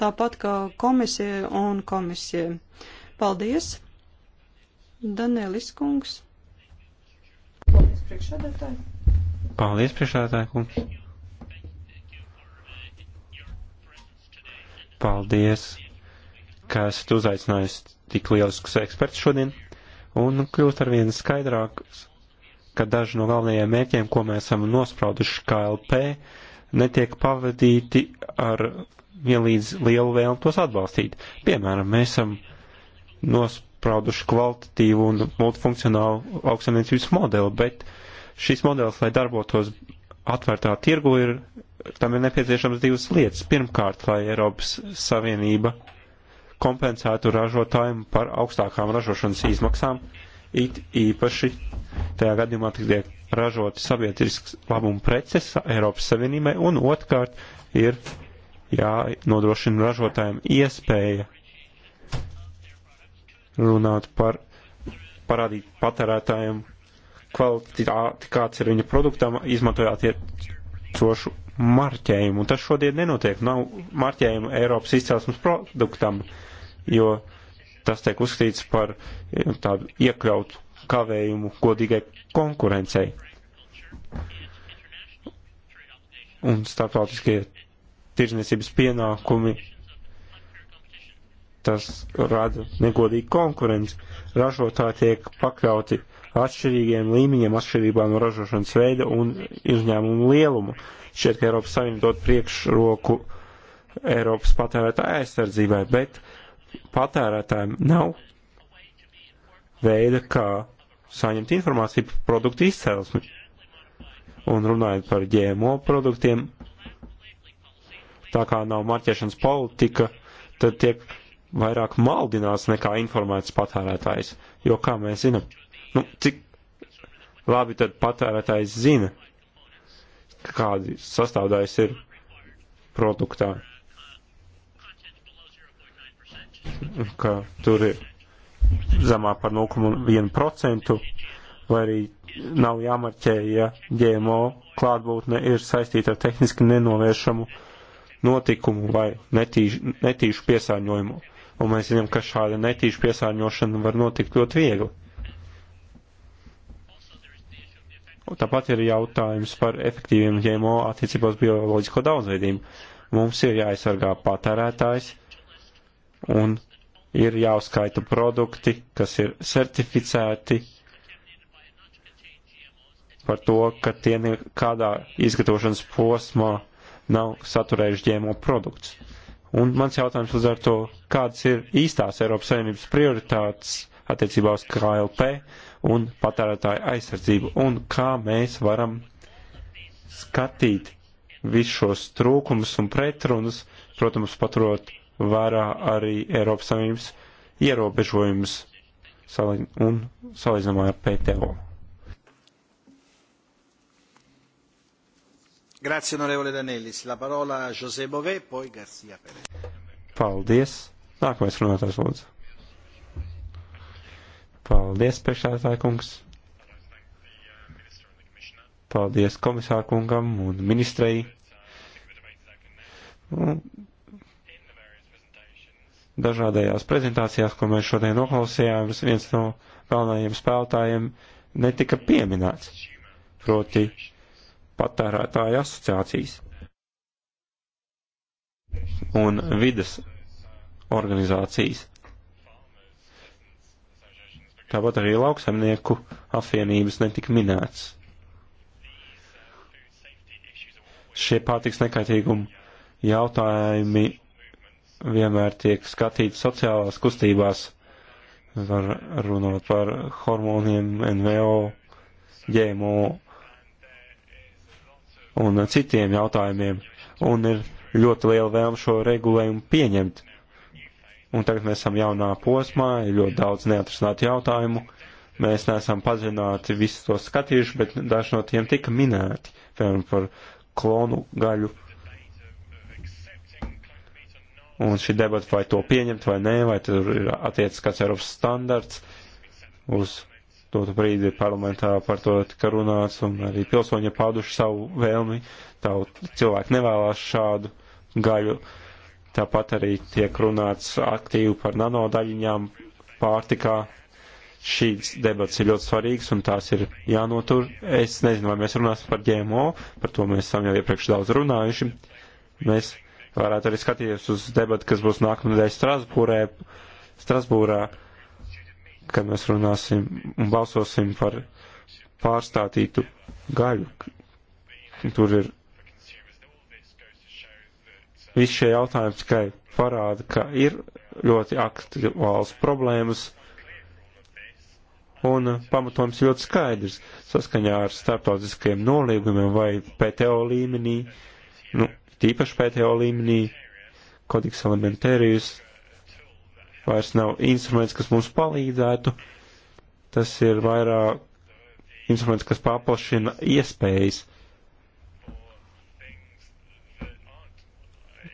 Tāpat kā komisija un komisija. Paldies, Danielis Kungs. Paldies, priekšsēdētāji. Paldies, priekšsēdētāji Kungs. Paldies, ka esat uzaicinājusi tik lieliskus ekspertus šodien un kļūst arvien skaidrāks ka daži no galvenajiem mērķiem, ko mēs esam nosprauduši KLP, netiek pavadīti ar vienlīdz lielu vēlmu tos atbalstīt. Piemēram, mēs esam nosprauduši kvalitatīvu un multifunkcionālu lauksaimniecības modeli, bet šis modelis, lai darbotos atvērtā tirgu, ir, tam ir nepieciešams divas lietas. Pirmkārt, lai Eiropas Savienība kompensētu ražotājiem par augstākām ražošanas izmaksām, it īpaši Tajā gadījumā tiek ražoti sabiedrisks labuma preces Eiropas Savienībai, un otrkārt ir jānodrošina ražotājiem iespēja runāt par, parādīt patērētājiem kvalitāti, kāds ir viņa produktam, izmantojot iecošu marķējumu. Un tas šodien nenotiek. Nav marķējumu Eiropas izcelsmes produktam, jo tas tiek uzskatīts par nu, tādu iekļautu kavējumu godīgai konkurencei. Un starptautiskie tirzniecības pienākumi tas rada negodīgu konkurenci. Ražotāji tiek pakļauti atšķirīgiem līmeņiem atšķirībā no ražošanas veida un izņēmumu lielumu. Šķiet, ka Eiropas Savienība dod priekšroku Eiropas patērētāja aizsardzībai, bet patērētājiem nav veida, kā saņemt informāciju par produktu izcelsmi. Un runājot par GMO produktiem, tā kā nav marķēšanas politika, tad tiek vairāk maldināts nekā informēts patērētājs. Jo kā mēs zinām, nu, cik labi tad patērētājs zina, kādi sastāvdājas ir produktā. Ka tur ir zemāk par 0,1%, vai arī nav jāmarķē, ja GMO klātbūtne ir saistīta ar tehniski nenovēršamu notikumu vai netīšu, netīšu piesārņojumu. Un mēs zinām, ka šāda netīša piesārņošana var notikt ļoti viegli. Un tāpat ir jautājums par efektīviem GMO attiecībās bioloģisko daudzveidību. Mums ir jāaizsargā patērētājs un ir jāuzskaita produkti, kas ir certificēti par to, ka tie nekādā izgatavošanas posmā nav saturējuši ģēmo produkts. Un mans jautājums uz ar to, kādas ir īstās Eiropas Savienības prioritātes attiecībā uz KLP un patērētāju aizsardzību, un kā mēs varam skatīt visus šos trūkumus un pretrunus, protams, paturot vērā arī Eiropas Savienības ierobežojumus un salīdzinājumā ar PTO. Grazie, onorevole Danelis. La parola a José Bové, poi Garcia Pérez. Paldies. Nākamais runātājs lūdzu. Paldies, priekšstādātāja kungs. Paldies komisārkungam un ministrei. Un dažādajās prezentācijās, ko mēs šodien noklausījāmies, viens no galvenajiem spēlētājiem netika pieminēts, proti patērētāju asociācijas un vidas organizācijas. Tāpat arī lauksaimnieku apvienības netika minēts. Šie pārtiks nekaitīgumi jautājumi vienmēr tiek skatīti sociālās kustībās, var runāt par hormoniem, NVO, ģēmo un citiem jautājumiem, un ir ļoti liela vēlme šo regulējumu pieņemt. Un tagad mēs esam jaunā posmā, ir ļoti daudz neatrisinātu jautājumu, mēs neesam pazināti visus tos skatījuši, bet daži no tiem tika minēti, piemēram, par klonu gaļu un šī debata vai to pieņemt vai nē, vai tur ir attiecis kāds Eiropas standarts uz to brīdi parlamentā par to tika runāts, un arī pilsoņi ir pauduši savu vēlmi, tā cilvēki nevēlās šādu gaļu. Tāpat arī tiek runāts aktīvi par nanodaļiņām pārtikā. Šīs debats ir ļoti svarīgs, un tās ir jānotur. Es nezinu, vai mēs runāsim par GMO, par to mēs esam jau iepriekš daudz runājuši. Mēs varētu arī skatīties uz debatu, kas būs nākamnedēļ Strasbūrē, Strasbūrā, kad mēs runāsim un balsosim par pārstātītu gaļu. Tur ir visi šie jautājumi tikai parāda, ka ir ļoti aktuāls problēmas, un pamatojums ļoti skaidrs saskaņā ar starptautiskajiem nolīgumiem vai PTO līmenī. Nu, tīpaši pēdējo līmenī, kodeks elementērijus vairs nav instruments, kas mums palīdzētu, tas ir vairāk instruments, kas paplašina iespējas.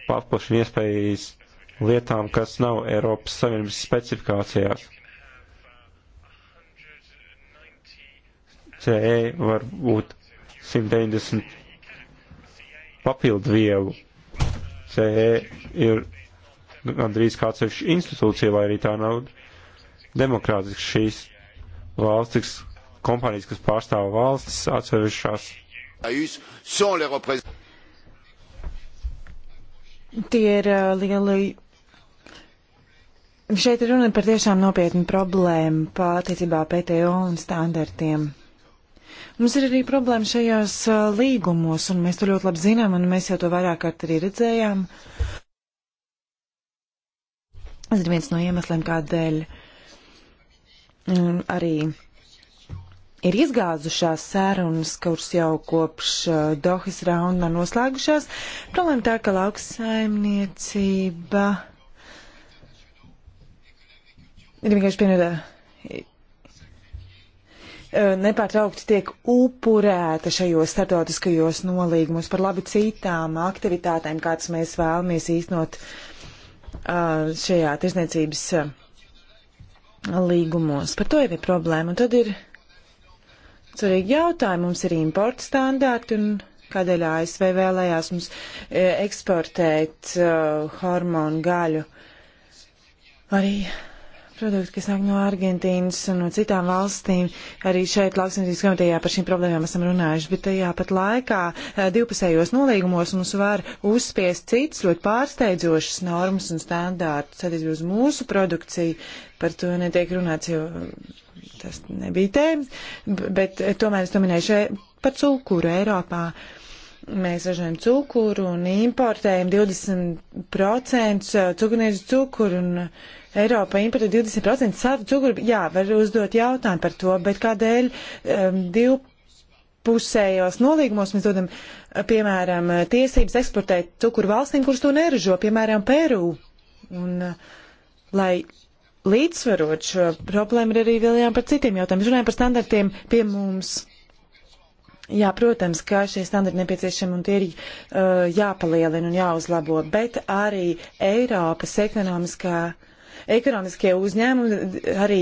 Paplašina iespējas lietām, kas nav Eiropas Savienības specifikācijās. CE var būt 190 papildvielu. CE ir gandrīz kā atsevišķa institūcija, lai arī tā nav demokrātiska šīs valstis, kompānijas, kas pārstāv valstis atsevišķās. Tie ir uh, lieli Šeit ir runa par tiešām nopietnu problēmu attiecībā PTO un standartiem. Mums ir arī problēma šajās līgumos, un mēs to ļoti labi zinām, un mēs jau to vairāk kārt arī redzējām. Tas ir viens no iemesliem, kādēļ um, arī ir izgāzušās sērunas, kuras jau kopš uh, Dohas raundā noslēgušās. Problēma tā, ka lauksaimniecība ir vienkārši pienāda Eh, nepārtraukti tiek upurēta šajos startautiskajos nolīgumos par labu citām aktivitātēm, kādas mēs vēlamies īstenot eh, šajā tirzniecības eh, līgumos. Par to jau ir problēma. Un tad ir svarīgi jautājumi. Mums ir importa standārti un kādēļ ASV vēlējās mums eksportēt uh, hormonu gaļu. Arī produkti, kas nāk no Argentīnas un no citām valstīm. Arī šeit lauksimtības komitejā par šīm problēmām esam runājuši, bet tajā pat laikā eh, divpusējos nolīgumos mums var uzspiest citas ļoti pārsteidzošas normas un standārtus attiecībā uz mūsu produkciju. Par to netiek runāts, jo eh, tas nebija tēmas, bet eh, tomēr es dominēju par cukuru Eiropā. Mēs ražojam cukuru un importējam 20% cukurnieku cukuru. Un, Eiropa importē 20% savu cukuru. Jā, var uzdot jautājumu par to, bet kādēļ um, divu pusējos nolīgumos mēs dodam, uh, piemēram, uh, tiesības eksportēt cukuru valstīm, kuras to neražo, piemēram, Peru. Un, uh, lai līdzsvarot šo problēmu, ir arī vēl jām par citiem jautājumiem. Runājam par standartiem pie mums. Jā, protams, ka šie standarti nepieciešami un tie ir uh, jāpalielina un jāuzlabo, bet arī Eiropas ekonomiskā uh, ekonomiskie uzņēmumi arī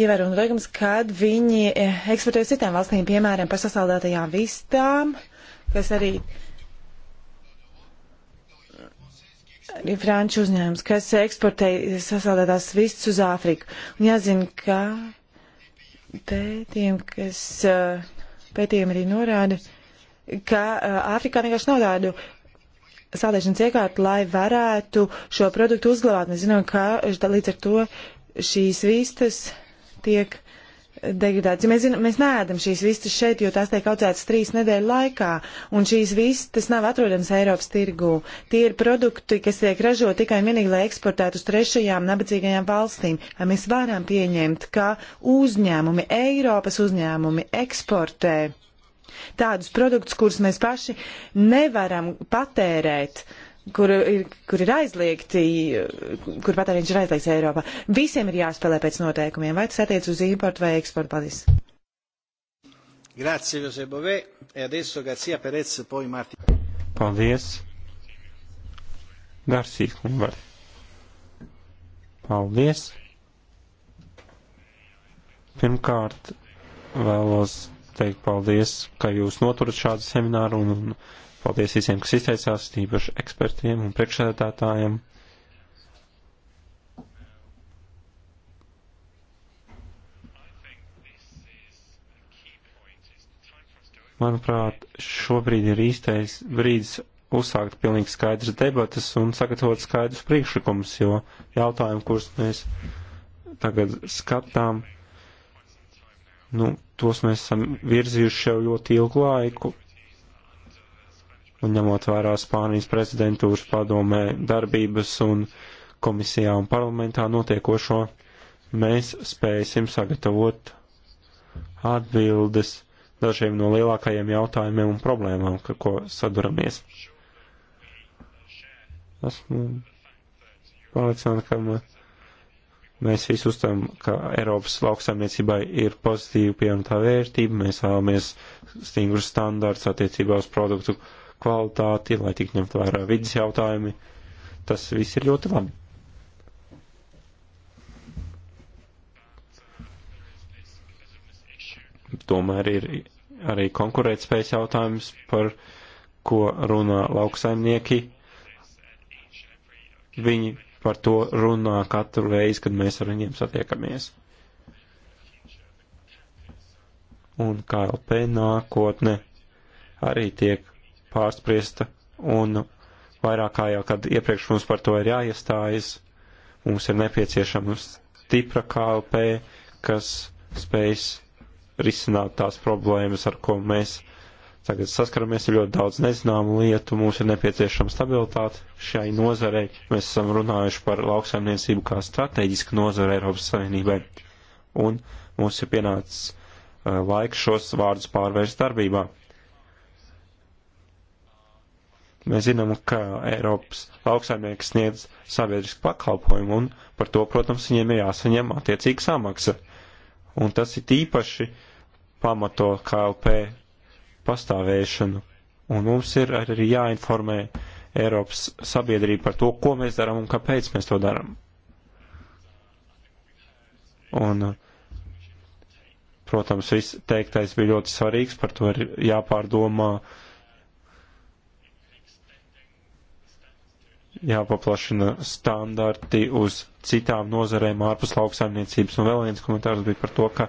ievēro noteikums, kad viņi e, eksportē uz citām valstīm, piemēram, par sasaldētajām vistām, kas arī arī franču uzņēmums, kas eksportē sasaldētās vistas uz Āfriku. Un jāzina, ka pētījumi, kas e, pētījumi arī norāda, ka e, Āfrikā vienkārši nav tādu saldēšanas iekārtu, lai varētu šo produktu uzglabāt. Mēs zinām, ka līdz ar to šīs vistas tiek degradētas. Ja mēs, zinām, mēs neēdam šīs vistas šeit, jo tās tiek audzētas trīs nedēļu laikā, un šīs vistas nav atrodamas Eiropas tirgū. Tie ir produkti, kas tiek ražot tikai un vienīgi, lai eksportētu uz trešajām nabadzīgajām valstīm. Vai mēs varam pieņemt, ka uzņēmumi, Eiropas uzņēmumi eksportē Tādus produktus, kurus mēs paši nevaram patērēt, kur ir, kur ir aizliegti, kur patēriņš ir aizliegts Eiropā. Visiem ir jāspēlē pēc noteikumiem, vai tas attiec uz importu vai eksportu. Paldies! Grazie, Jose Bove. E adesso Garcia Perez, poi Martin. Paldies. Garcia, kundze. Paldies. Pirmkārt, vēlos teikt paldies, ka jūs noturat šādu semināru un, un paldies visiem, kas izteicās, tīpaši ekspertiem un priekšsēdētājiem. Manuprāt, šobrīd ir īstais brīdis uzsākt pilnīgi skaidrs debatas un sagatavot skaidrus priekšlikumus, jo jautājumi, kurus mēs tagad skatām, Nu, tos mēs esam virzījuši jau ļoti ilgu laiku. Un ņemot vērā Spānijas prezidentūras padomē darbības un komisijā un parlamentā notiekošo, mēs spēsim sagatavot atbildes dažiem no lielākajiem jautājumiem un problēmām, ar ko saduramies. Esmu pārliecināta, ka Mēs visi uztam, ka Eiropas lauksaimniecībai ir pozitīva pievienotā vērtība, mēs vēlamies stingrus standārts attiecībā uz produktu kvalitāti, lai tik ņemt vērā vidas jautājumi. Tas viss ir ļoti labi. Tomēr ir arī konkurētspējas jautājums, par ko runā lauksaimnieki. Viņi par to runā katru reizi, kad mēs ar viņiem satiekamies. Un KLP nākotne arī tiek pārspriesta un vairāk kā jau kad iepriekš mums par to ir jāiestājas, mums ir nepieciešama stipra KLP, kas spējas risināt tās problēmas, ar ko mēs Tagad saskaramies ar ļoti daudz nezināmu lietu, mums ir nepieciešama stabilitāte šai nozarei. Mēs esam runājuši par lauksaimniecību kā strateģisku nozaru Eiropas Savienībai. Un mums ir pienācis uh, laiks šos vārdus pārvērst darbībā. Mēs zinām, ka Eiropas lauksaimnieki sniedz sabiedrisku pakalpojumu, un par to, protams, viņiem ir jāsaņem attiecīga samaksa. Un tas ir īpaši pamato KLP pastāvēšanu. Un mums ir arī jāinformē Eiropas sabiedrība par to, ko mēs darām un kāpēc mēs to darām. Un, protams, viss teiktais bija ļoti svarīgs, par to ir jāpārdomā, jāpaplašina standarti uz citām nozarēm ārpus lauksaimniecības. Un vēl viens komentārs bija par to, ka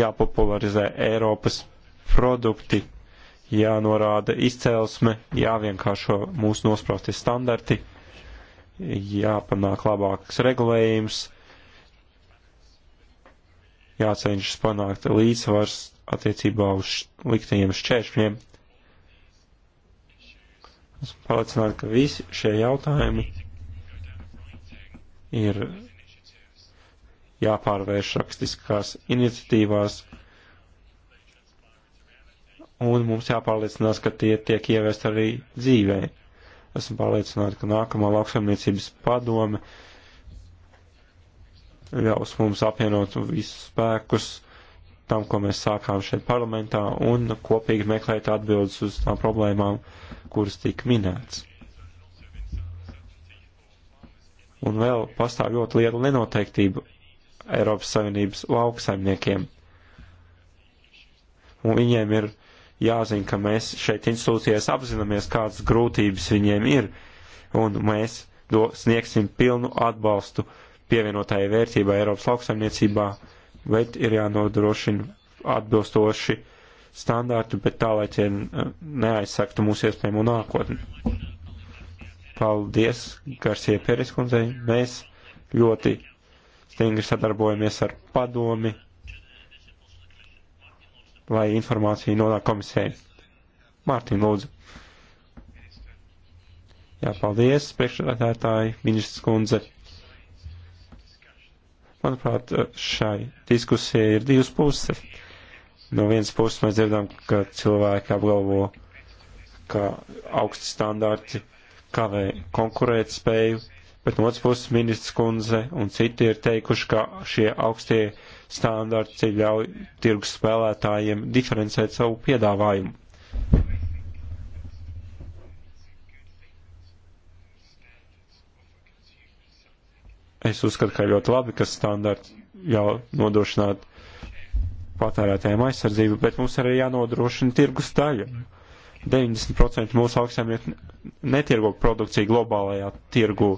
jāpopularizē Eiropas produkti jānorāda izcelsme, jāvienkāršo mūsu nospraustie standarti, jāpanāk labāks regulējums, jācenšas panākt līdzsvars attiecībā uz liktajiem šķēršļiem. Esmu pārliecināta, ka visi šie jautājumi ir jāpārvērš rakstiskās iniciatīvās, un mums jāpārliecinās, ka tie tiek ieviest arī dzīvē. Esmu pārliecināta, ka nākamā lauksaimniecības padome ļaus mums apvienot visus spēkus tam, ko mēs sākām šeit parlamentā, un kopīgi meklēt atbildes uz tām problēmām, kuras tika minētas. Un vēl pastāv ļoti liela nenoteiktība Eiropas Savienības lauksaimniekiem. Un viņiem ir jāzina, ka mēs šeit institūcijās apzināmies, kādas grūtības viņiem ir, un mēs do, sniegsim pilnu atbalstu pievienotāju vērtībā Eiropas lauksaimniecībā, bet ir jānodrošina atbilstoši standārti, bet tā, lai tie eh, neaizsaktu mūsu iespējamo nākotni. Paldies, Garsie Periskundzei. Mēs ļoti stingri sadarbojamies ar padomi lai informācija nonāk komisēji. Mārtiņ, lūdzu. Jā, paldies, priekšredētāji, ministrs kundze. Manuprāt, šai diskusijai ir divas puses. No vienas puses mēs dzirdam, ka cilvēki apgalvo, ka augsti standarti kavē konkurēt spēju, bet no otras puses ministrs kundze un citi ir teikuši, ka šie augstie uh, standarti ļauj tirgus spēlētājiem diferencēt savu piedāvājumu. Es uzskatu, ka ļoti labi, ka standarti jau nodrošināt patērētājiem aizsardzību, bet mums arī jānodrošina tirgus daļa. 90% mūsu augstsēmnieku netirgo produkciju globālajā tirgu.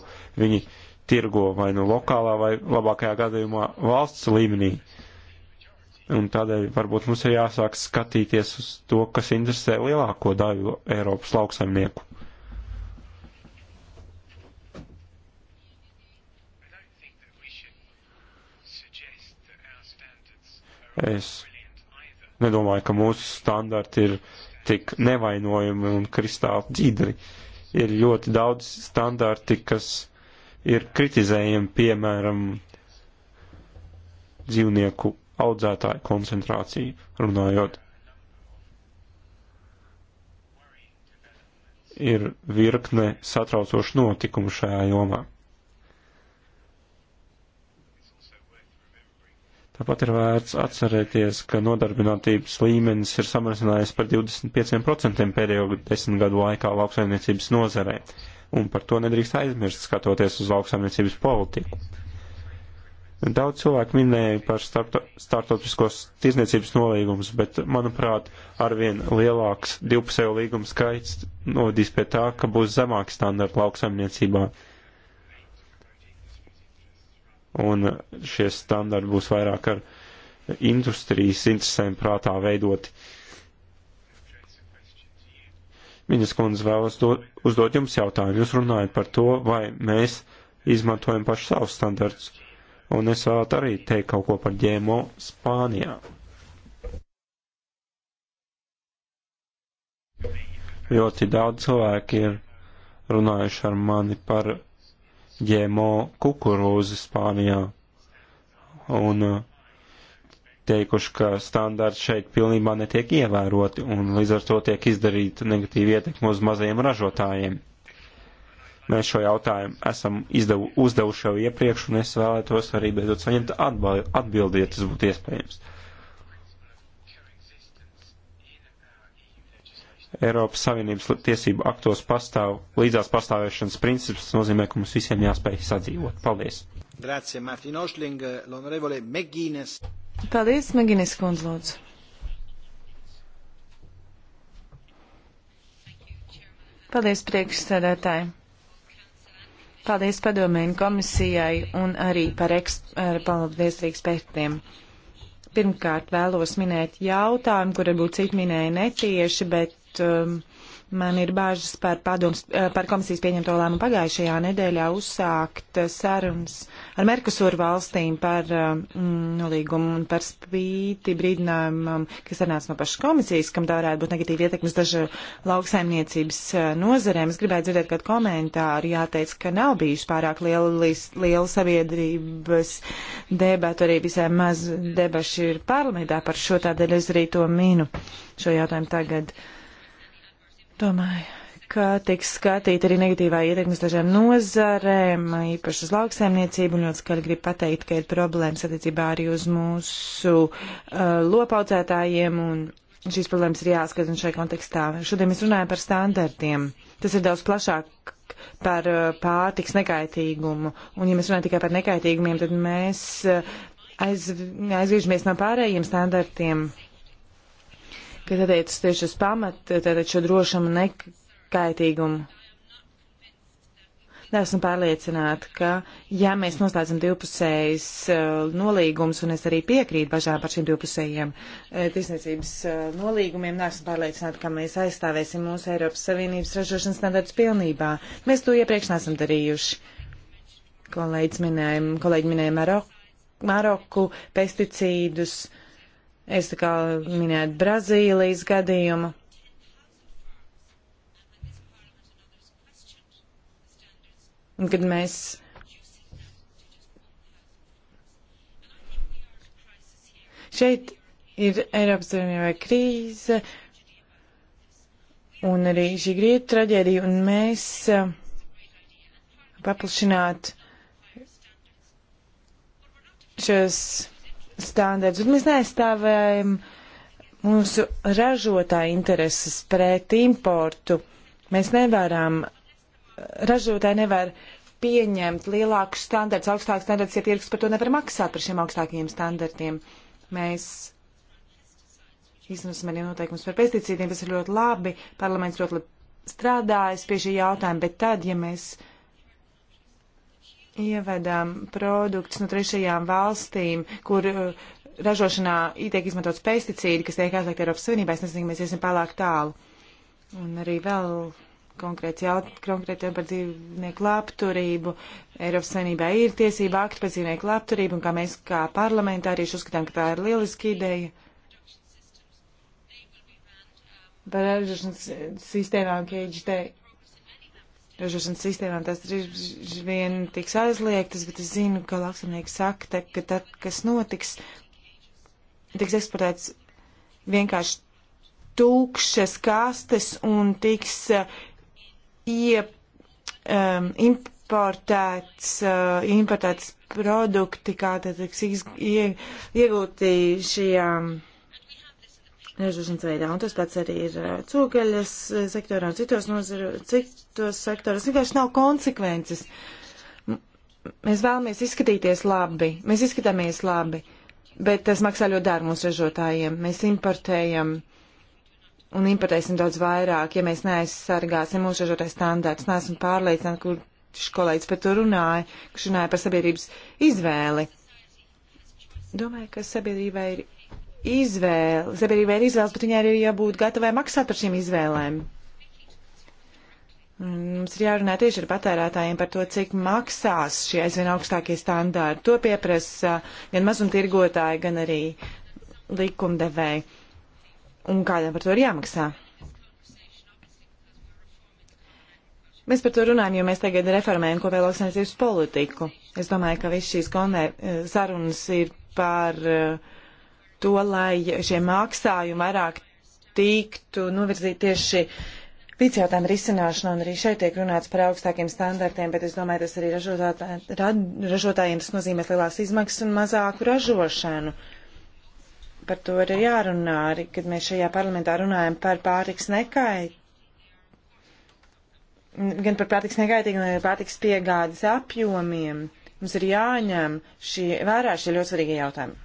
Viņi tirgo vai nu lokālā vai labākajā gadījumā valsts līmenī. Un tādēļ varbūt mums ir jāsāk skatīties uz to, kas interesē lielāko daļu Eiropas lauksaimnieku. Es nedomāju, ka mūsu standarti ir tik nevainojami un kristāli dzīdri. Ir ļoti daudz standarti, kas ir kritizējami, piemēram, dzīvnieku audzētāju koncentrācija runājot. Ir virkne satraucošu notikumu šajā jomā. Tāpat ir vērts atcerēties, ka nodarbinātības līmenis ir samazinājies par 25% pēdējo desmit gadu laikā lauksaimniecības nozarē un par to nedrīkst aizmirst, skatoties uz lauksaimniecības politiku. Daudz cilvēku minēja par startautiskos tirzniecības nolīgumus, bet, manuprāt, arvien lielāks divpusēju līgumu skaits nodīs pie tā, ka būs zemāki standarti lauksaimniecībā. Un šie standarti būs vairāk ar industrijas interesēm prātā veidoti. Uh, Viņas kundze vēlas uzdot jums jautājumu. Jūs runājat par to, vai mēs izmantojam pašu savus standartus. Un es vēlētu arī teikt kaut ko par ģēmo Spānijā. Ļoti daudz cilvēki ir runājuši ar mani par ģēmo kukurūzi Spānijā. Un uh, teikuši, ka standarti šeit pilnībā netiek ievēroti un līdz ar to tiek izdarīta negatīva ietekme uz mazajiem ražotājiem. Mēs šo jautājumu esam izdevu, uzdevuši jau iepriekš, un es vēlētos arī beidzot saņemt atbildi, ja tas būtu iespējams. Eiropas Savienības tiesību aktos pastāv līdzās pastāvēšanas princips, tas nozīmē, ka mums visiem jāspēj sadzīvot. Paldies! Grazie, Martin Ošling, l'onorevole McGuinness. Paldies, Maginis Kundz, lūdzu. Paldies priekšsēdētāji. Paldies padomēju komisijai un arī par paldiesīgs pētiem. Pirmkārt vēlos minēt jautājumu, kur varbūt citi minēja netieši, bet um, Man ir bāžas par, padoms, eh, par komisijas pieņemto lēmumu pagājušajā nedēļā uzsākt eh, sarunas ar Merkusuru valstīm par eh, mm, nolīgumu un par spīti brīdinājumam, kas sanāca no pašas komisijas, kam tā varētu būt negatīva ietekmes dažu lauksaimniecības nozarēm. Es gribētu dzirdēt kādu komentāru, jāteic, ka nav bijuši pārāk liela, liela sabiedrības debatu, arī visai maz debaši ir parlamentā par šo, tādēļ es arī to minu, šo jautājumu tagad. Uh, Domāju, ka tiks skatīta arī negatīvā ietekmes dažām nozarēm, īpaši uz lauksēmniecību, un ļoti skaļi grib pateikt, ka ir problēmas attiecībā arī uz mūsu uh, lopaucētājiem un šīs problēmas ir jāskatās un šai kontekstā. Šodien mēs runājam par standartiem. Tas ir daudz plašāk par uh, pārtiks nekaitīgumu. Un ja mēs runājam tikai par nekaitīgumiem, tad mēs uh, aiz, aizgriežamies no pārējiem standartiem kas attiecas tieši uz pamatu, tātad šo drošumu nekaitīgumu. Esmu pārliecināta, ka, ja mēs noslēdzam divpusējas uh, nolīgumus, un es arī piekrītu bažām par šiem divpusējiem uh, tirsniecības uh, nolīgumiem, neesmu pārliecināta, ka mēs aizstāvēsim mūsu Eiropas Savienības ražošanas standartus pilnībā. Mēs to iepriekš nesam darījuši. Kolēģi minēja Maroku, Maroku pesticīdus. Uh, Es tā kā minēju Brazīlijas gadījumu. Kad mēs šeit ir Eiropas Savienībā krīze un arī šī grieķu traģēdija, un mēs uh, paplašināt šos standarts, un mēs neaizstāvējam mūsu ražotāju intereses pret importu. Mēs nevaram, ražotāji nevar pieņemt lielākus standarts, augstākus standarts, ja tirgus par to nevar maksāt par šiem augstākajiem standartiem. Mēs iznosim arī noteikumus par pesticīdiem, tas ir ļoti labi, parlaments ļoti labi strādājis pie šī jautājuma, bet tad, ja mēs ievedam produktus no trešajām valstīm, kur uh, ražošanā tiek izmantots pesticīdi, kas tiek aizliegti Eiropas Savienībā. Es nezinu, mēs iesim pārāk tālu. Un arī vēl konkrēts jautājums par dzīvnieku labturību. Eiropas Savienībā ir tiesība akti par dzīvnieku labturību, un kā mēs kā parlamentārieši uzskatām, ka tā ir lieliski ideja. Par ražošanas sistēmām KHD ražošanas sistēmām tās trīs vien tiks aizliegtas, bet es zinu, ka lauksamnieki saka, te, ka tad, kas notiks, tiks eksportēts vienkārši tūkšas kastes un tiks uh, iep, um, importēts, uh, importēts produkti, kā tad tiks iegūti šajām. Um, ražošanas veidā. Un tas pats arī ir cūkeļas sektorā un citos, nozaru, citos sektoros. Vienkārši nav konsekvences. Mēs vēlamies izskatīties labi, mēs izskatāmies labi, bet tas maksā ļoti dārgi mūsu ražotājiem. Mēs importējam un importēsim daudz vairāk, ja mēs neaizsargāsim mūsu ražotāju standārts. Nesmu pārliecināta, kurš kolēģis par to runāja, kurš runāja par sabiedrības izvēli. Domāju, ka sabiedrībai ir izvēle, sabiedrībai ir izvēles, bet viņai ir jābūt gatavai maksāt par šīm izvēlēm. Mums ir jārunā tieši ar patērētājiem par to, cik maksās šie aizvien augstākie standārti. To pieprasa gan mazumtirgotāji, gan arī likumdevēji. Un kādam par to ir jāmaksā? Mēs par to runājam, jo mēs tagad reformējam kopēju lauksaimniecības politiku. Es domāju, ka viss šīs konver... Eh, sarunas ir par uh, to, lai šie maksājumi vairāk tiktu novirzīt tieši vidas jautājumu risināšanā, un arī šeit tiek runāts par augstākiem standartiem, bet es domāju, tas arī ražotāj, rad, ražotājiem tas nozīmēs lielās izmaksas un mazāku ražošanu. Par to ir jārunā, arī kad mēs šajā parlamentā runājam par pārtiks nekaitību gan par pārtiks nekaitīgumu, gan par pārtiks piegādes apjomiem. Mums ir jāņem šie, vērā šie ļoti svarīgie jautājumi.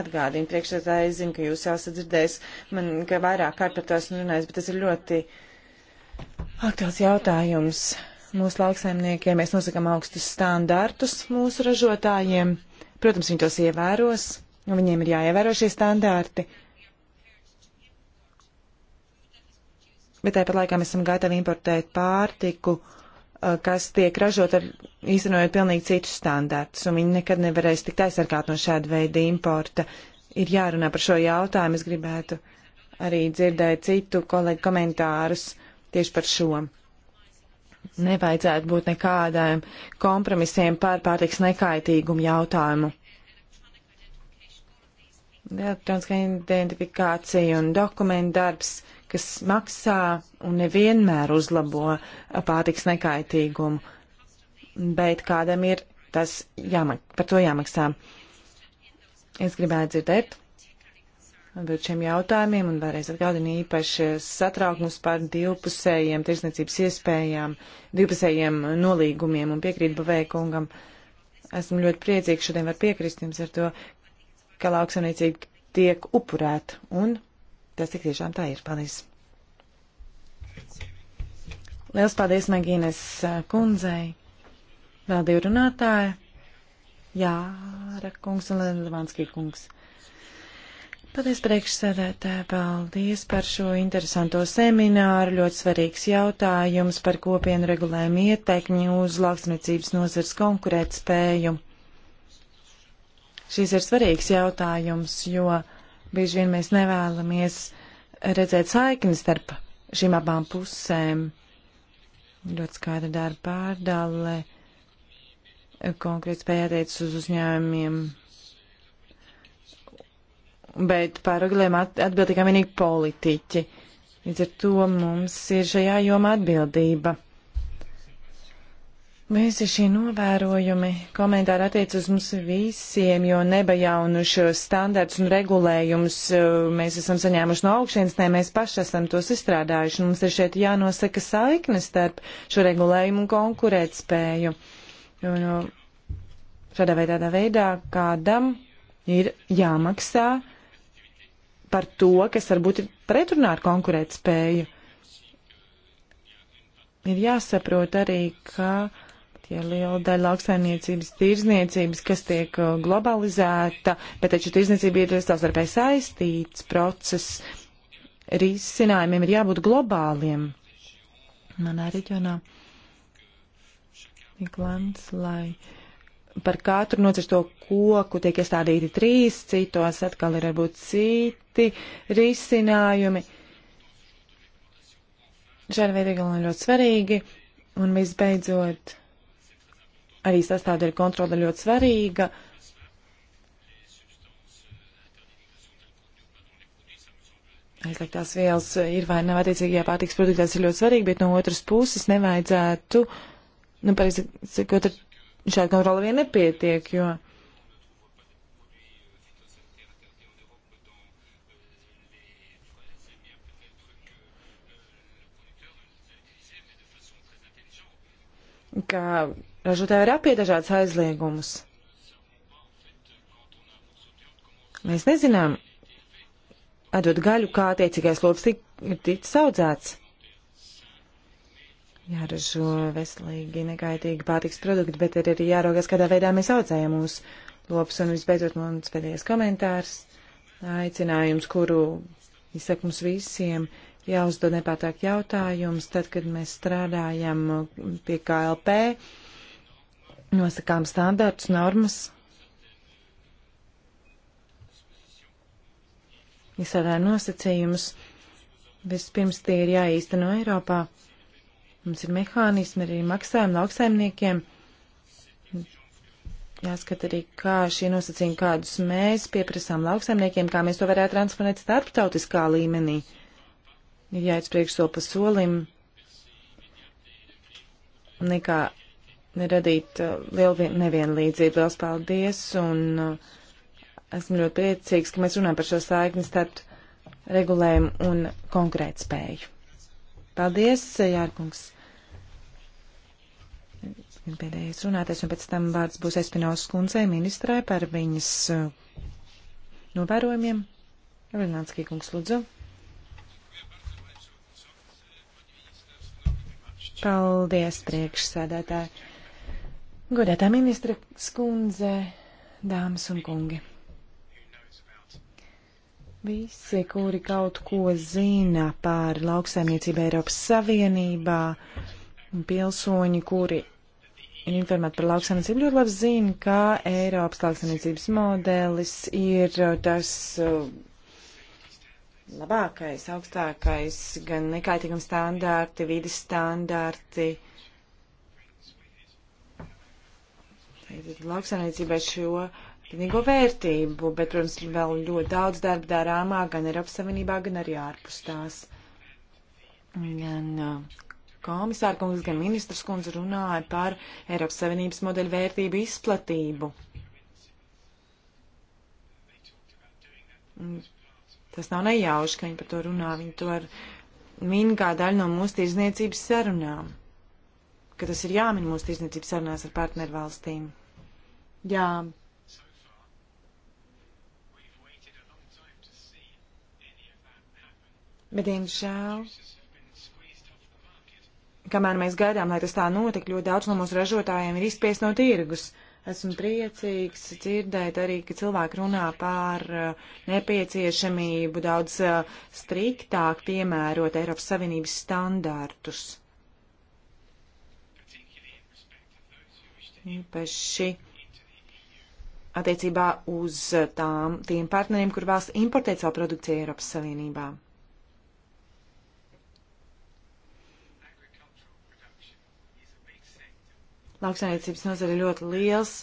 Atgādīju, priekšsēdētāji, es zinu, ka jūs jau esat dzirdējis, man, ka vairāk kārt par to esmu runājis, bet tas ir ļoti aktuāls jautājums mūsu lauksaimniekiem. Mēs nosakam augstus standartus mūsu ražotājiem. Protams, viņi tos ievēros, un viņiem ir jāievēro šie standarti. Bet tāpat laikā mēs esam gatavi importēt pārtiku, uh, Eh, kas tiek ražot ar īstenojot pilnīgi citus standārtus, un viņi nekad nevarēs tikt aizsargāt no šāda veida importa. Ir jārunā par šo jautājumu, es gribētu arī dzirdēt citu kolēģu komentārus tieši par šo. Nevajadzētu būt nekādām kompromisiem par pārtiks nekaitīgumu jautājumu. Elektroniskā identifikācija un dokumentu darbs, kas maksā un nevienmēr uzlabo pārtiks nekaitīgumu, bet kādam ir tas jāmak, par to jāmaksā. Es gribētu dzirdēt par šiem jautājumiem un vēlreiz atgādinu īpaši satraukums par divpusējiem tirsniecības iespējām, divpusējiem nolīgumiem un piekrīt bavēkungam. Esmu ļoti priecīgs šodien var piekrist jums ar to, ka lauksaimniecība tiek upurēta un Tas tik tiešām tā ir. Paldies! Liels paldies Magīnes kundzei. Vēl divi runātāji. Jā, Rakungs un Levanskī kungs. Paldies priekšsēdētāji, paldies par šo interesanto semināru. Ļoti svarīgs jautājums par kopienu regulējumu ieteikmi uz lauksmniecības nozars konkurētspēju. Šis ir svarīgs jautājums, jo Bieži vien mēs nevēlamies redzēt saikni starp šīm abām pusēm. Ļoti skaidra darba pārdale, konkrēti spēja attiec uz uzņēmumiem, bet par regulējumu atbildīgā vienīgi politiķi. Līdz ar to mums ir šajā joma atbildība. Visi šie novērojumi, komentāri attiec uz mums visiem, jo nebajaunušos standarts un regulējumus eh, mēs esam saņēmuši no augšienes, ne mēs paši esam tos izstrādājuši. Mums ir šeit jānosaka saikne starp šo regulējumu un konkurētspēju. Jo, jo nu, šādā vai tādā veidā kādam ir jāmaksā par to, kas varbūt ir pretrunā ar konkurētspēju. Ir jāsaprot arī, ka ja liela daļa lauksaimniecības tirzniecības, kas tiek uh, globalizēta, bet taču tirzniecība ir savstarpēji saistīts process, risinājumiem ir jābūt globāliem. Manā reģionā tiek lēmts, lai par katru nocirsto koku tiek iestādīti trīs, citos atkal ir varbūt citi risinājumi. Šādi veidi ir ļoti svarīgi. Un visbeidzot, arī sastāvdaļa kontrola ļoti svarīga. Aizliegtās vielas ir vai nav attiecīgajā pārtiks produktās ir ļoti svarīgi, bet no otras puses nevajadzētu, nu, pareizi sakot, šāda kontrola vien nepietiek, jo. Kā Ražotāji var apiet dažādas aizliegumus. Mēs nezinām, atdot gaļu, kā attiecīgais lops tik, tik saudzēts. Jāražo veselīgi, nekaitīgi pārtiks produkti, bet ir arī jāraugas, kādā veidā mēs audzējam mūsu lopus. Un visbeidzot, mums pēdējais komentārs, aicinājums, kuru izsaka mums visiem, jāuzdod nepārtāk jautājums, tad, kad mēs strādājam pie KLP nosakām standārts, normas. Izsādāja nosacījumus. Vispirms tie ir jāīsteno Eiropā. Mums ir mehānismi arī maksājumi lauksaimniekiem. Jāskat arī, kā šie nosacījumi, kādus mēs pieprasām lauksaimniekiem, kā mēs to varētu transponēt starptautiskā līmenī. Ir jāiet priekš soli pa solim. Nekā radīt uh, lielu nevienlīdzību. Liels paldies! Un uh, esmu ļoti priecīgs, ka mēs runājam par šo saikni starp regulējumu un konkrētu spēju. Paldies, Jārkungs! Pēdējais runātais, un pēc tam vārds būs Espinosa skundzei ministrē par viņas uh, novērojumiem. Vilnānskī kungs, lūdzu. Paldies, priekšsēdētāji. Godētā ministra skundze, dāmas un kungi. Visi, kuri kaut ko zina par lauksaimniecību Eiropas Savienībā, pilsoņi, kuri ir informēti par lauksaimniecību, ļoti labi zina, ka Eiropas lauksaimniecības modelis ir tas uh, labākais, augstākais, gan nekaitīgums standārti, vidas standārti. Uh, lauksaimniecībai šo vienīgo vērtību, bet, protams, vēl ļoti daudz darba darāmā gan Eiropas Savienībā, gan arī ārpus tās. Gan uh, komisāra kungs, gan ministrs kungs runāja par Eiropas Savienības modeļu vērtību izplatību. Tas nav nejauši, ka viņi par to runā. Viņi to ar min kā daļu no mūsu tirzniecības sarunām. Ka tas ir jāmin mūsu tirzniecības sarunās ar partnervalstīm. valstīm. Jā. Bet, diemžēl, kamēr mēs gaidām, lai tas tā notika, ļoti daudz no mūsu ražotājiem ir izspiest no tirgus. Esmu priecīgs dzirdēt arī, ka cilvēki runā par uh, nepieciešamību daudz uh, striktāk piemērot Eiropas Savienības standārtus. Īpaši. Ja, attiecībā uz tām, tiem partneriem, kur vēlas importēt savu produkciju Eiropas Savienībā. Lauksainiecības nozara ir ļoti liels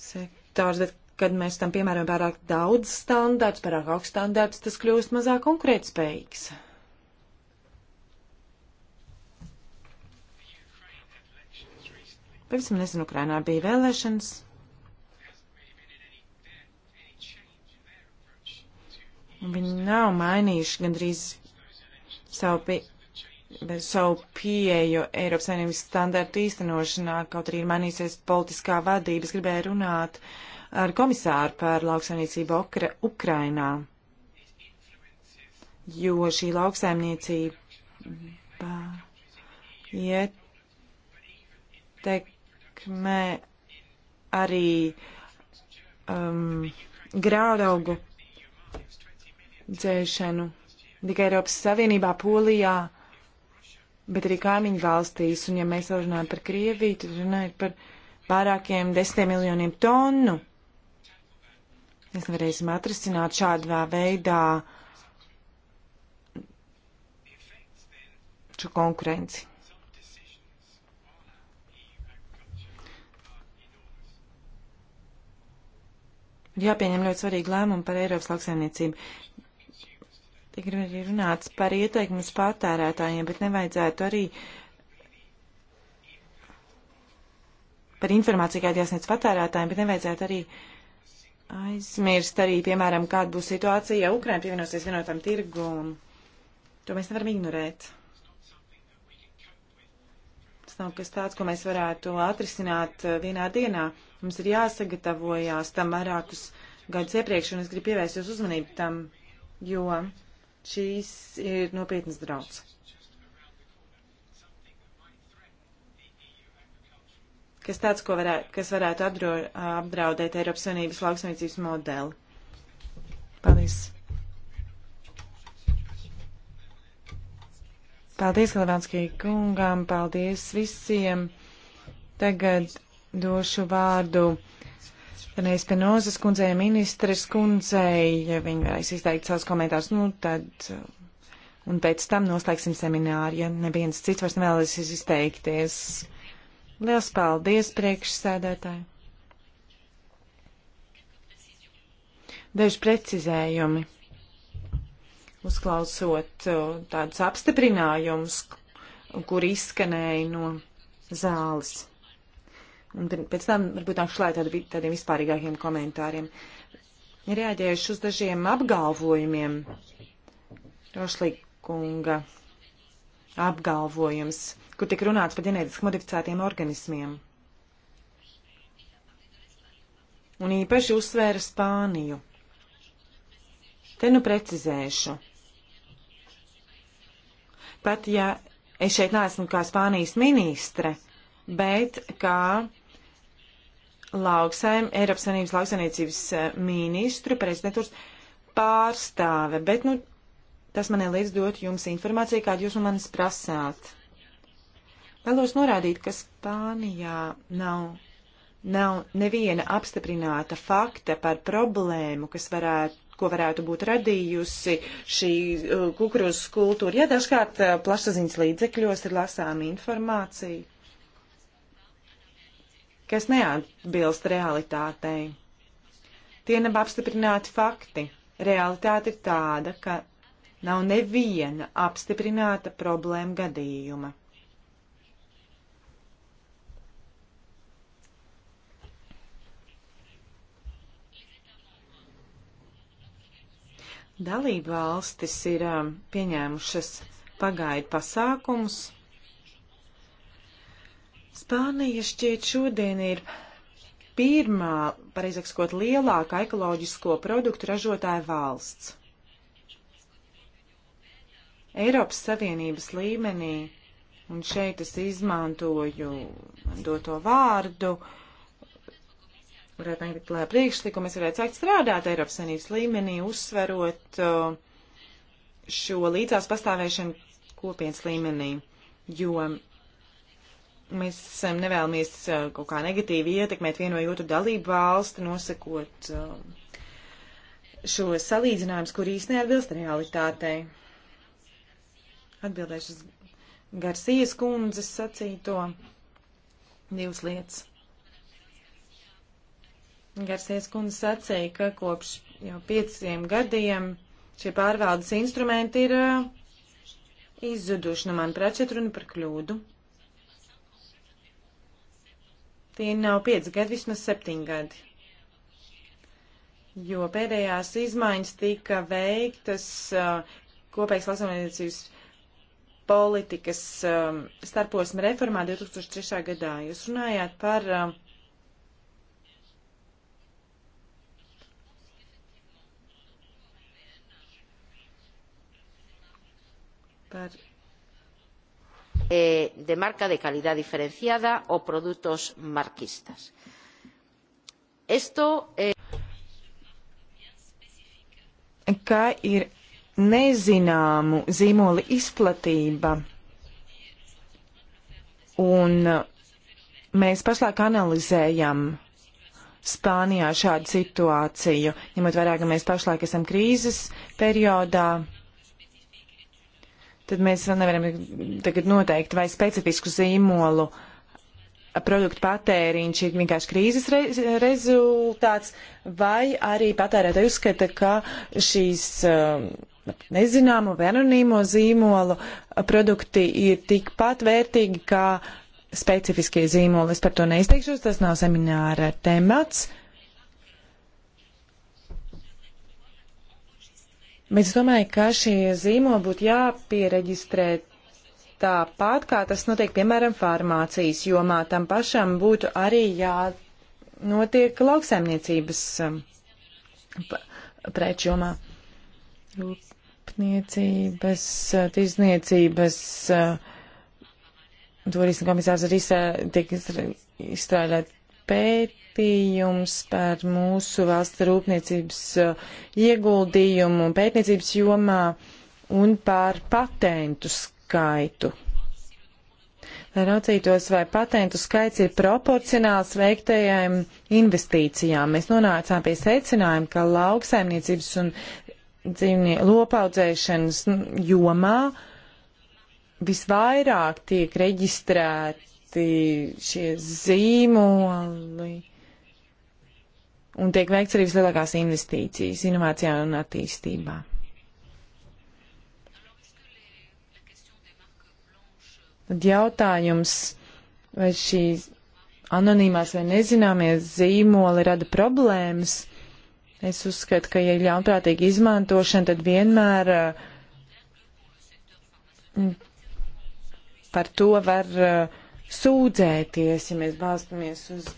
sektors, bet, kad mēs tam piemēram pārāk daudz standārts, pārāk augsts standārts, tas kļūst mazāk konkrētspējīgs. spējīgs. Pavisam nesen Ukrainā bija vēlēšanas. Viņi nav mainījuši gandrīz savu, pie, savu pieeju Eiropas Savienības standartu īstenošanā, kaut arī ir mainīsies politiskā vadības. Gribēju runāt ar komisāru par lauksaimniecību Ukra Ukrainā, jo šī lauksaimniecība ietek ietekmē arī um, graudu dzēšanu. Tikai Eiropas Savienībā, Polijā, bet arī kaimiņu valstīs. Un ja mēs vēl runājam par Krieviju, tad runājam par vairākiem desmit miljoniem tonu. Mēs nevarēsim atrisināt šādā veidā šo konkurenci. jāpieņem ļoti svarīgi lēmumi par Eiropas lauksaimniecību. Tik ir arī runāts par ieteikumus patērētājiem, bet nevajadzētu arī par informāciju, kāda jāsniedz patērētājiem, bet nevajadzētu arī aizmirst arī, piemēram, kāda būs situācija, ja Ukraina pievienosies vienotam tirgum. To mēs nevaram ignorēt nav kas tāds, ko mēs varētu atrisināt eh, vienā dienā. Mums ir jāsagatavojās tam vairākus gadus iepriekš, un es gribu pievērst jūs uzmanību tam, jo šīs ir nopietnas draudz. Kas tāds, ko varētu, kas varētu apdro, apdraudēt Eiropas Savienības lauksaimniecības modeli. Paldies! Paldies Galvanskī kungām, paldies visiem. Tagad došu vārdu Renēs Penozas kundzei, ministres kundzei, ja viņi varēs izteikt savus komentārus, nu tad, un pēc tam noslēgsim semināru, ja neviens cits vairs nevēlas izteikties. Liels paldies priekšsēdētāji. Daži precizējumi uzklausot uh, tādus apstiprinājumus, kur izskanēja no zāles. Un pēc tam varbūt nākšu klāt tādi, tādiem vispārīgākiem komentāriem. Reaģējuši uz dažiem apgalvojumiem. Rošlīkunga apgalvojums, kur tik runāts par ģenētiski modificētiem organismiem. Un īpaši uzsvēra Spāniju. Te nu precizēšu. Pat ja es šeit neesmu kā Spānijas ministre, bet kā lauksaim, Eiropas Savienības lauksaimniecības eh, ministru prezidentūras pārstāve. Bet, nu, tas man liedz dot jums informāciju, kādu jūs manis prasāt. Vēlos norādīt, ka Spānijā nav, nav neviena apstiprināta fakta par problēmu, kas varētu ko varētu būt radījusi šī uh, kukurūzas kultūra. Jā, dažkārt uh, plašsaziņas līdzekļos ir lasām informācija, kas neatbilst realitātei. Tie nav apstiprināti fakti. Realitāte ir tāda, ka nav neviena apstiprināta problēma gadījuma. Dalība valstis ir um, pieņēmušas pagaidu pasākumus. Spānija šķiet šodien ir pirmā, pareizāk sakot, lielākā ekoloģisko produktu ražotāja valsts. Eiropas Savienības līmenī, un šeit es izmantoju doto vārdu, uh, varētu nākt klāt priekšlikumu, mēs varētu sākt strādāt Eiropas Savienības līmenī, uzsverot uh, šo līdzās pastāvēšanu kopienas līmenī, jo mēs um, nevēlamies uh, kaut kā negatīvi ietekmēt vienu vai otru dalību valsti, nosakot uh, šo salīdzinājumus, kur īsti neatbilst realitātei. Atbildēšu uz Garcijas kundzes sacīto divas lietas. Garsies kundze sacīja, ka kopš jau pieciem gadiem šie pārvaldes instrumenti ir uh, izzuduši. Nu, manuprāt, šeit runa par kļūdu. Tie nav pieci gadi, vismaz septiņi gadi. Jo pēdējās izmaiņas tika veiktas uh, kopējas lasamniecības politikas um, starposma reformā 2003. gadā. Jūs runājāt par uh, par eh, de marca de calidad diferenciada o productos marquistas. Esto, eh... Kā ir nezināmu zīmoli izplatība, un eh, mēs pašlaik analizējam Spānijā šādu situāciju, ņemot vairāk, ka mēs pašlaik esam krīzes periodā tad mēs nevaram tagad noteikt, vai specifisku zīmolu produktu patēriņš ir vienkārši krīzes re rezultāts, vai arī patērētāji uzskata, ka šīs um, nezināmo vai anonīmo zīmolu produkti ir tikpat vērtīgi kā specifiskie zīmoli. Es par to neizteikšos, tas nav semināra temats. Uh, Bet es domāju, ka šie zīmoli būtu jāpiereģistrē tāpat, kā tas notiek, piemēram, farmācijas jomā. Tam pašam būtu arī jānotiek lauksaimniecības um, preču jomā. Rūpniecības, uh, tirzniecības, uh, turisma komisārs arī tiek izstrādāt pētījums par mūsu valsts rūpniecības uh, ieguldījumu pētniecības jomā un par patentu skaitu. Lai raucītos, vai patentu skaits ir proporcionāls veiktajām investīcijām, mēs nonācām pie secinājuma, ka lauksaimniecības un dzīvnie, lopaudzēšanas jomā visvairāk tiek reģistrēt ievesti šie zīmoli un tiek veikts arī vislielākās investīcijas inovācijā un attīstībā. Tad jautājums, vai šīs anonīmās vai nezināmies zīmoli rada problēmas. Es uzskatu, ka, ja ir ļaunprātīga izmantošana, tad vienmēr mm, par to var sūdzēties, ja mēs balstamies uz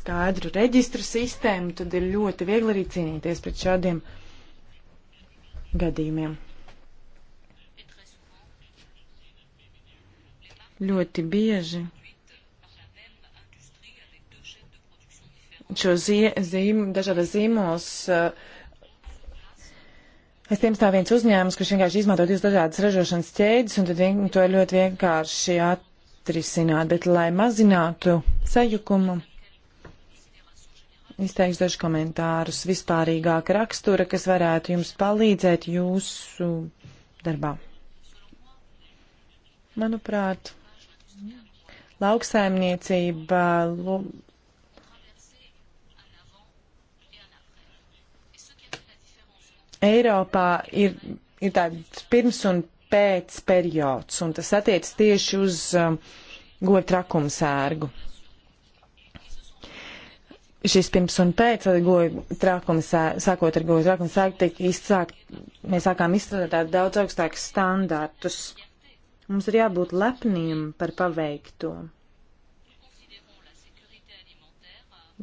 skaidru reģistru sistēmu, tad ir ļoti viegli arī cīnīties pret šādiem gadījumiem. Ļoti bieži šo zīmu, dažādas zīmos uh, Aiz tiem stāv viens uzņēmums, kurš vienkārši izmanto divas dažādas ražošanas ķēdes, un tad vien, to ir ļoti vienkārši atrisināt, bet lai mazinātu sajukumu, izteikšu dažus komentārus vispārīgāka rakstura, kas varētu jums palīdzēt jūsu darbā. Manuprāt, lauksaimniecība Eiropā ir, ir tāds pirms un pēc periods, un tas attiec tieši uz um, govu trakumu sērgu. Šis pirms un pēc goju trakuma, sākot ar goju trakuma sērgu, tika izsākt, mēs sākām izstrādāt daudz augstākus standārtus. Mums ir jābūt lepniem par paveikto.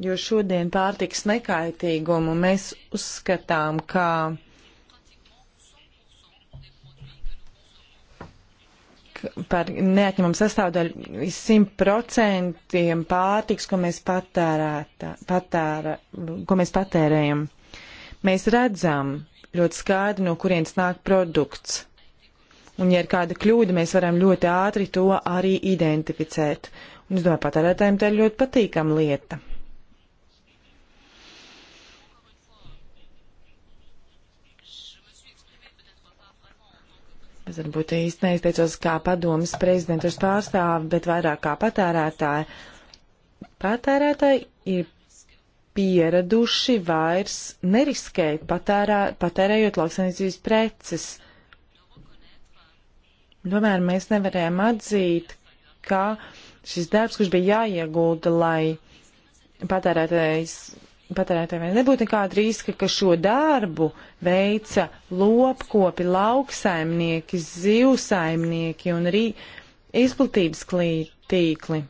Jo šodien pārtiks nekaitīgumu mēs uzskatām, kā ka par neatņemumu sastāvdaļu 100% pārtiks, ko mēs, patērētā, patēra, ko mēs patērējam. Mēs redzam ļoti skaidri, no kurienes nāk produkts. Un, ja ir kāda kļūda, mēs varam ļoti ātri to arī identificēt. Un es domāju, patērētājiem tā ir ļoti patīkama lieta. Es varbūt īsti neizteicos kā padomas prezidentūras pārstāvi, bet vairāk kā patērētāji. Patērētāji ir pieraduši vairs neriskēt patērā, patērējot lauksaimniecības preces. Tomēr mēs nevarējām atzīt, ka šis darbs, kurš bija jāiegulda, lai patērētājs patērētājiem nebūtu nekāda riska, ka šo darbu veica lopkopi, lauksaimnieki, zivsaimnieki un arī izplatības tīkli.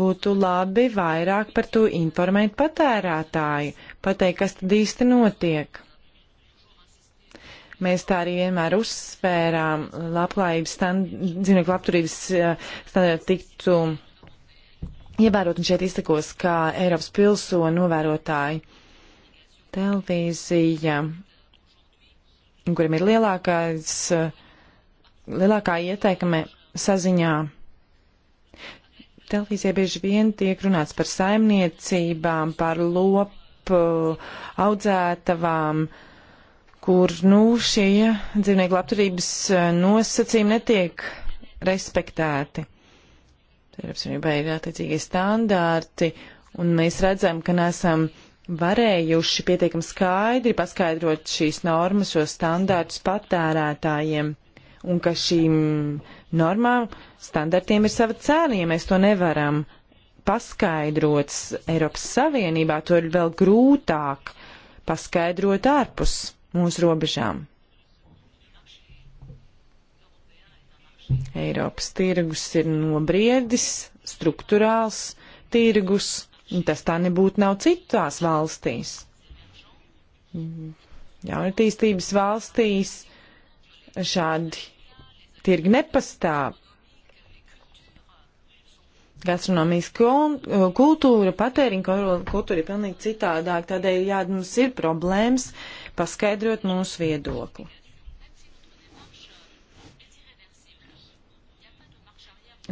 Būtu labi vairāk par to informēt patērētāju, pateikt, kas tad īsti notiek. Mēs tā arī vienmēr uzsvērām, labklājības stand, dzīvnieku labturības eh, standarti tiktu ievērot, un šeit izsakos kā Eiropas pilsoņu novērotāji televīzija, kuram ir lielākais, lielākā ieteikme saziņā. Televīzija bieži vien tiek runāts par saimniecībām, par lopu audzētavām, kur, nu, šie dzīvnieku labturības nosacījumi netiek respektēti. Eiropas Savienībā ir attiecīgie standārti, un mēs redzam, ka nesam varējuši pietiekami skaidri paskaidrot šīs normas, šos standārtus patērētājiem, un ka šīm normām standartiem ir sava cēna, ja mēs to nevaram paskaidrots Eiropas Savienībā, to ir vēl grūtāk paskaidrot ārpus mūsu robežām. Eiropas tirgus ir nobriedis, struktūrāls tirgus, un tas tā nebūtu nav citās valstīs. Jaunatīstības valstīs šādi tirgi nepastāv. Gastronomijas kultūra, patēriņa kultūra ir pilnīgi citādāk, tādēļ jā, mums ir problēmas paskaidrot mūsu viedokli.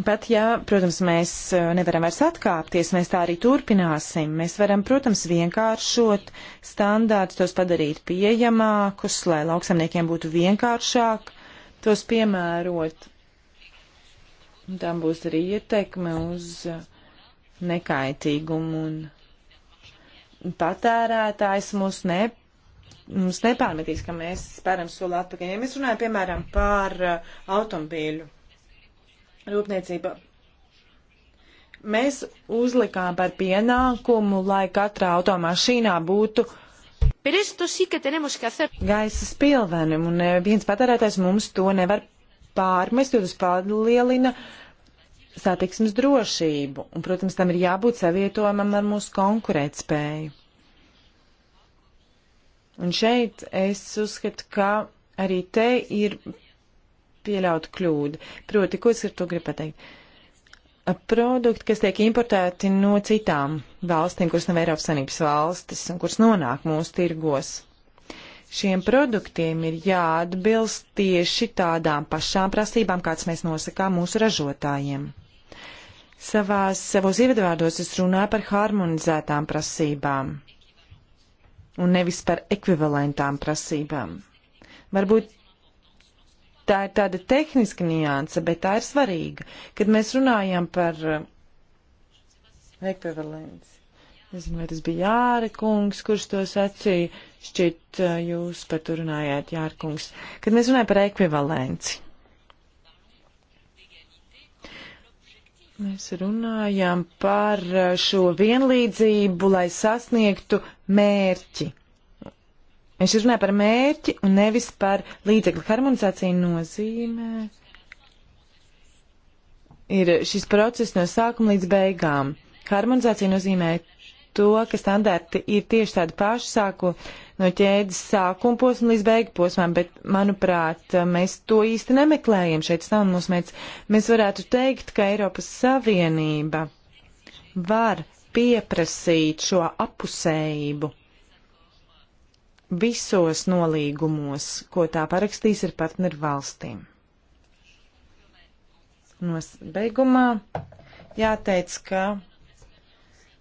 Pat ja, protams, mēs eh, nevaram vairs atkāpties, mēs tā arī turpināsim. Mēs varam, protams, vienkāršot standārtus, tos padarīt pieejamākus, lai lauksamniekiem būtu vienkāršāk tos piemērot. Tam būs arī ietekme uz eh, nekaitīgumu un patērētājs mūs, ne, mūs nepārmetīs, ka mēs spēram soli atpakaļ. Ja mēs runājam, piemēram, par eh, automobīļu rūpniecība. Mēs uzlikām par pienākumu, lai katrā automašīnā būtu gaisa spilveni, un viens patērētājs mums to nevar pārmest, jo tas palielina satiksmes drošību, un, protams, tam ir jābūt savietojumam ar mūsu konkurētspēju. Un šeit es uzskatu, ka arī te ir pieļautu kļūdu. Proti, ko es ar to gribu pateikt? Produkti, kas tiek importēti no citām valstīm, kuras nav Eiropas Sanības valstis un kuras nonāk mūsu tirgos. Šiem produktiem ir jāatbilst tieši tādām pašām prasībām, kāds mēs nosakām mūsu ražotājiem. Savās, savos ievadvārdos es runāju par harmonizētām prasībām un nevis par ekvivalentām prasībām. Varbūt Tā ir tāda tehniska nianse, bet tā ir svarīga, kad mēs runājam par eh, ekvivalents. Nezinu, vai tas bija Jāra kungs, kurš to sacīja, šķiet eh, jūs par to runājāt, Jāra kungs, kad mēs runājam par ekvivalenci. Mēs runājam par eh, šo vienlīdzību, lai sasniegtu mērķi. Viņš runā par mērķi un nevis par līdzekļu harmonizāciju nozīmē. Ir šis process no sākuma līdz beigām. Harmonizācija nozīmē to, ka standarti ir tieši tādi paši sāku no ķēdes sākuma posma līdz beigu posmām, bet, manuprāt, mēs to īsti nemeklējam šeit stāvam mūsu mērķis. Mēs varētu teikt, ka Eiropas Savienība var pieprasīt šo apusējību visos nolīgumos, ko tā parakstīs ar partneru valstīm. Nobeigumā jāteic, ka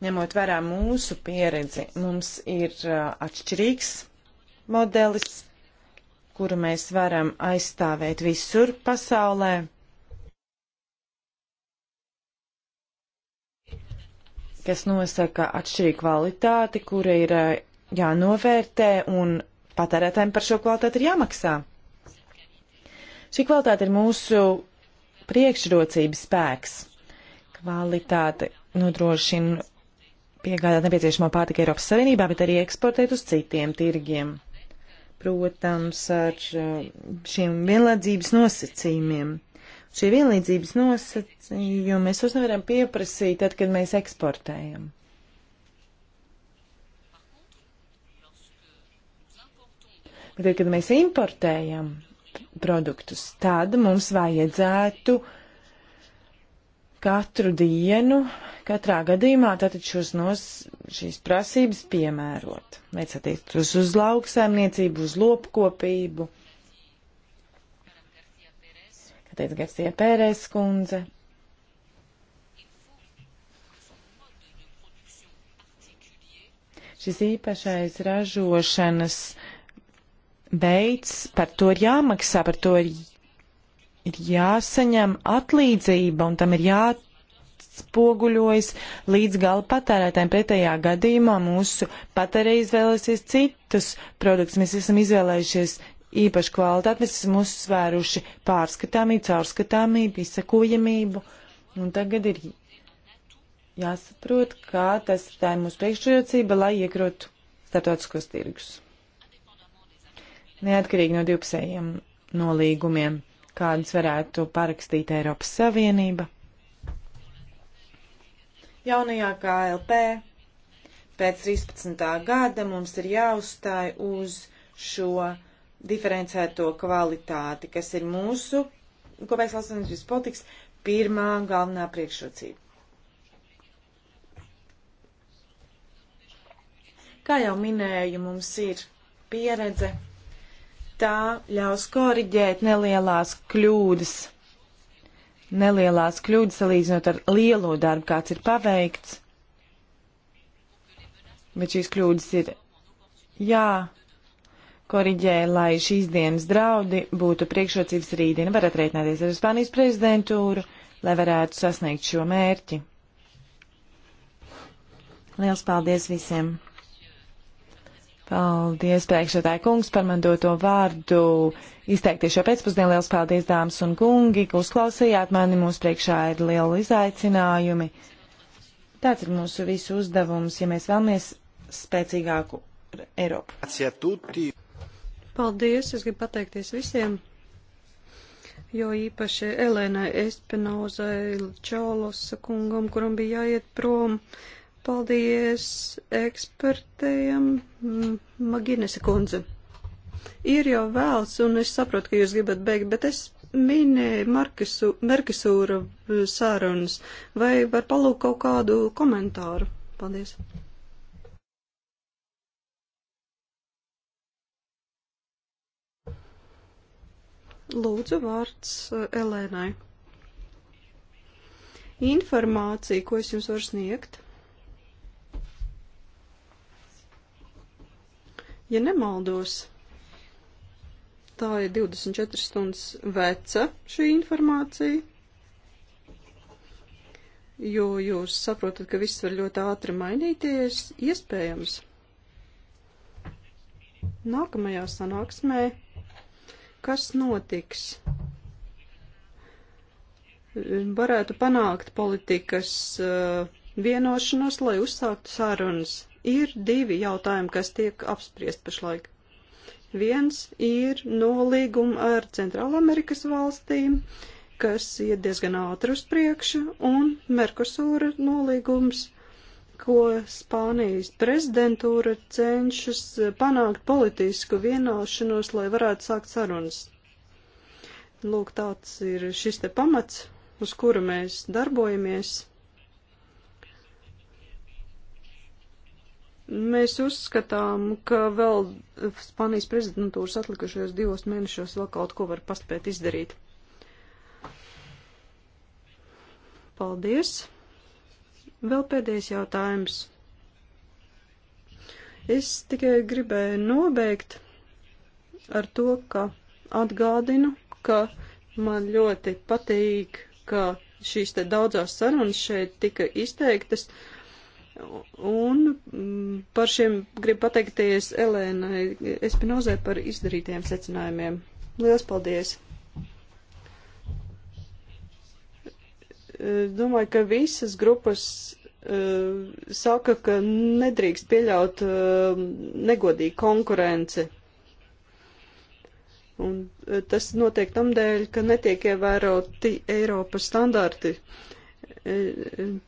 ņemot vērā mūsu pieredzi, mums ir uh, atšķirīgs modelis, kuru mēs varam aizstāvēt visur pasaulē. kas nosaka atšķirīgu kvalitāti, kura ir uh, jānovērtē un patērētājiem par šo kvalitāti ir jāmaksā. Šī kvalitāte ir mūsu priekšrocības spēks. Kvalitāte nodrošina piegādāt nepieciešamo pārtiku Eiropas Savienībā, bet arī eksportēt uz citiem tirgiem. Protams, ar uh, šiem vienlīdzības nosacījumiem. Šie vienlīdzības nosacījumi mēs uzvaram pieprasīt tad, kad mēs eksportējam. Bet tad, kad mēs importējam produktus, tad mums vajadzētu katru dienu, katrā gadījumā tātad šos nos, šīs prasības piemērot. Vai tas attiecas uz lauksaimniecību, uz lopkopību? Kā teica Garcija Pērēs kundze, šis īpašais ražošanas uh, beidz, par to ir jāmaksā, par to ir, ir jāsaņem atlīdzība un tam ir jāatspoguļojas līdz gala patērētājiem. Pretējā gadījumā mūsu patērē izvēlēsies citus produktus. Mēs esam izvēlējušies īpašu kvalitāti, mēs esam uzsvēruši pārskatāmību, caurskatāmību, izsakojamību. Un tagad ir jāsaprot, kā tas tā ir mūsu priekšrocība, lai iekrotu starptautiskos tirgus neatkarīgi no divpusējiem nolīgumiem, kādus varētu parakstīt Eiropas Savienība. Jaunajā KLP pēc 13. gada mums ir jāuzstāj uz šo diferencēto kvalitāti, kas ir mūsu kopējas lauksaimniecības politikas pirmā galvenā priekšrocība. Kā jau minēju, mums ir pieredze Tā ļaus koriģēt nelielās kļūdas, nelielās kļūdas salīdzinot ar lielo darbu, kāds ir paveikts. Bet šīs kļūdas ir jā, koriģē, lai šīs dienas draudi būtu priekšrocības rītdiena. Varat rēķināties ar Spānijas prezidentūru, lai varētu sasniegt šo mērķi. Liels paldies visiem! Paldies, priekšsēdētāji kungs, par man doto vārdu. Izteikties šo pēcpusdienu liels paldies, dāmas un kungi, ka uzklausījāt mani. Mūsu priekšā ir liela izaicinājumi. Tāds ir mūsu visu uzdevums, ja mēs vēlamies spēcīgāku Eiropu. Paldies, es gribu pateikties visiem, jo īpaši Elēnai Espinozai, Čaulosa kungam, kuram bija jāiet prom. Uh, Paldies ekspertējiem. Maginese kundze. Ir jau vēls, un es saprotu, ka jūs gribat beigt, bet es minēju Markesu, Merkesūra sārunas. Vai var palūkt kaut kādu komentāru? Paldies. Lūdzu, vārds uh, Elēnai. Informācija, ko es jums varu sniegt. Ja nemaldos, tā ir 24 stundas veca šī informācija, jo jūs saprotat, ka viss var ļoti ātri mainīties, iespējams. Nākamajā sanāksmē, kas notiks? Varētu panākt politikas uh, vienošanos, lai uzsāktu sarunas. Ir divi jautājumi, kas tiek apspriest pašlaik. Viens ir nolīguma ar Centrālamerikas valstīm, kas iet diezgan ātri uz priekšu, un Merkosūra nolīgums, ko Spānijas prezidentūra cenšas panākt politisku vienošanos, lai varētu sākt sarunas. Lūk, tāds ir šis te pamats, uz kura mēs darbojamies. Mēs uzskatām, ka vēl Spānijas prezidentūras atlikušajos divos mēnešos vēl kaut ko var paspēt izdarīt. Paldies! Vēl pēdējais jautājums. Es tikai gribēju nobeigt ar to, ka atgādinu, ka man ļoti patīk, ka šīs te daudzās sarunas šeit tika izteiktas. Uh, Un mm, par šiem gribu pateikties Elēnai Espinozē par izdarītajiem secinājumiem. Lielas paldies! Eh, domāju, ka visas grupas uh, saka, ka nedrīkst pieļaut uh, negodīgu konkurenci. Un uh, tas notiek tam dēļ, ka netiek ievēroti Eiropas standarti. Uh,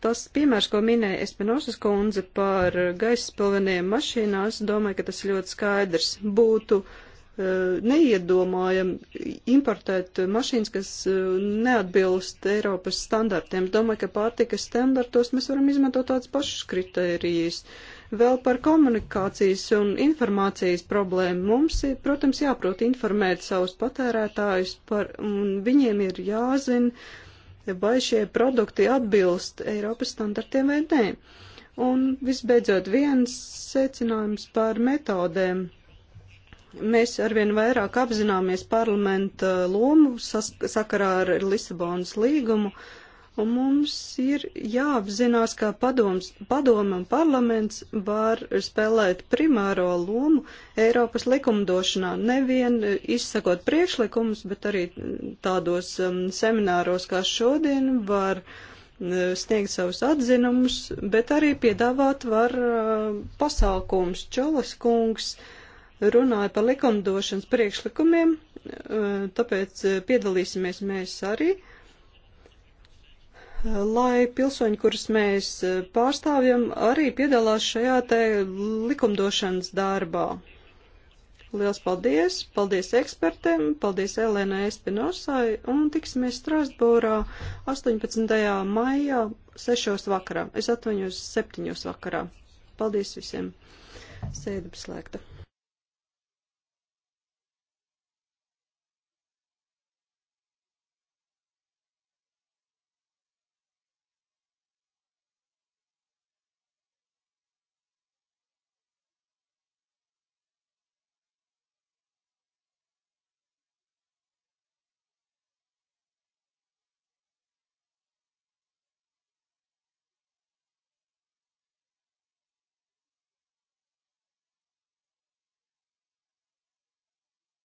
Tas piemērs, ko minēja Espinošas kundze par gaisa spilveniem mašīnās, domāju, ka tas ļoti skaidrs būtu eh, neiedomājami importēt mašīnas, kas eh, neatbilst Eiropas standartiem. Domāju, ka pārtikas standartos mēs varam izmantot tādus pašus kritērijus. Vēl par komunikācijas un informācijas problēmu mums ir, eh, protams, jāprot informēt savus patērētājus par, un viņiem ir jāzina, vai šie produkti atbilst Eiropas standartiem vai nē. Un visbeidzot viens secinājums par metodēm. Mēs arvien vairāk apzināmies parlamenta lomu sakarā ar Lisabonas līgumu. Uh, un mums ir jāapzinās, ka padoms, padoma un parlaments var spēlēt primāro lomu Eiropas likumdošanā, nevien izsakot priekšlikumus, bet arī tādos um, semināros kā šodien var uh, sniegt savus atzinumus, bet arī piedāvāt var uh, pasākums. Čolas kungs runāja par likumdošanas priekšlikumiem, uh, tāpēc uh, piedalīsimies mēs arī. Uh, lai pilsoņi, kurus mēs pārstāvjam, arī piedalās šajā te likumdošanas darbā. Liels paldies! Paldies ekspertiem! Paldies Elēnai Espinosai! Un tiksimies Strasbūrā 18. maijā 6. vakarā. Es atvaņos 7. vakarā. Paldies visiem! Sēde slēgta!